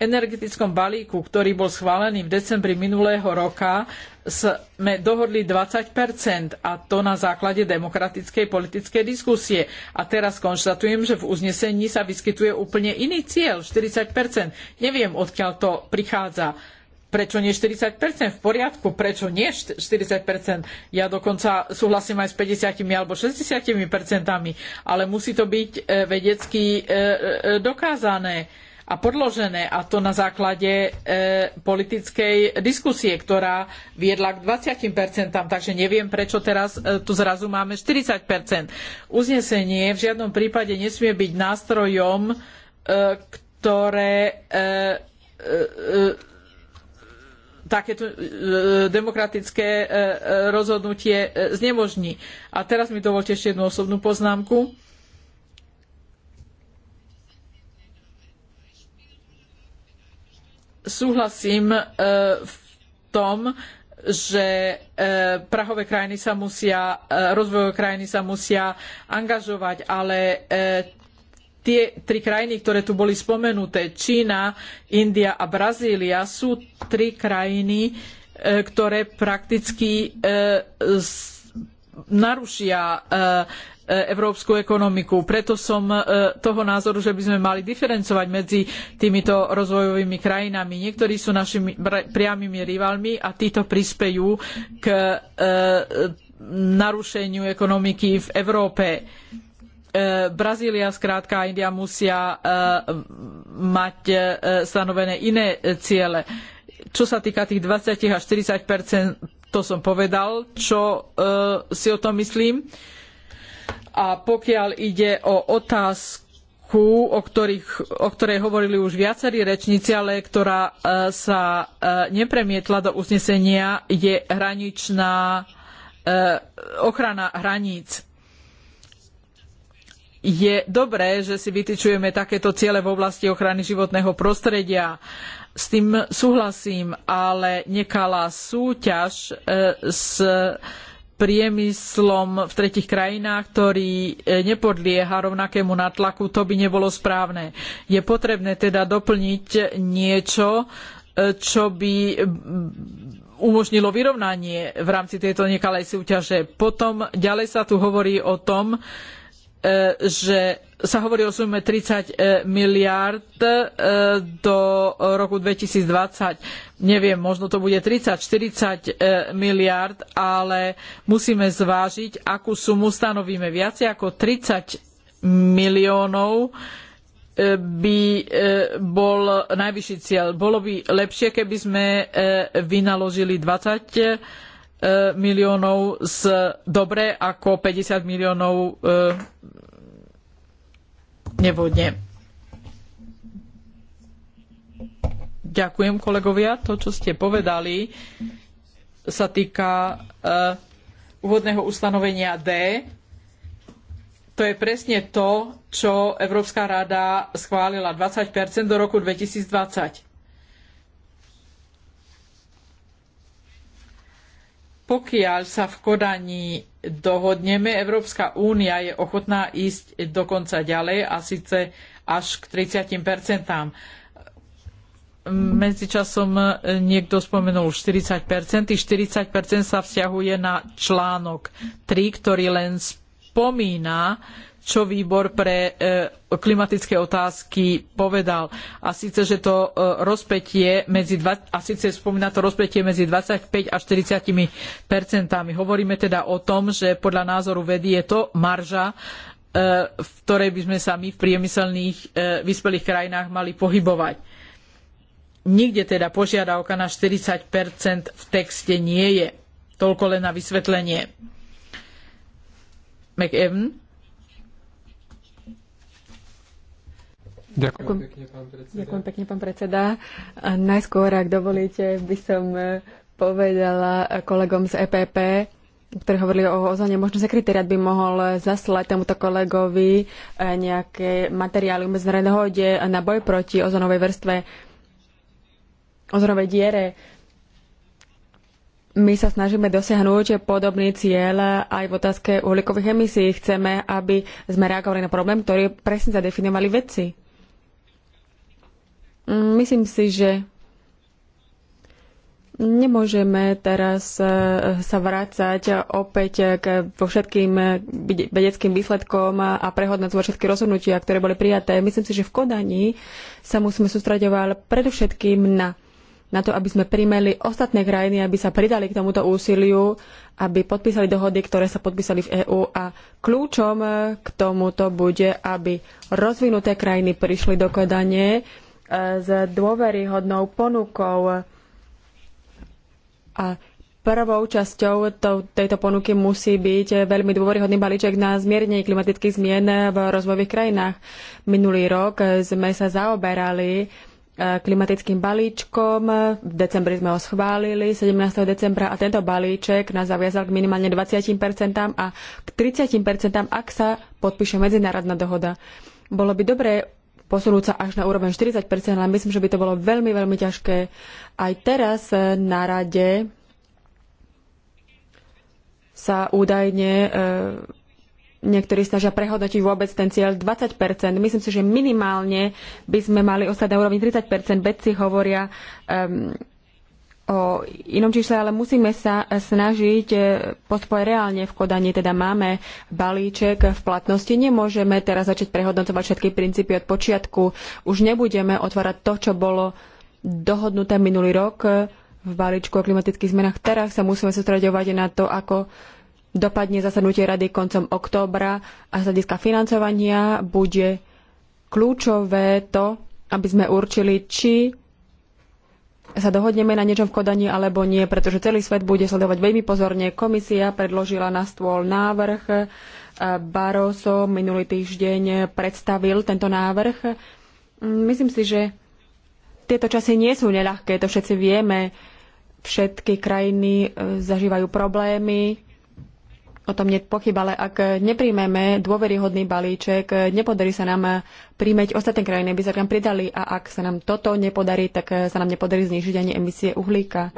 B: energetickom balíku, ktorý bol schválený v decembri minulého roka, sme dohodli 20 a to na základe demokratickej politickej diskusie. A teraz konštatujem, že v uznesení sa vyskytuje úplne iný cieľ, 40 Neviem, odkiaľ to prichádza prečo nie 40%? V poriadku, prečo nie 40%? Ja dokonca súhlasím aj s 50 alebo 60%, ale musí to byť e, vedecky e, e, dokázané a podložené, a to na základe e, politickej diskusie, ktorá viedla k 20%, takže neviem, prečo teraz e, tu zrazu máme 40%. Uznesenie v žiadnom prípade nesmie byť nástrojom, e, ktoré e, e, e, takéto demokratické rozhodnutie znemožní. A teraz mi dovolte ešte jednu osobnú poznámku súhlasím e, v tom, že e, prahové krajiny sa musia, e, rozvojové krajiny sa musia angažovať, ale tie tri krajiny, ktoré tu boli spomenuté, Čína, India a Brazília, sú tri krajiny, ktoré prakticky narušia E, európsku ekonomiku. Preto som e, toho názoru, že by sme mali diferencovať medzi týmito rozvojovými krajinami. Niektorí sú našimi priamými rivalmi a títo prispejú k e, narušeniu ekonomiky v Európe. Brazília skrátka a India musia mať stanovené iné ciele. Čo sa týka tých 20 až 40 to som povedal, čo si o tom myslím. A pokiaľ ide o otázku, o, ktorých, o ktorej hovorili už viacerí rečníci, ale ktorá e, sa e, nepremietla do uznesenia, je hraničná e, ochrana hraníc je dobré, že si vytyčujeme takéto ciele v oblasti ochrany životného prostredia. S tým súhlasím, ale nekalá súťaž s priemyslom v tretich krajinách, ktorý e, nepodlieha rovnakému natlaku, to by nebolo správne. Je potrebné teda doplniť niečo, e, čo by mm, umožnilo vyrovnanie v rámci tejto nekalej súťaže. Potom ďalej sa tu hovorí o tom, že že sa hovorí o sume 30 e, miliard e, do roku 2020. Neviem, možno to bude 30-40 e, miliard, ale musíme zvážiť, akú sumu stanovíme. Viacej ako 30 miliónov by bol najvyšší cieľ. Bolo by lepšie, keby sme vynaložili 20 E, miliónov z dobre ako 50 miliónov e, nevodne. Ďakujem kolegovia, to čo ste povedali sa týka e, úvodného ustanovenia D. To je presne to, čo Európska rada schválila 20% do roku 2020 pokiaľ sa v Kodani dohodneme, Európska únia je ochotná ísť dokonca ďalej a síce až k 30 Medzičasom niekto spomenul 40 Tých 40 sa vzťahuje na článok 3, ktorý len spomína čo výbor pre e, klimatické otázky povedal. A síce, že to e, rozpätie medzi, a síce spomína to rozpätie medzi 25 a 40 percentami. Hovoríme teda o tom, že podľa názoru vedy je to marža, e, v ktorej by sme sa my v priemyselných vyspelých krajinách mali pohybovať. Nikde teda požiadavka na 40 v texte nie je. Toľko len na vysvetlenie.
C: McEwan?
A: Ďakujem pekne, pán predseda. Ďakujem
C: pekne, pán predseda. A najskôr, ak dovolíte, by som e, povedala e, kolegom z EPP, ktorí hovorili o ozone, možno sekretariat by mohol e, zaslať tomuto kolegovi nejaké materiály v hode na boj proti ozonovej vrstve, ozonovej diere. My sa snažíme dosiahnuť podobný cieľ aj v otázke uhlíkových emisí. Chceme, aby sme reagovali na problém, ktorý presne zadefinovali vedci. Mm, myslím si, že nemôžeme teraz e, sa vrácať opäť k vo všetkým e, vedeckým výsledkom a vo všetky rozhodnutia, ktoré boli prijaté. Myslím si, že v Kodani sa musíme sústraďovať predovšetkým na na to, aby sme primeli ostatné krajiny, aby sa pridali k tomuto úsiliu, aby podpísali dohody, ktoré sa podpísali v EÚ a kľúčom k tomuto bude, aby rozvinuté krajiny prišli do Kodane, s dôveryhodnou ponukou. A prvou časťou to, tejto ponuky musí byť veľmi dôveryhodný balíček na zmiernenie klimatických zmien v rozvojových krajinách. Minulý rok sme sa zaoberali e, klimatickým balíčkom. V decembri sme ho schválili, 17. decembra, a tento balíček nás zaviazal k minimálne 20% a k 30%, ak sa podpíše medzinárodná dohoda. Bolo by dobré posunúť sa až na úroveň 40 ale myslím, že by to bolo veľmi, veľmi ťažké. Aj teraz eh, na rade sa údajne eh, niektorí snažia prehodnotiť vôbec ten cieľ 20 Myslím si, že minimálne by sme mali ostať na úrovni 30 Vedci hovoria ehm, o inom čísle, ale musíme sa snažiť e, postupovať reálne v Kodani. Teda máme balíček v platnosti. Nemôžeme teraz začať prehodnocovať všetky princípy od počiatku. Už nebudeme otvárať to, čo bolo dohodnuté minulý rok v balíčku o klimatických zmenách. Teraz sa musíme sústredovať na to, ako dopadne zasadnutie rady koncom októbra a z hľadiska financovania bude kľúčové to, aby sme určili, či sa dohodneme na niečom v Kodani alebo nie, pretože celý svet bude sledovať veľmi pozorne. Komisia predložila na stôl návrh, Barroso minulý týždeň predstavil tento návrh. Myslím si, že tieto časy nie sú neľahké, to všetci vieme. Všetky krajiny eh, zažívajú problémy, O tom nie ale ak nepríjmeme dôveryhodný balíček, nepodarí sa nám príjmeť ostatné krajiny, aby sa nám pridali a ak sa nám toto nepodarí, tak sa nám nepodarí znížiť ani emisie uhlíka.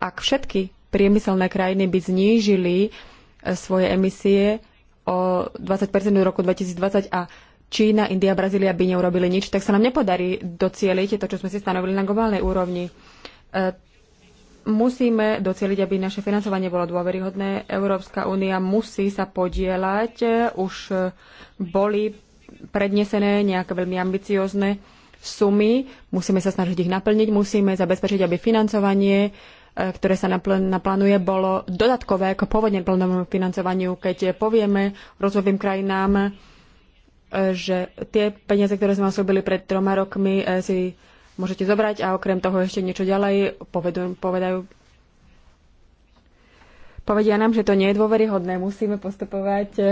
C: Ak všetky priemyselné krajiny by znížili e, svoje emisie o 20% do roku 2020 a Čína, India, Brazília by neurobili nič, tak sa nám nepodarí docieliť to, čo sme si stanovili na globálnej úrovni e, musíme docieliť, aby naše financovanie bolo dôveryhodné. Európska únia musí sa podielať. Už boli prednesené nejaké veľmi ambiciozne sumy. Musíme sa snažiť ich naplniť. Musíme zabezpečiť, aby financovanie e, ktoré sa naplánuje, bolo dodatkové ako pôvodne plnému financovaniu, keď povieme rozvojovým krajinám, e, že tie peniaze, ktoré sme osobili pred troma rokmi, e, si môžete zobrať a okrem toho ešte niečo ďalej povedu, povedajú. Povedia nám, že to nie je dôveryhodné, musíme postupovať eh,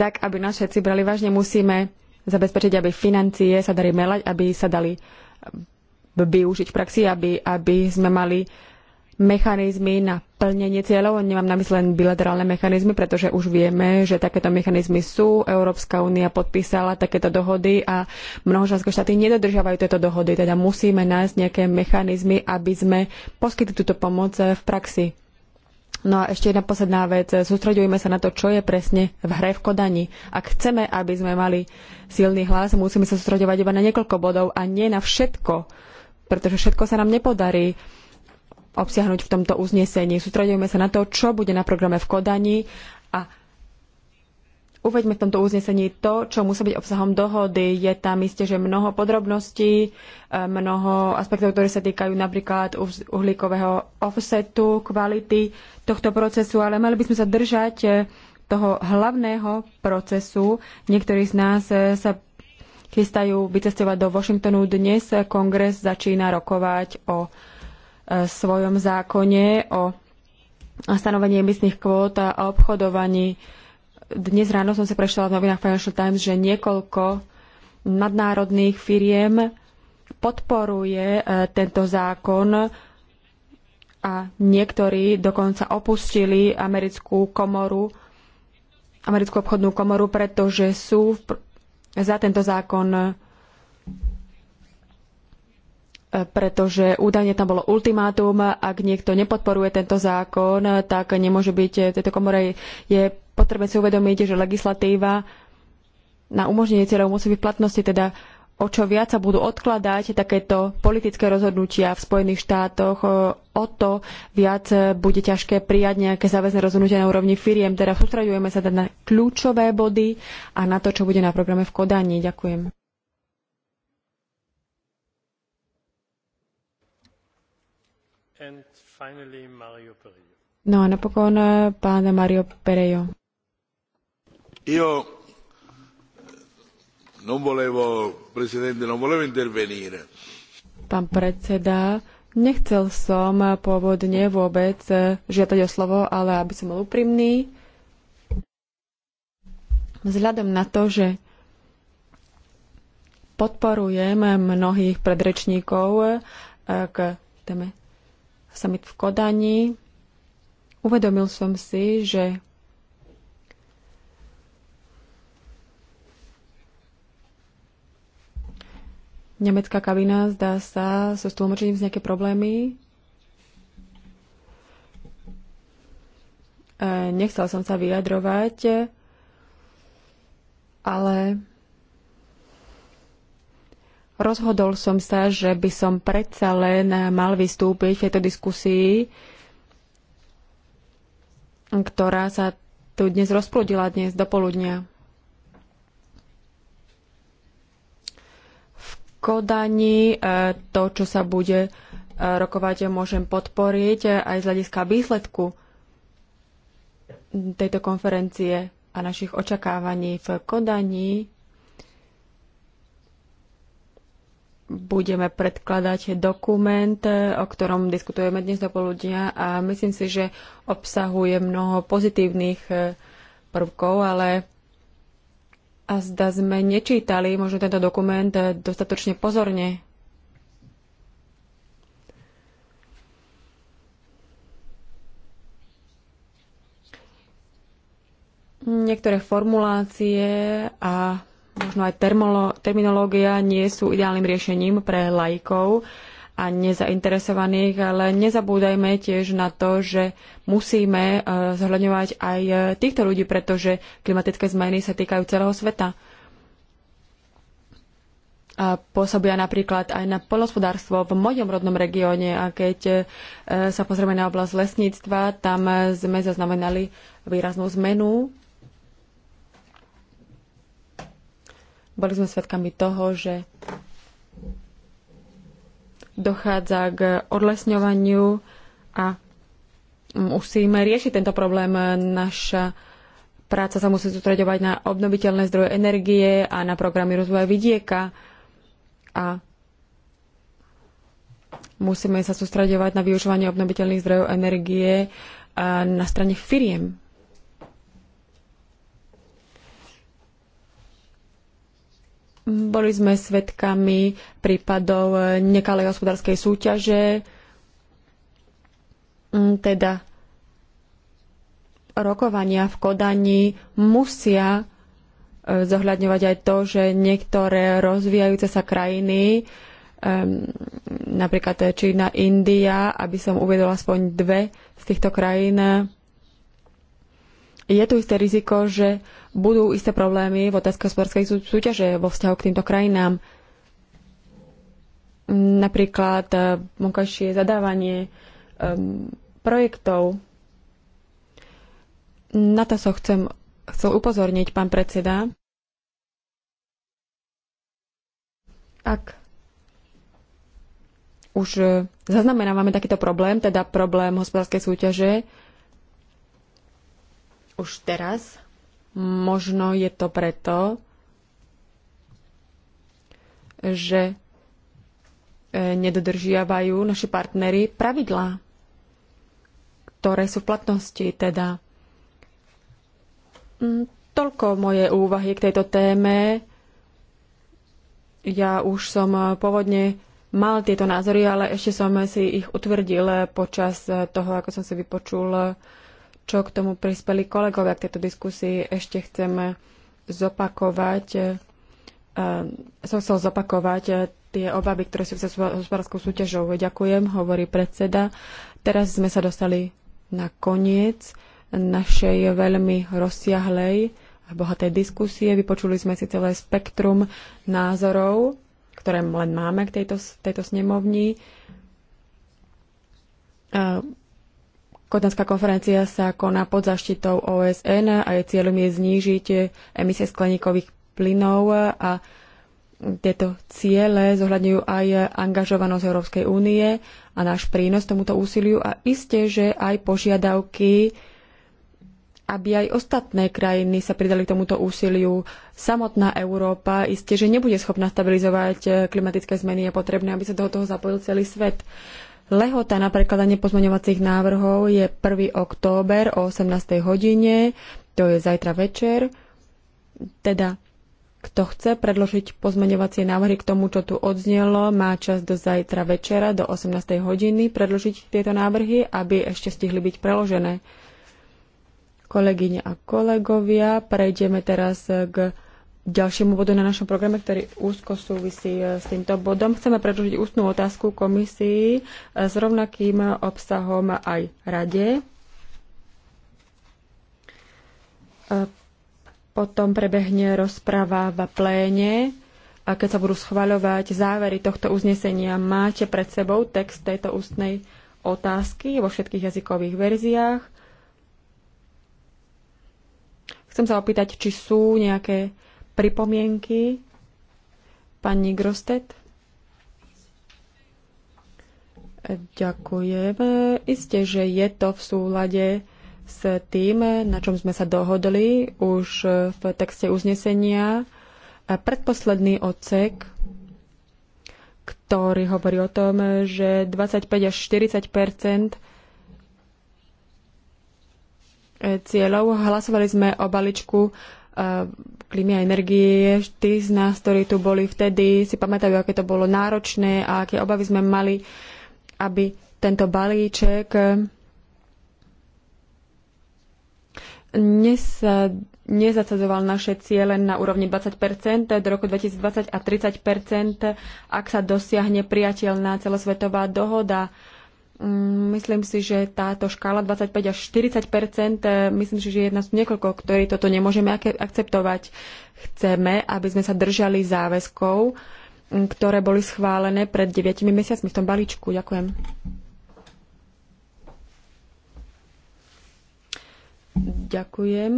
C: tak, aby nás všetci brali vážne, musíme zabezpečiť, aby financie sa dali melať, aby sa dali eh, využiť v praxi, aby, aby sme mali mechanizmy na plnenie cieľov. Nemám na mysle len bilaterálne mechanizmy, pretože už vieme, že takéto mechanizmy sú. Európska únia podpísala takéto dohody a mnoho členské štáty nedodržiavajú tieto dohody. Teda musíme nájsť nejaké mechanizmy, aby sme poskytli túto pomoc v praxi. No a ešte jedna posledná vec. Sústreďujme sa na to, čo je presne v hre v Kodani. Ak chceme, aby sme mali silný hlas, musíme sa sústreďovať iba na niekoľko bodov a nie na všetko, pretože všetko sa nám nepodarí obsiahnuť v tomto uznesení. Sústredujeme sa na to, čo bude na programe v Kodani a uveďme v tomto uznesení to, čo musí byť obsahom dohody. Je tam isté, že mnoho podrobností, e, mnoho aspektov, ktoré sa týkajú napríklad uhlíkového offsetu, kvality tohto procesu, ale mali by sme sa držať e, toho hlavného procesu. Niektorí z nás e, sa chystajú vycestovať do Washingtonu. Dnes kongres začína rokovať o svojom zákone o stanovení emisných kvót a obchodovaní. Dnes ráno som si prešla v novinách Financial Times, že niekoľko nadnárodných firiem podporuje e, tento zákon a niektorí dokonca opustili americkú komoru, americkú obchodnú komoru, pretože sú za tento zákon pretože údajne tam bolo ultimátum, ak niekto nepodporuje tento zákon, tak nemôže byť v eh, tejto komore. Je potrebné si uvedomiť, že legislatíva na umožnenie cieľov musí byť v platnosti, teda o čo viac sa budú odkladať takéto politické rozhodnutia v Spojených štátoch, eh, o to viac eh, bude ťažké prijať nejaké záväzné rozhodnutia na úrovni firiem. Teda sústredujeme sa teda na kľúčové body a na to, čo bude na programe v Kodani. Ďakujem. no a napokon eh, pán Mario Perejo.
A: Io
B: non volevo, Presidente, non volevo intervenire.
C: Pán predseda, nechcel som pôvodne vôbec eh, žiadať o slovo, ale aby som bol úprimný, vzhľadom na to, že podporujem mnohých predrečníkov eh, k téme summit v Kodani, uvedomil som si, že Nemecká kabina, zdá sa, so s z nejaké problémy. E, Nechcel som sa vyjadrovať, ale Rozhodol som sa, že by som predsa len mal vystúpiť v tejto diskusii, ktorá sa tu dnes rozplodila dnes do poludnia. V Kodani e, to, čo sa bude e, rokovať, môžem podporiť aj z hľadiska výsledku tejto konferencie a našich očakávaní v Kodani budeme predkladať dokument, e, o ktorom diskutujeme dnes do poludnia a myslím si, že obsahuje mnoho pozitívnych e, prvkov, ale a zda sme nečítali možno tento dokument e, dostatočne pozorne. Niektoré formulácie a možno aj terminológia nie sú ideálnym riešením pre laikov a nezainteresovaných, ale nezabúdajme tiež na to, že musíme eh, zohľadňovať aj eh, týchto ľudí, pretože klimatické zmeny sa týkajú celého sveta. A pôsobia napríklad aj na polnospodárstvo v mojom rodnom regióne a keď eh, sa pozrieme na oblasť lesníctva, tam sme zaznamenali výraznú zmenu Boli sme svedkami toho, že dochádza k odlesňovaniu a musíme riešiť tento problém. Naša práca sa musí sústreďovať na obnoviteľné zdroje energie a na programy rozvoja vidieka a musíme sa sústreďovať na využívanie obnoviteľných zdrojov energie na strane firiem. Boli sme svedkami prípadov nekalej hospodárskej súťaže, mm, teda rokovania v Kodani musia e, zohľadňovať aj to, že niektoré rozvíjajúce sa krajiny, napríklad Čína, India, aby som uvedol aspoň dve z týchto krajín, je tu isté riziko, že budú isté problémy v otázke hospodárskej súťaže vo vzťahu k týmto krajinám. Napríklad eh, vonkajšie zadávanie um, projektov. Na to sa so chcem, chcel upozorniť pán predseda. Ak už eh, zaznamenávame takýto problém, teda problém hospodárskej súťaže, už teraz Možno je to preto, že e, nedodržiavajú naši partnery pravidlá, ktoré sú v platnosti. Teda mm, toľko moje úvahy k tejto téme. Ja už som pôvodne mal tieto názory, ale ešte som si ich utvrdil počas toho, ako som si vypočul čo k tomu prispeli kolegovia k tejto diskusii. Ešte chcem zopakovať, e, e, som chcel zopakovať e, tie obavy, ktoré sú s hospodárskou súťažou. Ďakujem, hovorí predseda. Teraz sme sa dostali na koniec našej veľmi rozsiahlej a bohatej diskusie. Vypočuli sme si celé spektrum názorov, ktoré len máme k tejto, tejto snemovni Kodanská konferencia sa koná pod zaštitou OSN a jej cieľom je znížiť emisie skleníkových plynov a tieto ciele zohľadňujú aj angažovanosť Európskej únie a náš prínos tomuto úsiliu a isté, že aj požiadavky, aby aj ostatné krajiny sa pridali k tomuto úsiliu. Samotná Európa isté, že nebude schopná stabilizovať klimatické zmeny. Je potrebné, aby sa do toho zapojil celý svet. Lehota na prekladanie pozmeňovacích návrhov je 1. október o 18. hodine, to je zajtra večer. Teda, kto chce predložiť pozmeňovacie návrhy k tomu, čo tu odznelo, má čas do zajtra večera, do 18. hodiny predložiť tieto návrhy, aby ešte stihli byť preložené. Kolegyne a kolegovia, prejdeme teraz k ďalšiemu bodu na našom programe, ktorý úzko súvisí e, s týmto bodom. Chceme predložiť ústnú otázku komisii e, s rovnakým obsahom aj rade. E, potom prebehne rozprava v pléne, a keď sa budú schvaľovať závery tohto uznesenia. Máte pred sebou text tejto ústnej otázky vo všetkých jazykových verziách. Chcem sa opýtať, či sú nejaké pripomienky. Pani Grostet. Ďakujem. Isté, že je to v súlade s tým, na čom sme sa dohodli už v texte uznesenia. Predposledný odsek, ktorý hovorí o tom, že 25 až 40 cieľov. Hlasovali sme o baličku klímy a energie. Tí z nás, ktorí tu boli vtedy, si pamätajú, aké to bolo náročné a aké obavy sme mali, aby tento balíček nezasadzoval naše ciele na úrovni 20 do roku 2020 a 30 ak sa dosiahne priateľná celosvetová dohoda. Mm, myslím si, že táto škála 25 až 40 e, myslím si, že je jedna z niekoľko, ktorí toto nemôžeme akceptovať. Chceme, aby sme sa držali záväzkov, ktoré boli schválené pred 9 mesiacmi v tom balíčku. Ďakujem. Ďakujem.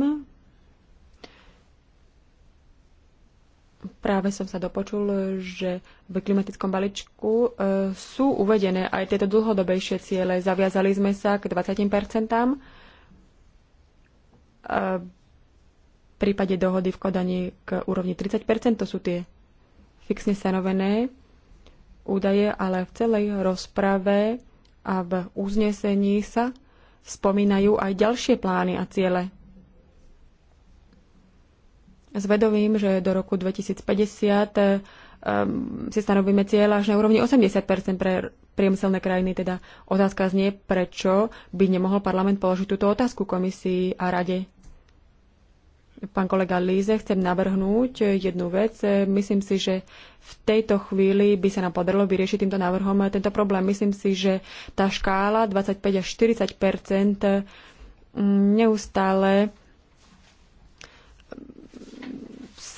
C: Práve som sa dopočul, že v klimatickom balíčku e, sú uvedené aj tieto dlhodobejšie ciele. Zaviazali sme sa k 20 e, v prípade dohody v Kodani k úrovni 30 to sú tie fixne stanovené údaje, ale v celej rozprave a v uznesení sa spomínajú aj ďalšie plány a ciele s vedovím, že do roku 2050 um, eh, si stanovíme cieľ až na úrovni 80 pre priemyselné krajiny. Teda otázka znie, prečo by nemohol parlament položiť túto otázku komisii a rade. Pán kolega Líze, chcem navrhnúť jednu vec. Myslím si, že v tejto chvíli by sa nám podarilo vyriešiť týmto návrhom tento problém. Myslím si, že tá škála 25 až 40 mm, neustále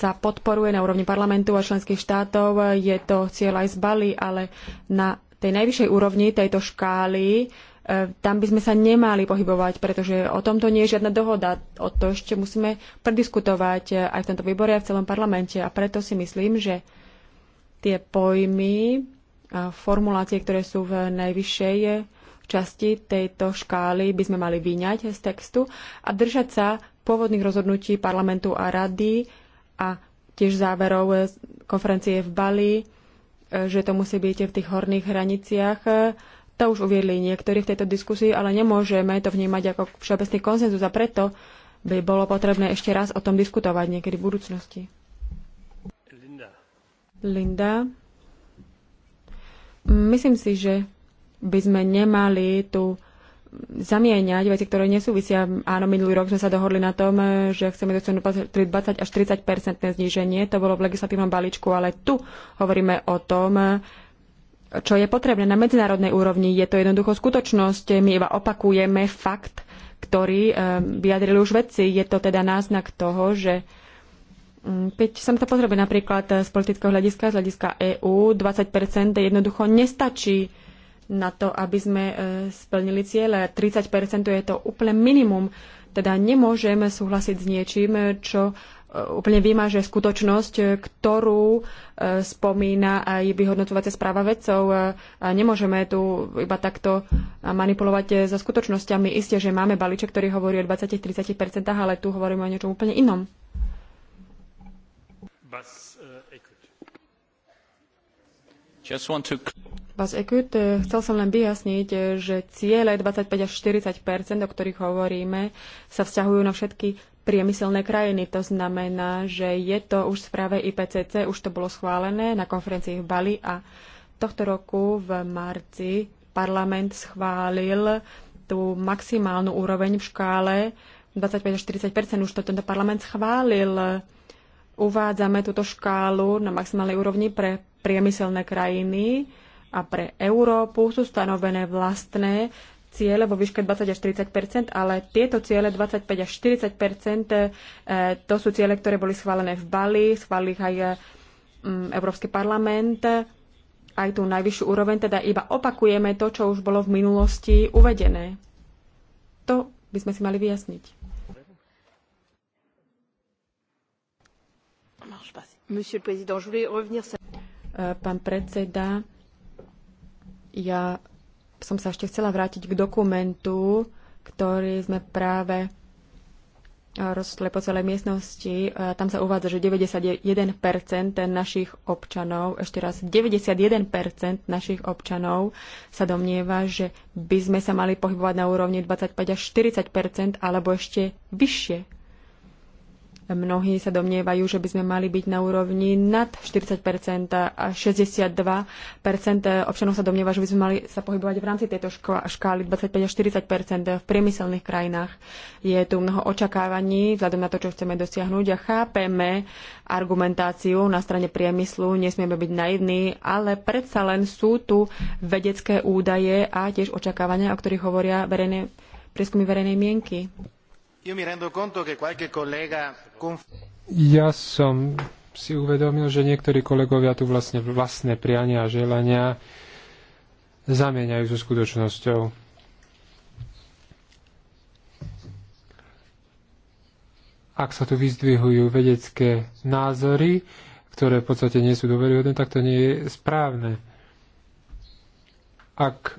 C: sa podporuje na úrovni parlamentu a členských štátov. Je to cieľ aj z Bali, ale na tej najvyššej úrovni tejto škály e, tam by sme sa nemali pohybovať, pretože o tomto nie je žiadna dohoda. O to ešte musíme prediskutovať aj v tomto výbore, aj v celom parlamente. A preto si myslím, že tie pojmy a formulácie, ktoré sú v najvyššej časti tejto škály, by sme mali vyňať z textu a držať sa pôvodných rozhodnutí parlamentu a rady, a tiež záverov e, konferencie v Bali, e, že to musí byť v tých horných hraniciach. To už uviedli niektorí v tejto diskusii, ale nemôžeme to vnímať ako všeobecný konsenzus a preto by bolo potrebné ešte raz o tom diskutovať niekedy v budúcnosti. Linda. Linda. Myslím si, že by sme nemali tu zamieňať veci, ktoré nesúvisia. Áno, minulý rok sme sa dohodli na tom, že chceme dosiahnuť 20 až 30 percentné zníženie. To bolo v legislatívnom balíčku, ale tu hovoríme o tom, čo je potrebné na medzinárodnej úrovni. Je to jednoducho skutočnosť. My iba opakujeme fakt, ktorý eh, vyjadrili už vedci. Je to teda náznak toho, že mm, keď som to pozrieť napríklad z politického hľadiska, z hľadiska EÚ, 20% jednoducho nestačí na to, aby sme e, splnili cieľe. 30 je to úplne minimum. Teda nemôžeme súhlasiť s niečím, čo e, úplne vymaže skutočnosť, ktorú e, spomína aj vyhodnocovacia správa vedcov. A nemôžeme tu iba takto manipulovať so skutočnosťami. Isté, že máme balíček, ktorý hovorí o 20-30%, ale tu hovoríme o niečom úplne inom. Just want to... Pás e, chcel som len vyjasniť, e, že ciele 25 až 40 o ktorých hovoríme, sa vzťahujú na všetky priemyselné krajiny. To znamená, že je to už v správe IPCC, už to bolo schválené na konferencii v Bali a tohto roku v marci parlament schválil tú maximálnu úroveň v škále 25 až 40 Už to tento parlament schválil. Uvádzame túto škálu na maximálnej úrovni pre priemyselné krajiny a pre Európu sú stanovené vlastné ciele vo výške 20 až 30 ale tieto ciele 25 až 40 e, to sú ciele, ktoré boli schválené v Bali, schválil ich aj mm, Európsky parlament, aj tú najvyššiu úroveň, teda iba opakujeme to, čo už bolo v minulosti uvedené. To by sme si mali vyjasniť. E, pán predseda, ja som sa ešte chcela vrátiť k dokumentu, ktorý sme práve e, rozsle po celej miestnosti. E, tam sa uvádza, že 91% našich občanov, ešte raz, 91% našich občanov sa domnieva, že by sme sa mali pohybovať na úrovni 25 až 40 alebo ešte vyššie Mnohí sa domnievajú, že by sme mali byť na úrovni nad 40 a 62 občanov sa domnieva, že by sme mali sa pohybovať v rámci tejto škály 25 až 40 v priemyselných krajinách. Je tu mnoho očakávaní vzhľadom na to, čo chceme dosiahnuť a chápeme argumentáciu na strane priemyslu, nesmieme byť naivní, ale predsa len sú tu vedecké údaje a tiež očakávania, o ktorých hovoria verejné prieskumy verejnej mienky.
A: Ja som si uvedomil, že niektorí kolegovia tu vlastne vlastné priania a želania zamieňajú so skutočnosťou. Ak sa tu vyzdvihujú vedecké názory, ktoré v podstate nie sú dôveryhodné, tak to nie je správne. Ak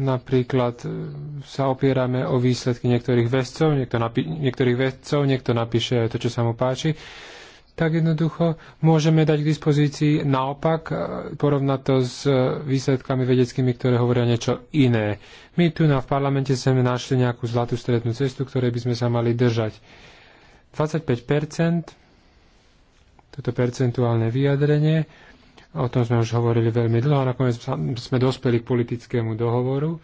A: Napríklad e, sa opierame o výsledky niektorých vedcov, niekto napi- niektorých vedcov, niekto napíše to, čo sa mu páči tak jednoducho môžeme dať k dispozícii naopak e, porovnať to s e, výsledkami vedeckými, ktoré hovoria niečo iné. My tu na v parlamente sme našli nejakú zlatú strednú cestu, ktorej by sme sa mali držať. 25%, toto percentuálne vyjadrenie, O tom sme už hovorili veľmi dlho a nakoniec sme dospeli k politickému dohovoru.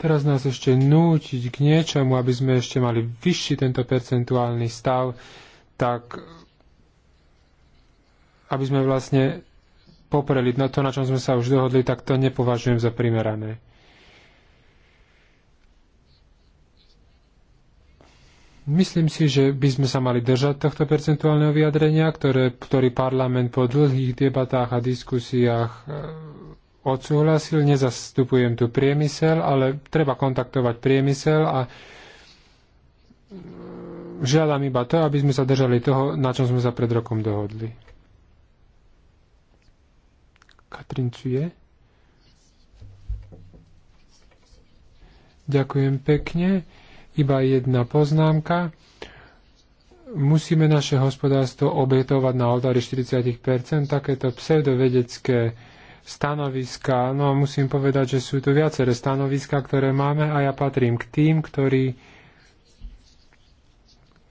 A: Teraz nás ešte nútiť k niečomu, aby sme ešte mali vyšší tento percentuálny stav, tak aby sme vlastne popreli na no to, na čom sme sa už dohodli, tak to nepovažujem za primerané. Myslím si, že by sme sa mali držať tohto percentuálneho vyjadrenia, ktoré, ktorý parlament po dlhých debatách a diskusiách eh, odsúhlasil. Nezastupujem tu priemysel, ale treba kontaktovať priemysel a eh, žiadam iba to, aby sme sa držali toho, na čom sme sa pred rokom dohodli. Katrin, je? Ďakujem pekne. Iba jedna poznámka. Musíme naše hospodárstvo obetovať na oltári 40%. Takéto pseudovedecké stanoviska, no musím povedať, že sú tu viaceré stanoviska, ktoré máme a ja patrím k tým, ktorí,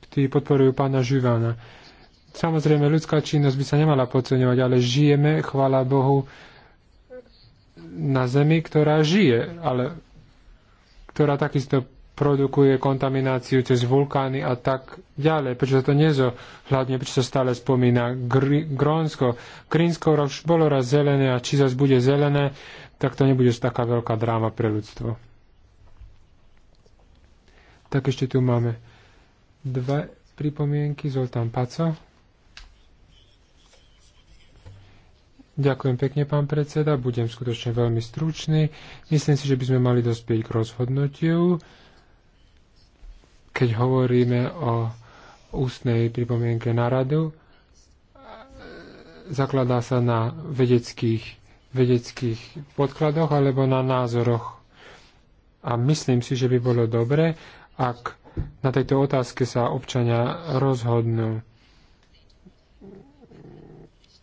A: ktorí podporujú pána Živana. Samozrejme, ľudská činnosť by sa nemala podceňovať, ale žijeme, chvála Bohu, na zemi, ktorá žije, ale ktorá takisto produkuje kontamináciu cez vulkány a tak ďalej. Prečo sa to nezohľadne, prečo sa stále spomína Gr- Grónsko. Grínsko už bolo raz zelené a či zase bude zelené, tak to nebude taká veľká dráma pre ľudstvo. Tak ešte tu máme dve pripomienky. Zoltán Paco. Ďakujem pekne, pán predseda. Budem skutočne veľmi stručný. Myslím si, že by sme mali dospieť k rozhodnutiu keď hovoríme o ústnej pripomienke na radu, zakladá sa na vedeckých, vedeckých podkladoch alebo na názoroch. A myslím si, že by bolo dobre, ak na tejto otázke sa občania rozhodnú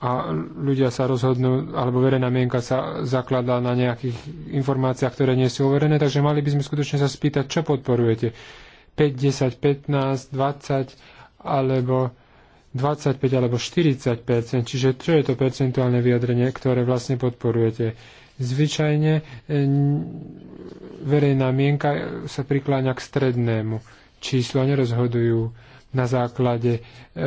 A: a ľudia sa rozhodnú, alebo verejná mienka sa zakladá na nejakých informáciách, ktoré nie sú overené, takže mali by sme skutočne sa spýtať, čo podporujete. 5, 10, 15, 20 alebo 25 alebo 40 Čiže čo je to percentuálne vyjadrenie, ktoré vlastne podporujete? Zvyčajne e, verejná mienka sa prikláňa k strednému. Číslo nerozhodujú na základe, e,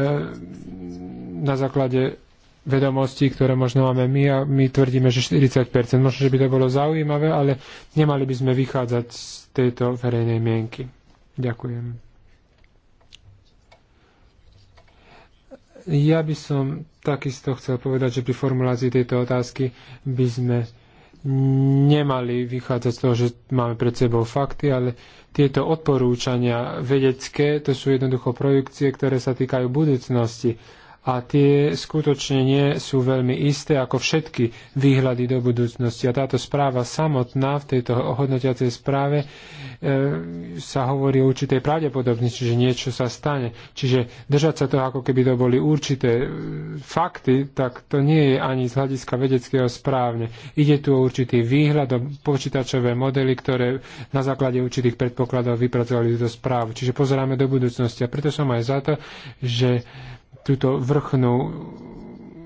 A: na základe vedomostí, ktoré možno máme my a my tvrdíme, že 40%. Možno, že by to bolo zaujímavé, ale nemali by sme vychádzať z tejto verejnej mienky. Ďakujem. Ja by som takisto chcel povedať, že pri formulácii tejto otázky by sme nemali vychádzať z toho, že máme pred sebou fakty, ale tieto odporúčania vedecké, to sú jednoducho projekcie, ktoré sa týkajú budúcnosti a tie skutočne nie sú veľmi isté ako všetky výhľady do budúcnosti. A táto správa samotná v tejto hodnotiacej správe e, sa hovorí o určitej pravdepodobnosti, že niečo sa stane. Čiže držať sa toho, ako keby to boli určité e, fakty, tak to nie je ani z hľadiska vedeckého správne. Ide tu o určitý výhľad, o počítačové modely, ktoré na základe určitých predpokladov vypracovali túto správu. Čiže pozeráme do budúcnosti. A preto som aj za to, že túto vrchnú,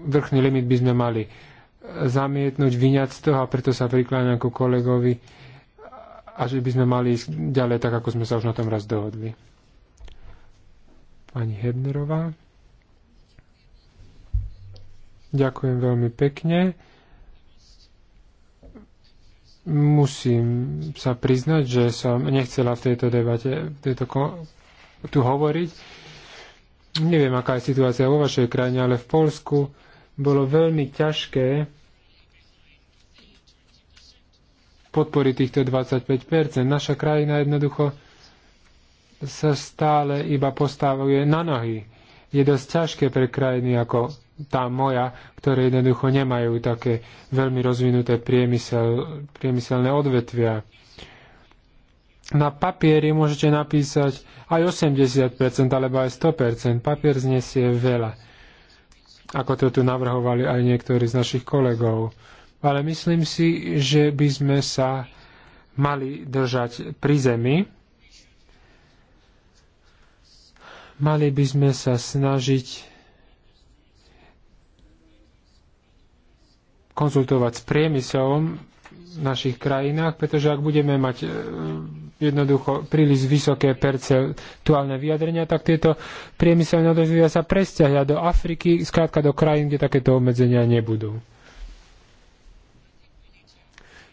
A: vrchný limit by sme mali zamietnúť, vyňať z toho a preto sa prikláňam ku kolegovi a že by sme mali ísť ďalej tak, ako sme sa už na tom raz dohodli. Pani Hebnerová. Ďakujem veľmi pekne. Musím sa priznať, že som nechcela v tejto debate v tejto, tu hovoriť neviem, aká je situácia vo vašej krajine, ale v Polsku bolo veľmi ťažké podporiť týchto 25%. Naša krajina jednoducho sa stále iba postavuje na nohy. Je dosť ťažké pre krajiny ako tá moja, ktoré jednoducho nemajú také veľmi rozvinuté priemysel, priemyselné odvetvia na papieri môžete napísať aj 80%, alebo aj 100%. Papier znesie veľa. Ako to tu navrhovali aj niektorí z našich kolegov. Ale myslím si, že by sme sa mali držať pri zemi. Mali by sme sa snažiť konzultovať s priemyselom v našich krajinách, pretože ak budeme mať e, jednoducho príliš vysoké percentuálne vyjadrenia, tak tieto priemyselné odozvia sa presťahia do Afriky, skrátka do krajín, kde takéto obmedzenia nebudú.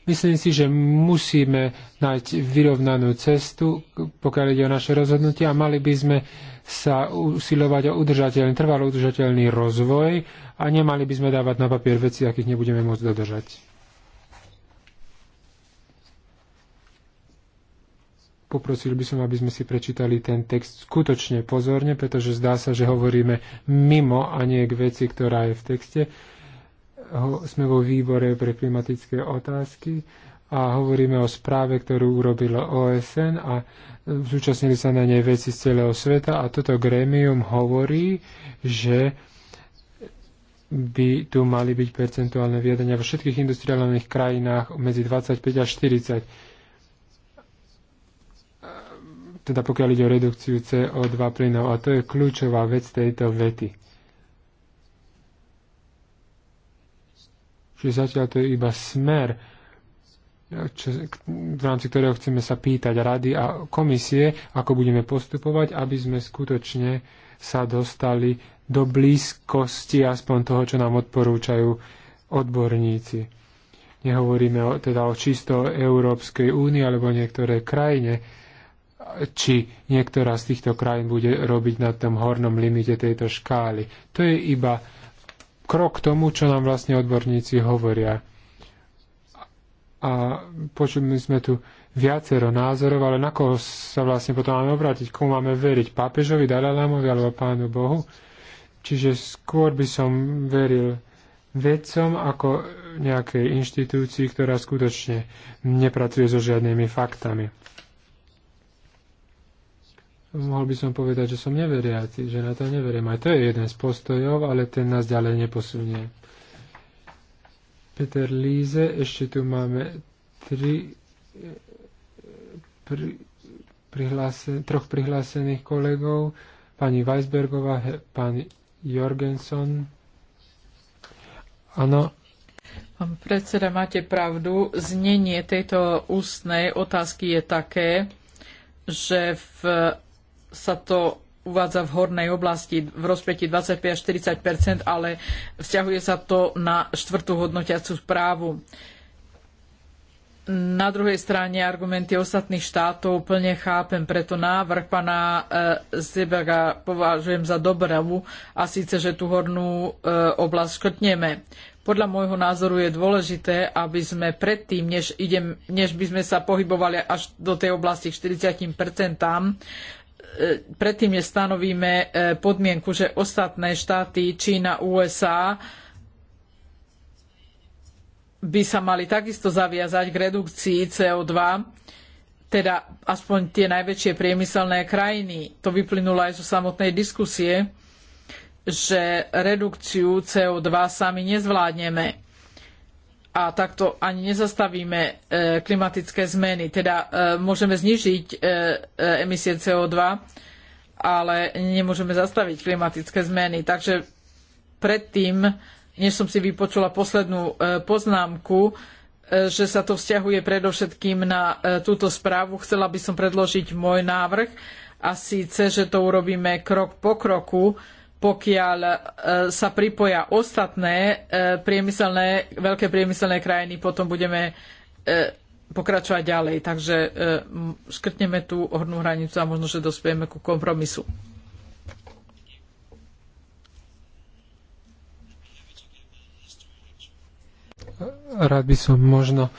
A: Myslím si, že musíme nájsť vyrovnanú cestu, pokiaľ ide o naše rozhodnutie a mali by sme sa usilovať o udržateľný, trvalý udržateľný rozvoj a nemali by sme dávať na papier veci, akých nebudeme môcť dodržať. poprosil by som, aby sme si prečítali ten text skutočne pozorne, pretože zdá sa, že hovoríme mimo a nie k veci, ktorá je v texte. Ho, sme vo výbore pre klimatické otázky a hovoríme o správe, ktorú urobilo OSN a zúčastnili sa na nej veci z celého sveta a toto grémium hovorí, že by tu mali byť percentuálne viedenia vo všetkých industriálnych krajinách medzi 25 a 40 teda pokiaľ ide o redukciu CO2 plynov. A to je kľúčová vec tejto vety. Čiže zatiaľ to je iba smer, čo, v rámci ktorého chceme sa pýtať rady a komisie, ako budeme postupovať, aby sme skutočne sa dostali do blízkosti aspoň toho, čo nám odporúčajú odborníci. Nehovoríme o, teda o čisto Európskej únii alebo niektoré krajine, či niektorá z týchto krajín bude robiť na tom hornom limite tejto škály. To je iba krok k tomu, čo nám vlastne odborníci hovoria. A počuli sme tu viacero názorov, ale na koho sa vlastne potom máme obrátiť? Komu máme veriť? Pápežovi, Dalalámovi alebo Pánu Bohu? Čiže skôr by som veril vedcom ako nejakej inštitúcii, ktorá skutočne nepracuje so žiadnymi faktami mohol by som povedať, že som neveriaci, že na to neverím. Aj to je jeden z postojov, ale ten nás ďalej neposunie. Peter Líze, ešte tu máme tri eh, pri, prihlásen, troch prihlásených kolegov, pani Weisbergová, pán Jorgenson. Áno.
B: Pán predseda, máte pravdu. Znenie tejto ústnej otázky je také, že v sa to uvádza v hornej oblasti v rozpeti 25 až 40 ale vzťahuje sa to na štvrtú hodnotiacu správu. Na druhej strane argumenty ostatných štátov plne chápem, preto návrh pana e, Zeberga považujem za dobrú a síce, že tú hornú e, oblasť škrtneme. Podľa môjho názoru je dôležité, aby sme predtým, než, idem, než by sme sa pohybovali až do tej oblasti k 40%, E, predtým, než stanovíme e, podmienku, že ostatné štáty, Čína, USA, by sa mali takisto zaviazať k redukcii CO2, teda aspoň tie najväčšie priemyselné krajiny. To vyplynulo aj zo samotnej diskusie, že redukciu CO2 sami nezvládneme a takto ani nezastavíme e, klimatické zmeny. Teda e, môžeme znižiť e, emisie CO2, ale nemôžeme zastaviť klimatické zmeny. Takže predtým, než som si vypočula poslednú poznámku, že sa to vzťahuje predovšetkým na túto správu, chcela by som predložiť môj návrh a síce, že to urobíme krok po kroku, pokiaľ e, sa pripoja ostatné e, priemyselné, veľké priemyselné krajiny, potom budeme e, pokračovať ďalej. Takže škrtneme tú hornú hranicu a možno, že dospieme ku kompromisu.
A: Rád by som možno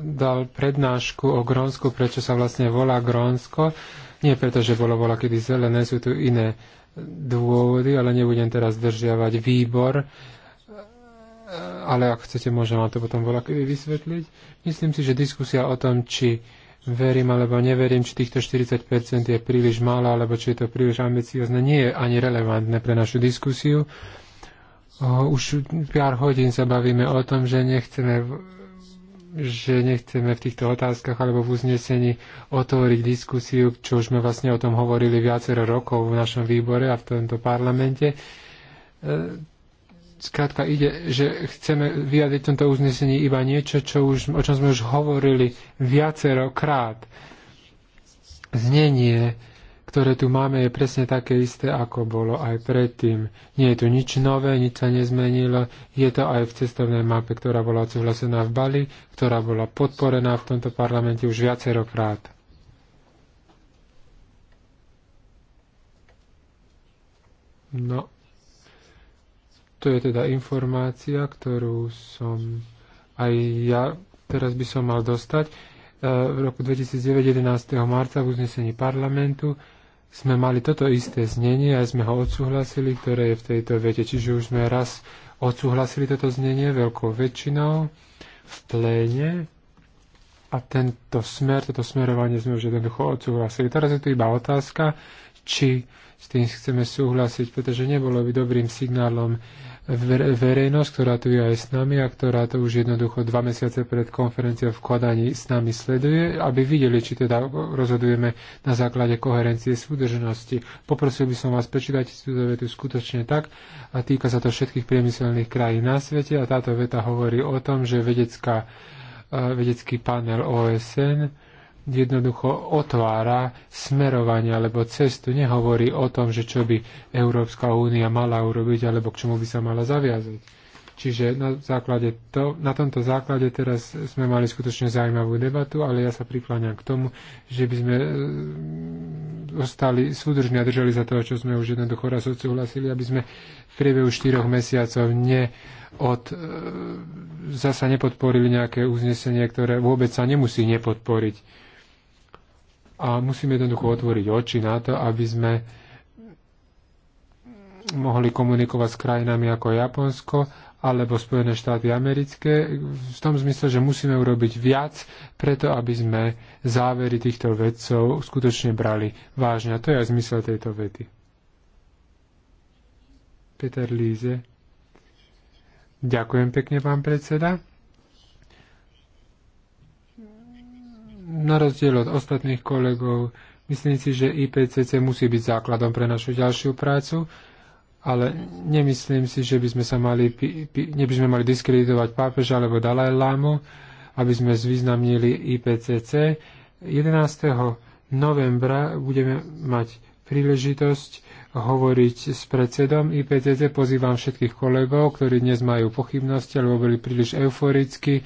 A: dal prednášku o Grónsku, prečo sa vlastne volá Grónsko. Nie preto, že bolo vola kedy zelené, sú tu iné dôvody, ale nebudem teraz zdržiavať výbor, ale ak chcete, môžem vám to potom voľa vysvetliť. Myslím si, že diskusia o tom, či verím alebo neverím, či týchto 40% je príliš málo, alebo či je to príliš ambiciozne, nie je ani relevantné pre našu diskusiu. Už pár hodín sa bavíme o tom, že nechceme že nechceme v týchto otázkach alebo v uznesení otvoriť diskusiu, čo už sme vlastne o tom hovorili viacero rokov v našom výbore a v tomto parlamente. E, skrátka ide, že chceme vyjadriť v tomto uznesení iba niečo, čo už, o čom sme už hovorili viacero krát. Znenie ktoré tu máme, je presne také isté, ako bolo aj predtým. Nie je tu nič nové, nič sa nezmenilo. Je to aj v cestovnej mape, ktorá bola odsúhlasená v Bali, ktorá bola podporená v tomto parlamente už viacerokrát. No, to je teda informácia, ktorú som aj ja teraz by som mal dostať e, v roku 2009 11. marca v uznesení parlamentu sme mali toto isté znenie, aj sme ho odsúhlasili, ktoré je v tejto vete. Čiže už sme raz odsúhlasili toto znenie veľkou väčšinou v pléne a tento smer, toto smerovanie sme už jednoducho odsúhlasili. Teraz je tu iba otázka, či s tým chceme súhlasiť, pretože nebolo by dobrým signálom verejnosť, ktorá tu je aj s nami a ktorá to už jednoducho dva mesiace pred konferenciou v Kodani s nami sleduje, aby videli, či teda rozhodujeme na základe koherencie súdržnosti. Poprosil by som vás prečítať túto vetu skutočne tak a týka sa to všetkých priemyselných krajín na svete a táto veta hovorí o tom, že vedecká, eh, vedecký panel OSN jednoducho otvára smerovanie alebo cestu, nehovorí o tom, že čo by Európska únia mala urobiť alebo k čomu by sa mala zaviazať. Čiže na, základe to, na tomto základe teraz sme mali skutočne zaujímavú debatu, ale ja sa prikláňam k tomu, že by sme e, ostali súdržní a držali za toho, čo sme už jednoducho raz odsúhlasili, aby sme v priebehu štyroch mesiacov ne od, e, zasa nepodporili nejaké uznesenie, ktoré vôbec sa nemusí nepodporiť a musíme jednoducho otvoriť oči na to, aby sme mohli komunikovať s krajinami ako Japonsko alebo Spojené štáty americké, v tom zmysle, že musíme urobiť viac preto, aby sme závery týchto vedcov skutočne brali vážne. A to je aj zmysel tejto vety. Peter Líze. Ďakujem pekne, pán predseda. na rozdiel od ostatných kolegov, myslím si, že IPCC musí byť základom pre našu ďalšiu prácu, ale nemyslím si, že by sme sa mali, neby sme mali diskreditovať pápeža alebo Dalaj Lámu, aby sme zvýznamnili IPCC. 11. novembra budeme mať príležitosť hovoriť s predsedom IPCC. Pozývam všetkých kolegov, ktorí dnes majú pochybnosti alebo boli príliš euforicky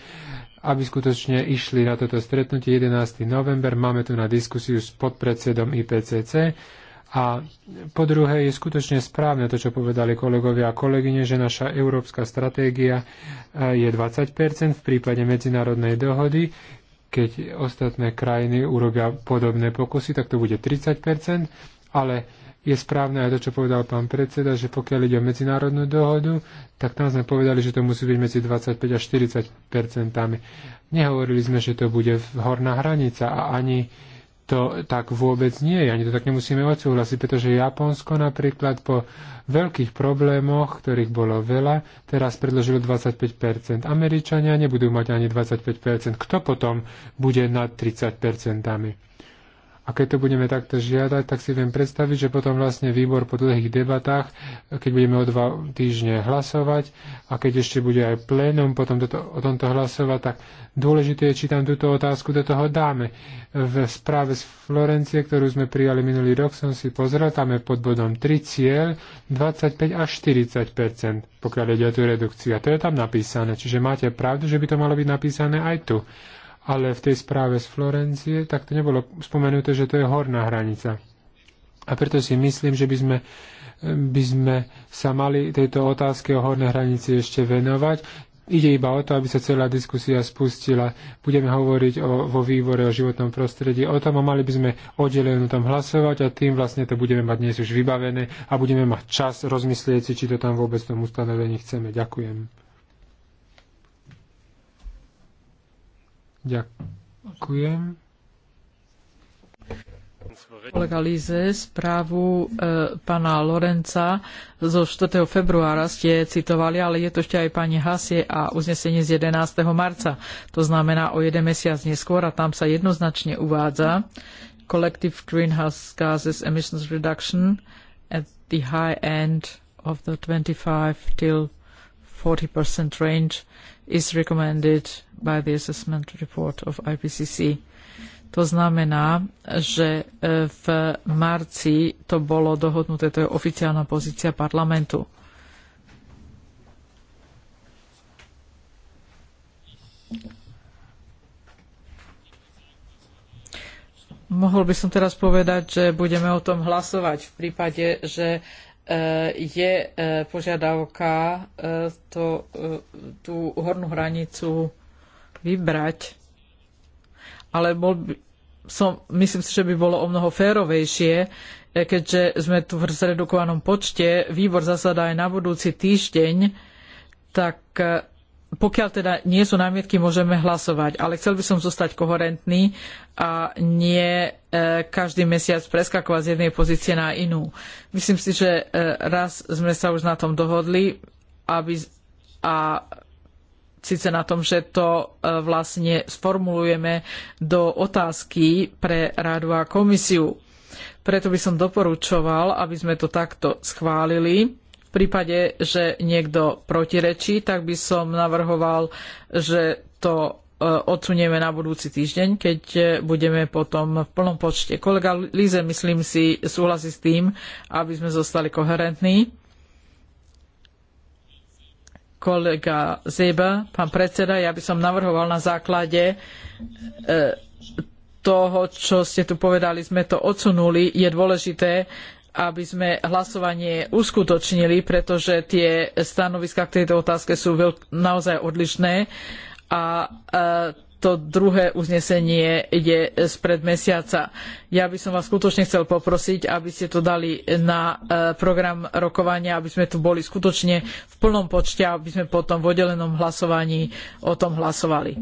A: aby skutočne išli na toto stretnutie 11. november. Máme tu na diskusiu s podpredsedom IPCC. A po druhé je skutočne správne to, čo povedali kolegovia a kolegyne, že naša európska stratégia eh, je 20 v prípade medzinárodnej dohody. Keď ostatné krajiny urobia podobné pokusy, tak to bude 30 ale je správne aj to, čo povedal pán predseda, že pokiaľ ide o medzinárodnú dohodu, tak tam sme povedali, že to musí byť medzi 25 a 40 percentami. Nehovorili sme, že to bude horná hranica a ani to tak vôbec nie je, ani to tak nemusíme odsúhlasiť, pretože Japonsko napríklad po veľkých problémoch, ktorých bolo veľa, teraz predložilo 25%. Američania nebudú mať ani 25%. Kto potom bude nad 30%? A keď to budeme takto žiadať, tak si viem predstaviť, že potom vlastne výbor po dlhých debatách, keď budeme o dva týždne hlasovať a keď ešte bude aj plénum potom toto, o tomto hlasovať, tak dôležité je, či tam túto otázku do toho dáme. V správe z Florencie, ktorú sme prijali minulý rok, som si pozrel, tam je pod bodom 3 cieľ 25 až 40 pokiaľ ide o tú redukciu. A to je tam napísané. Čiže máte pravdu, že by to malo byť napísané aj tu ale v tej správe z Florencie, tak to nebolo spomenuté, že to je horná hranica. A preto si myslím, že by sme, by sme sa mali tejto otázke o hornej hranici ešte venovať. Ide iba o to, aby sa celá diskusia spustila. Budeme hovoriť o, vo výbore o životnom prostredí o tom a mali by sme oddelenú tam hlasovať a tým vlastne to budeme mať dnes už vybavené a budeme mať čas rozmyslieť si, či to tam vôbec v tom ustanovení chceme. Ďakujem. Ďakujem. Kolega
B: Líze, správu e, pána Lorenca zo 4. februára ste citovali, ale je to ešte aj pani Hasie a uznesenie z 11. marca. To znamená o jeden mesiac neskôr a tam sa jednoznačne uvádza collective greenhouse gases emissions reduction at the high end of the 25 till 40% range is recommended by the Assessment Report of IPCC. To znamená, že e, v marci to bolo dohodnuté, to je oficiálna pozícia parlamentu. Mohol by som teraz povedať, že budeme o tom hlasovať v prípade, že e, je e, požiadavka to, tú hornú hranicu vybrať. Ale bol by, som, myslím si, že by bolo o mnoho férovejšie, e, keďže sme tu v zredukovanom počte, výbor zasadá aj na budúci týždeň, tak e, pokiaľ teda nie sú námietky, môžeme hlasovať. Ale chcel by som zostať koherentný a nie e, každý mesiac preskakovať z jednej pozície na inú. Myslím si, že raz sme sa už na tom dohodli, aby a síce na tom, že to e, vlastne sformulujeme do otázky pre rádu a komisiu. Preto by som doporučoval, aby sme to takto schválili. V prípade, že niekto protirečí, tak by som navrhoval, že to e, odsunieme na budúci týždeň, keď e, budeme potom v plnom počte. Kolega Líze, myslím si, súhlasí s tým, aby sme zostali koherentní kolega Zeba, pán predseda, ja by som navrhoval na základe e, toho, čo ste tu povedali, sme to odsunuli. Je dôležité, aby sme hlasovanie uskutočnili, pretože tie stanoviská k tejto otázke sú naozaj odlišné a e, to druhé uznesenie je spred mesiaca. Ja by som vás skutočne chcel poprosiť, aby ste to dali na e, program rokovania, aby sme tu boli skutočne v plnom počte, aby sme potom v oddelenom hlasovaní o tom hlasovali.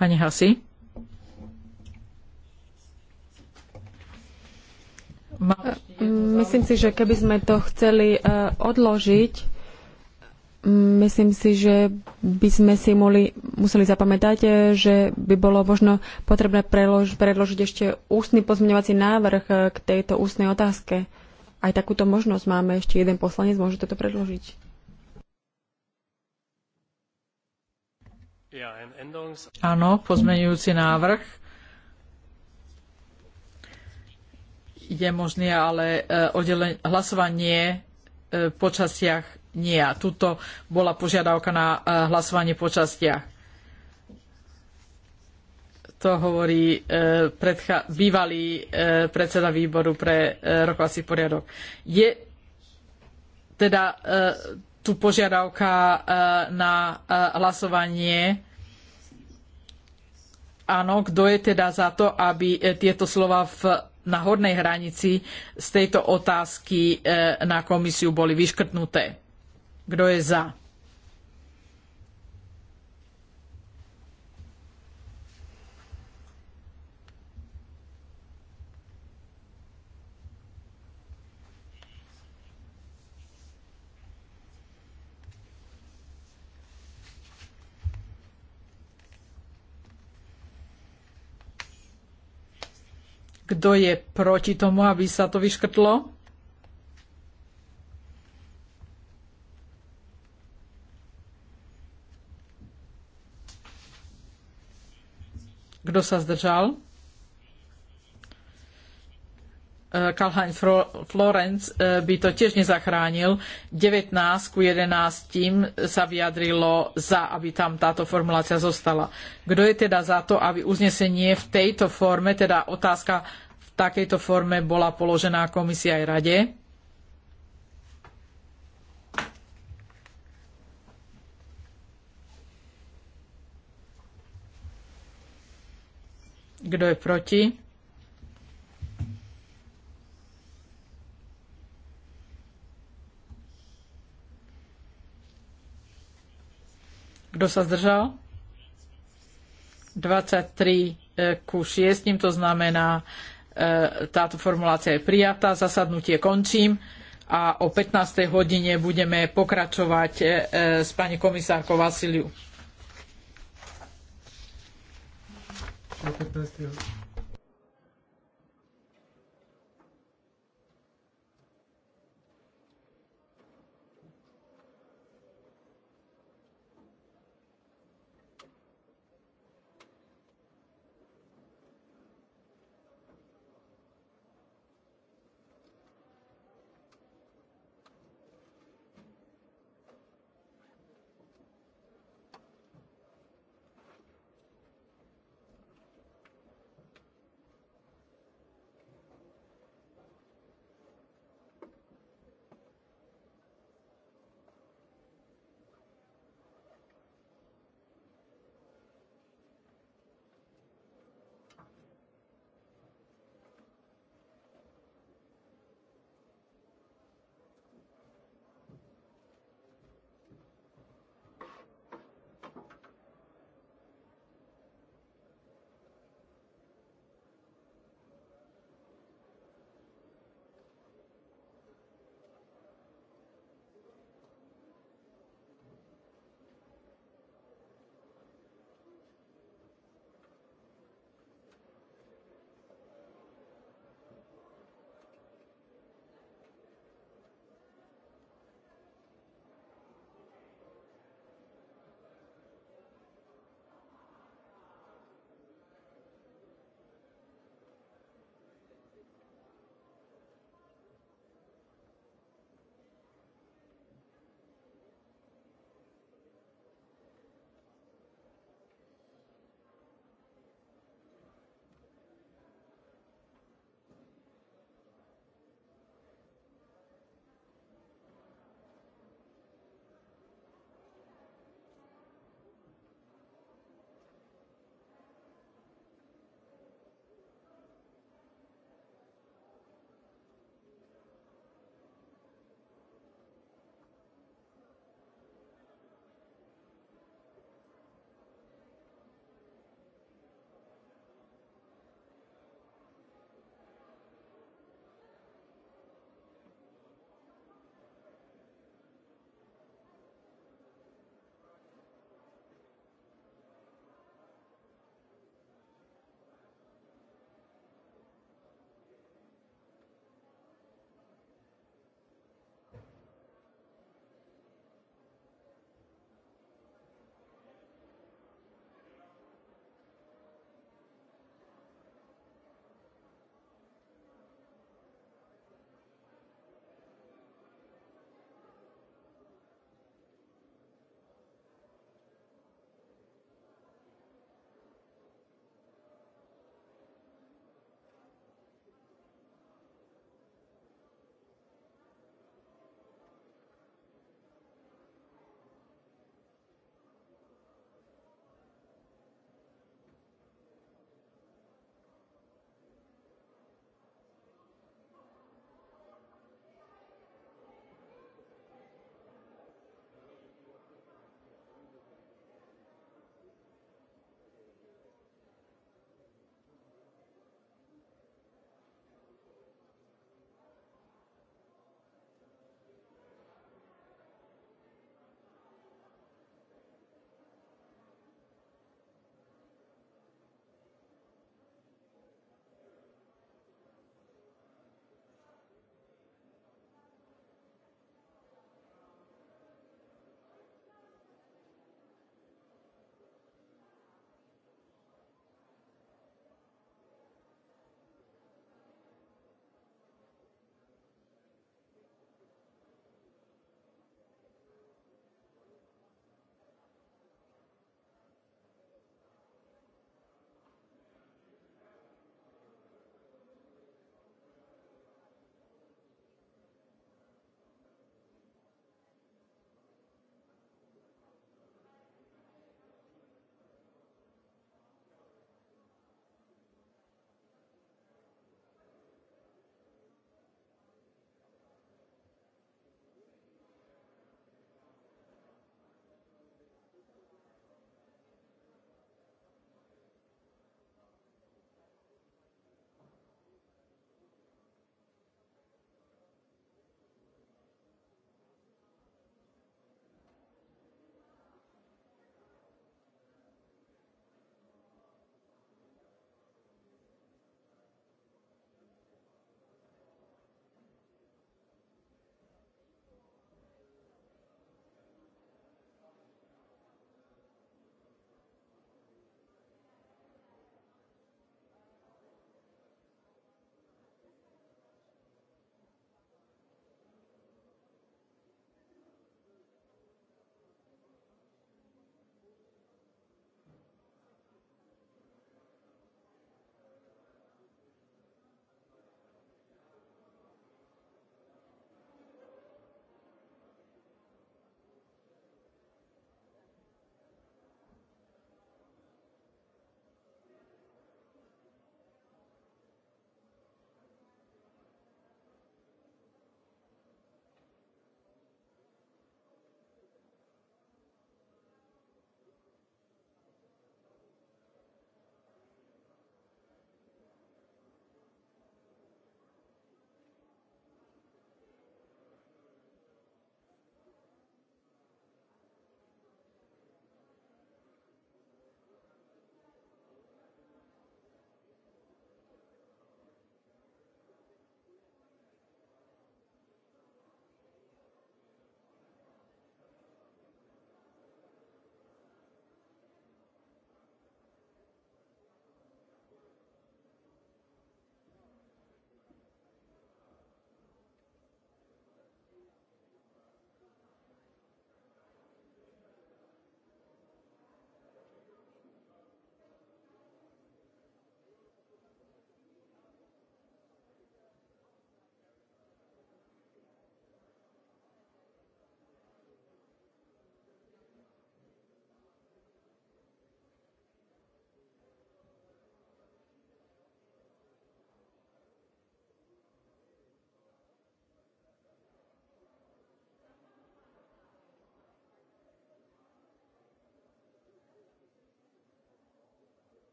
B: Pani
C: Hasi? Myslím si, že keby sme to chceli e, odložiť, Myslím si, že by sme si mohli, museli zapamätať, eh, že by bolo možno potrebné prelož, predložiť ešte ústny pozmeňovací návrh eh, k tejto ústnej otázke. Aj takúto možnosť máme. Ešte jeden poslanec môže toto predložiť.
B: Áno, pozmeňujúci návrh. Je možné ale eh, oddelen- hlasovanie v počasiach nie. A tuto bola požiadavka na eh, hlasovanie po častiach. To hovorí eh, bývalý eh, predseda výboru pre rokovací poriadok. Je teda tu požiadavka na hlasovanie Áno, kto je teda za to, aby tieto slova v, na hornej hranici z tejto otázky na komisiu boli vyškrtnuté? Kdo je za? Kto je proti tomu, aby sa to vyškrtlo? Kto sa zdržal? E, Karl-Heinz e, by to tiež nezachránil. 19 ku 11 tým sa vyjadrilo za, aby tam táto formulácia zostala. Kto je teda za to, aby uznesenie v tejto forme, teda otázka v takejto forme bola položená komisia aj rade? Kdo je proti? Kdo sa zdržal? 23 e, ku 6, to znamená, e, táto formulácia je prijatá, zasadnutie končím a o 15. hodine budeme pokračovať e, s pani komisárkou Vasiliu.
A: do 15.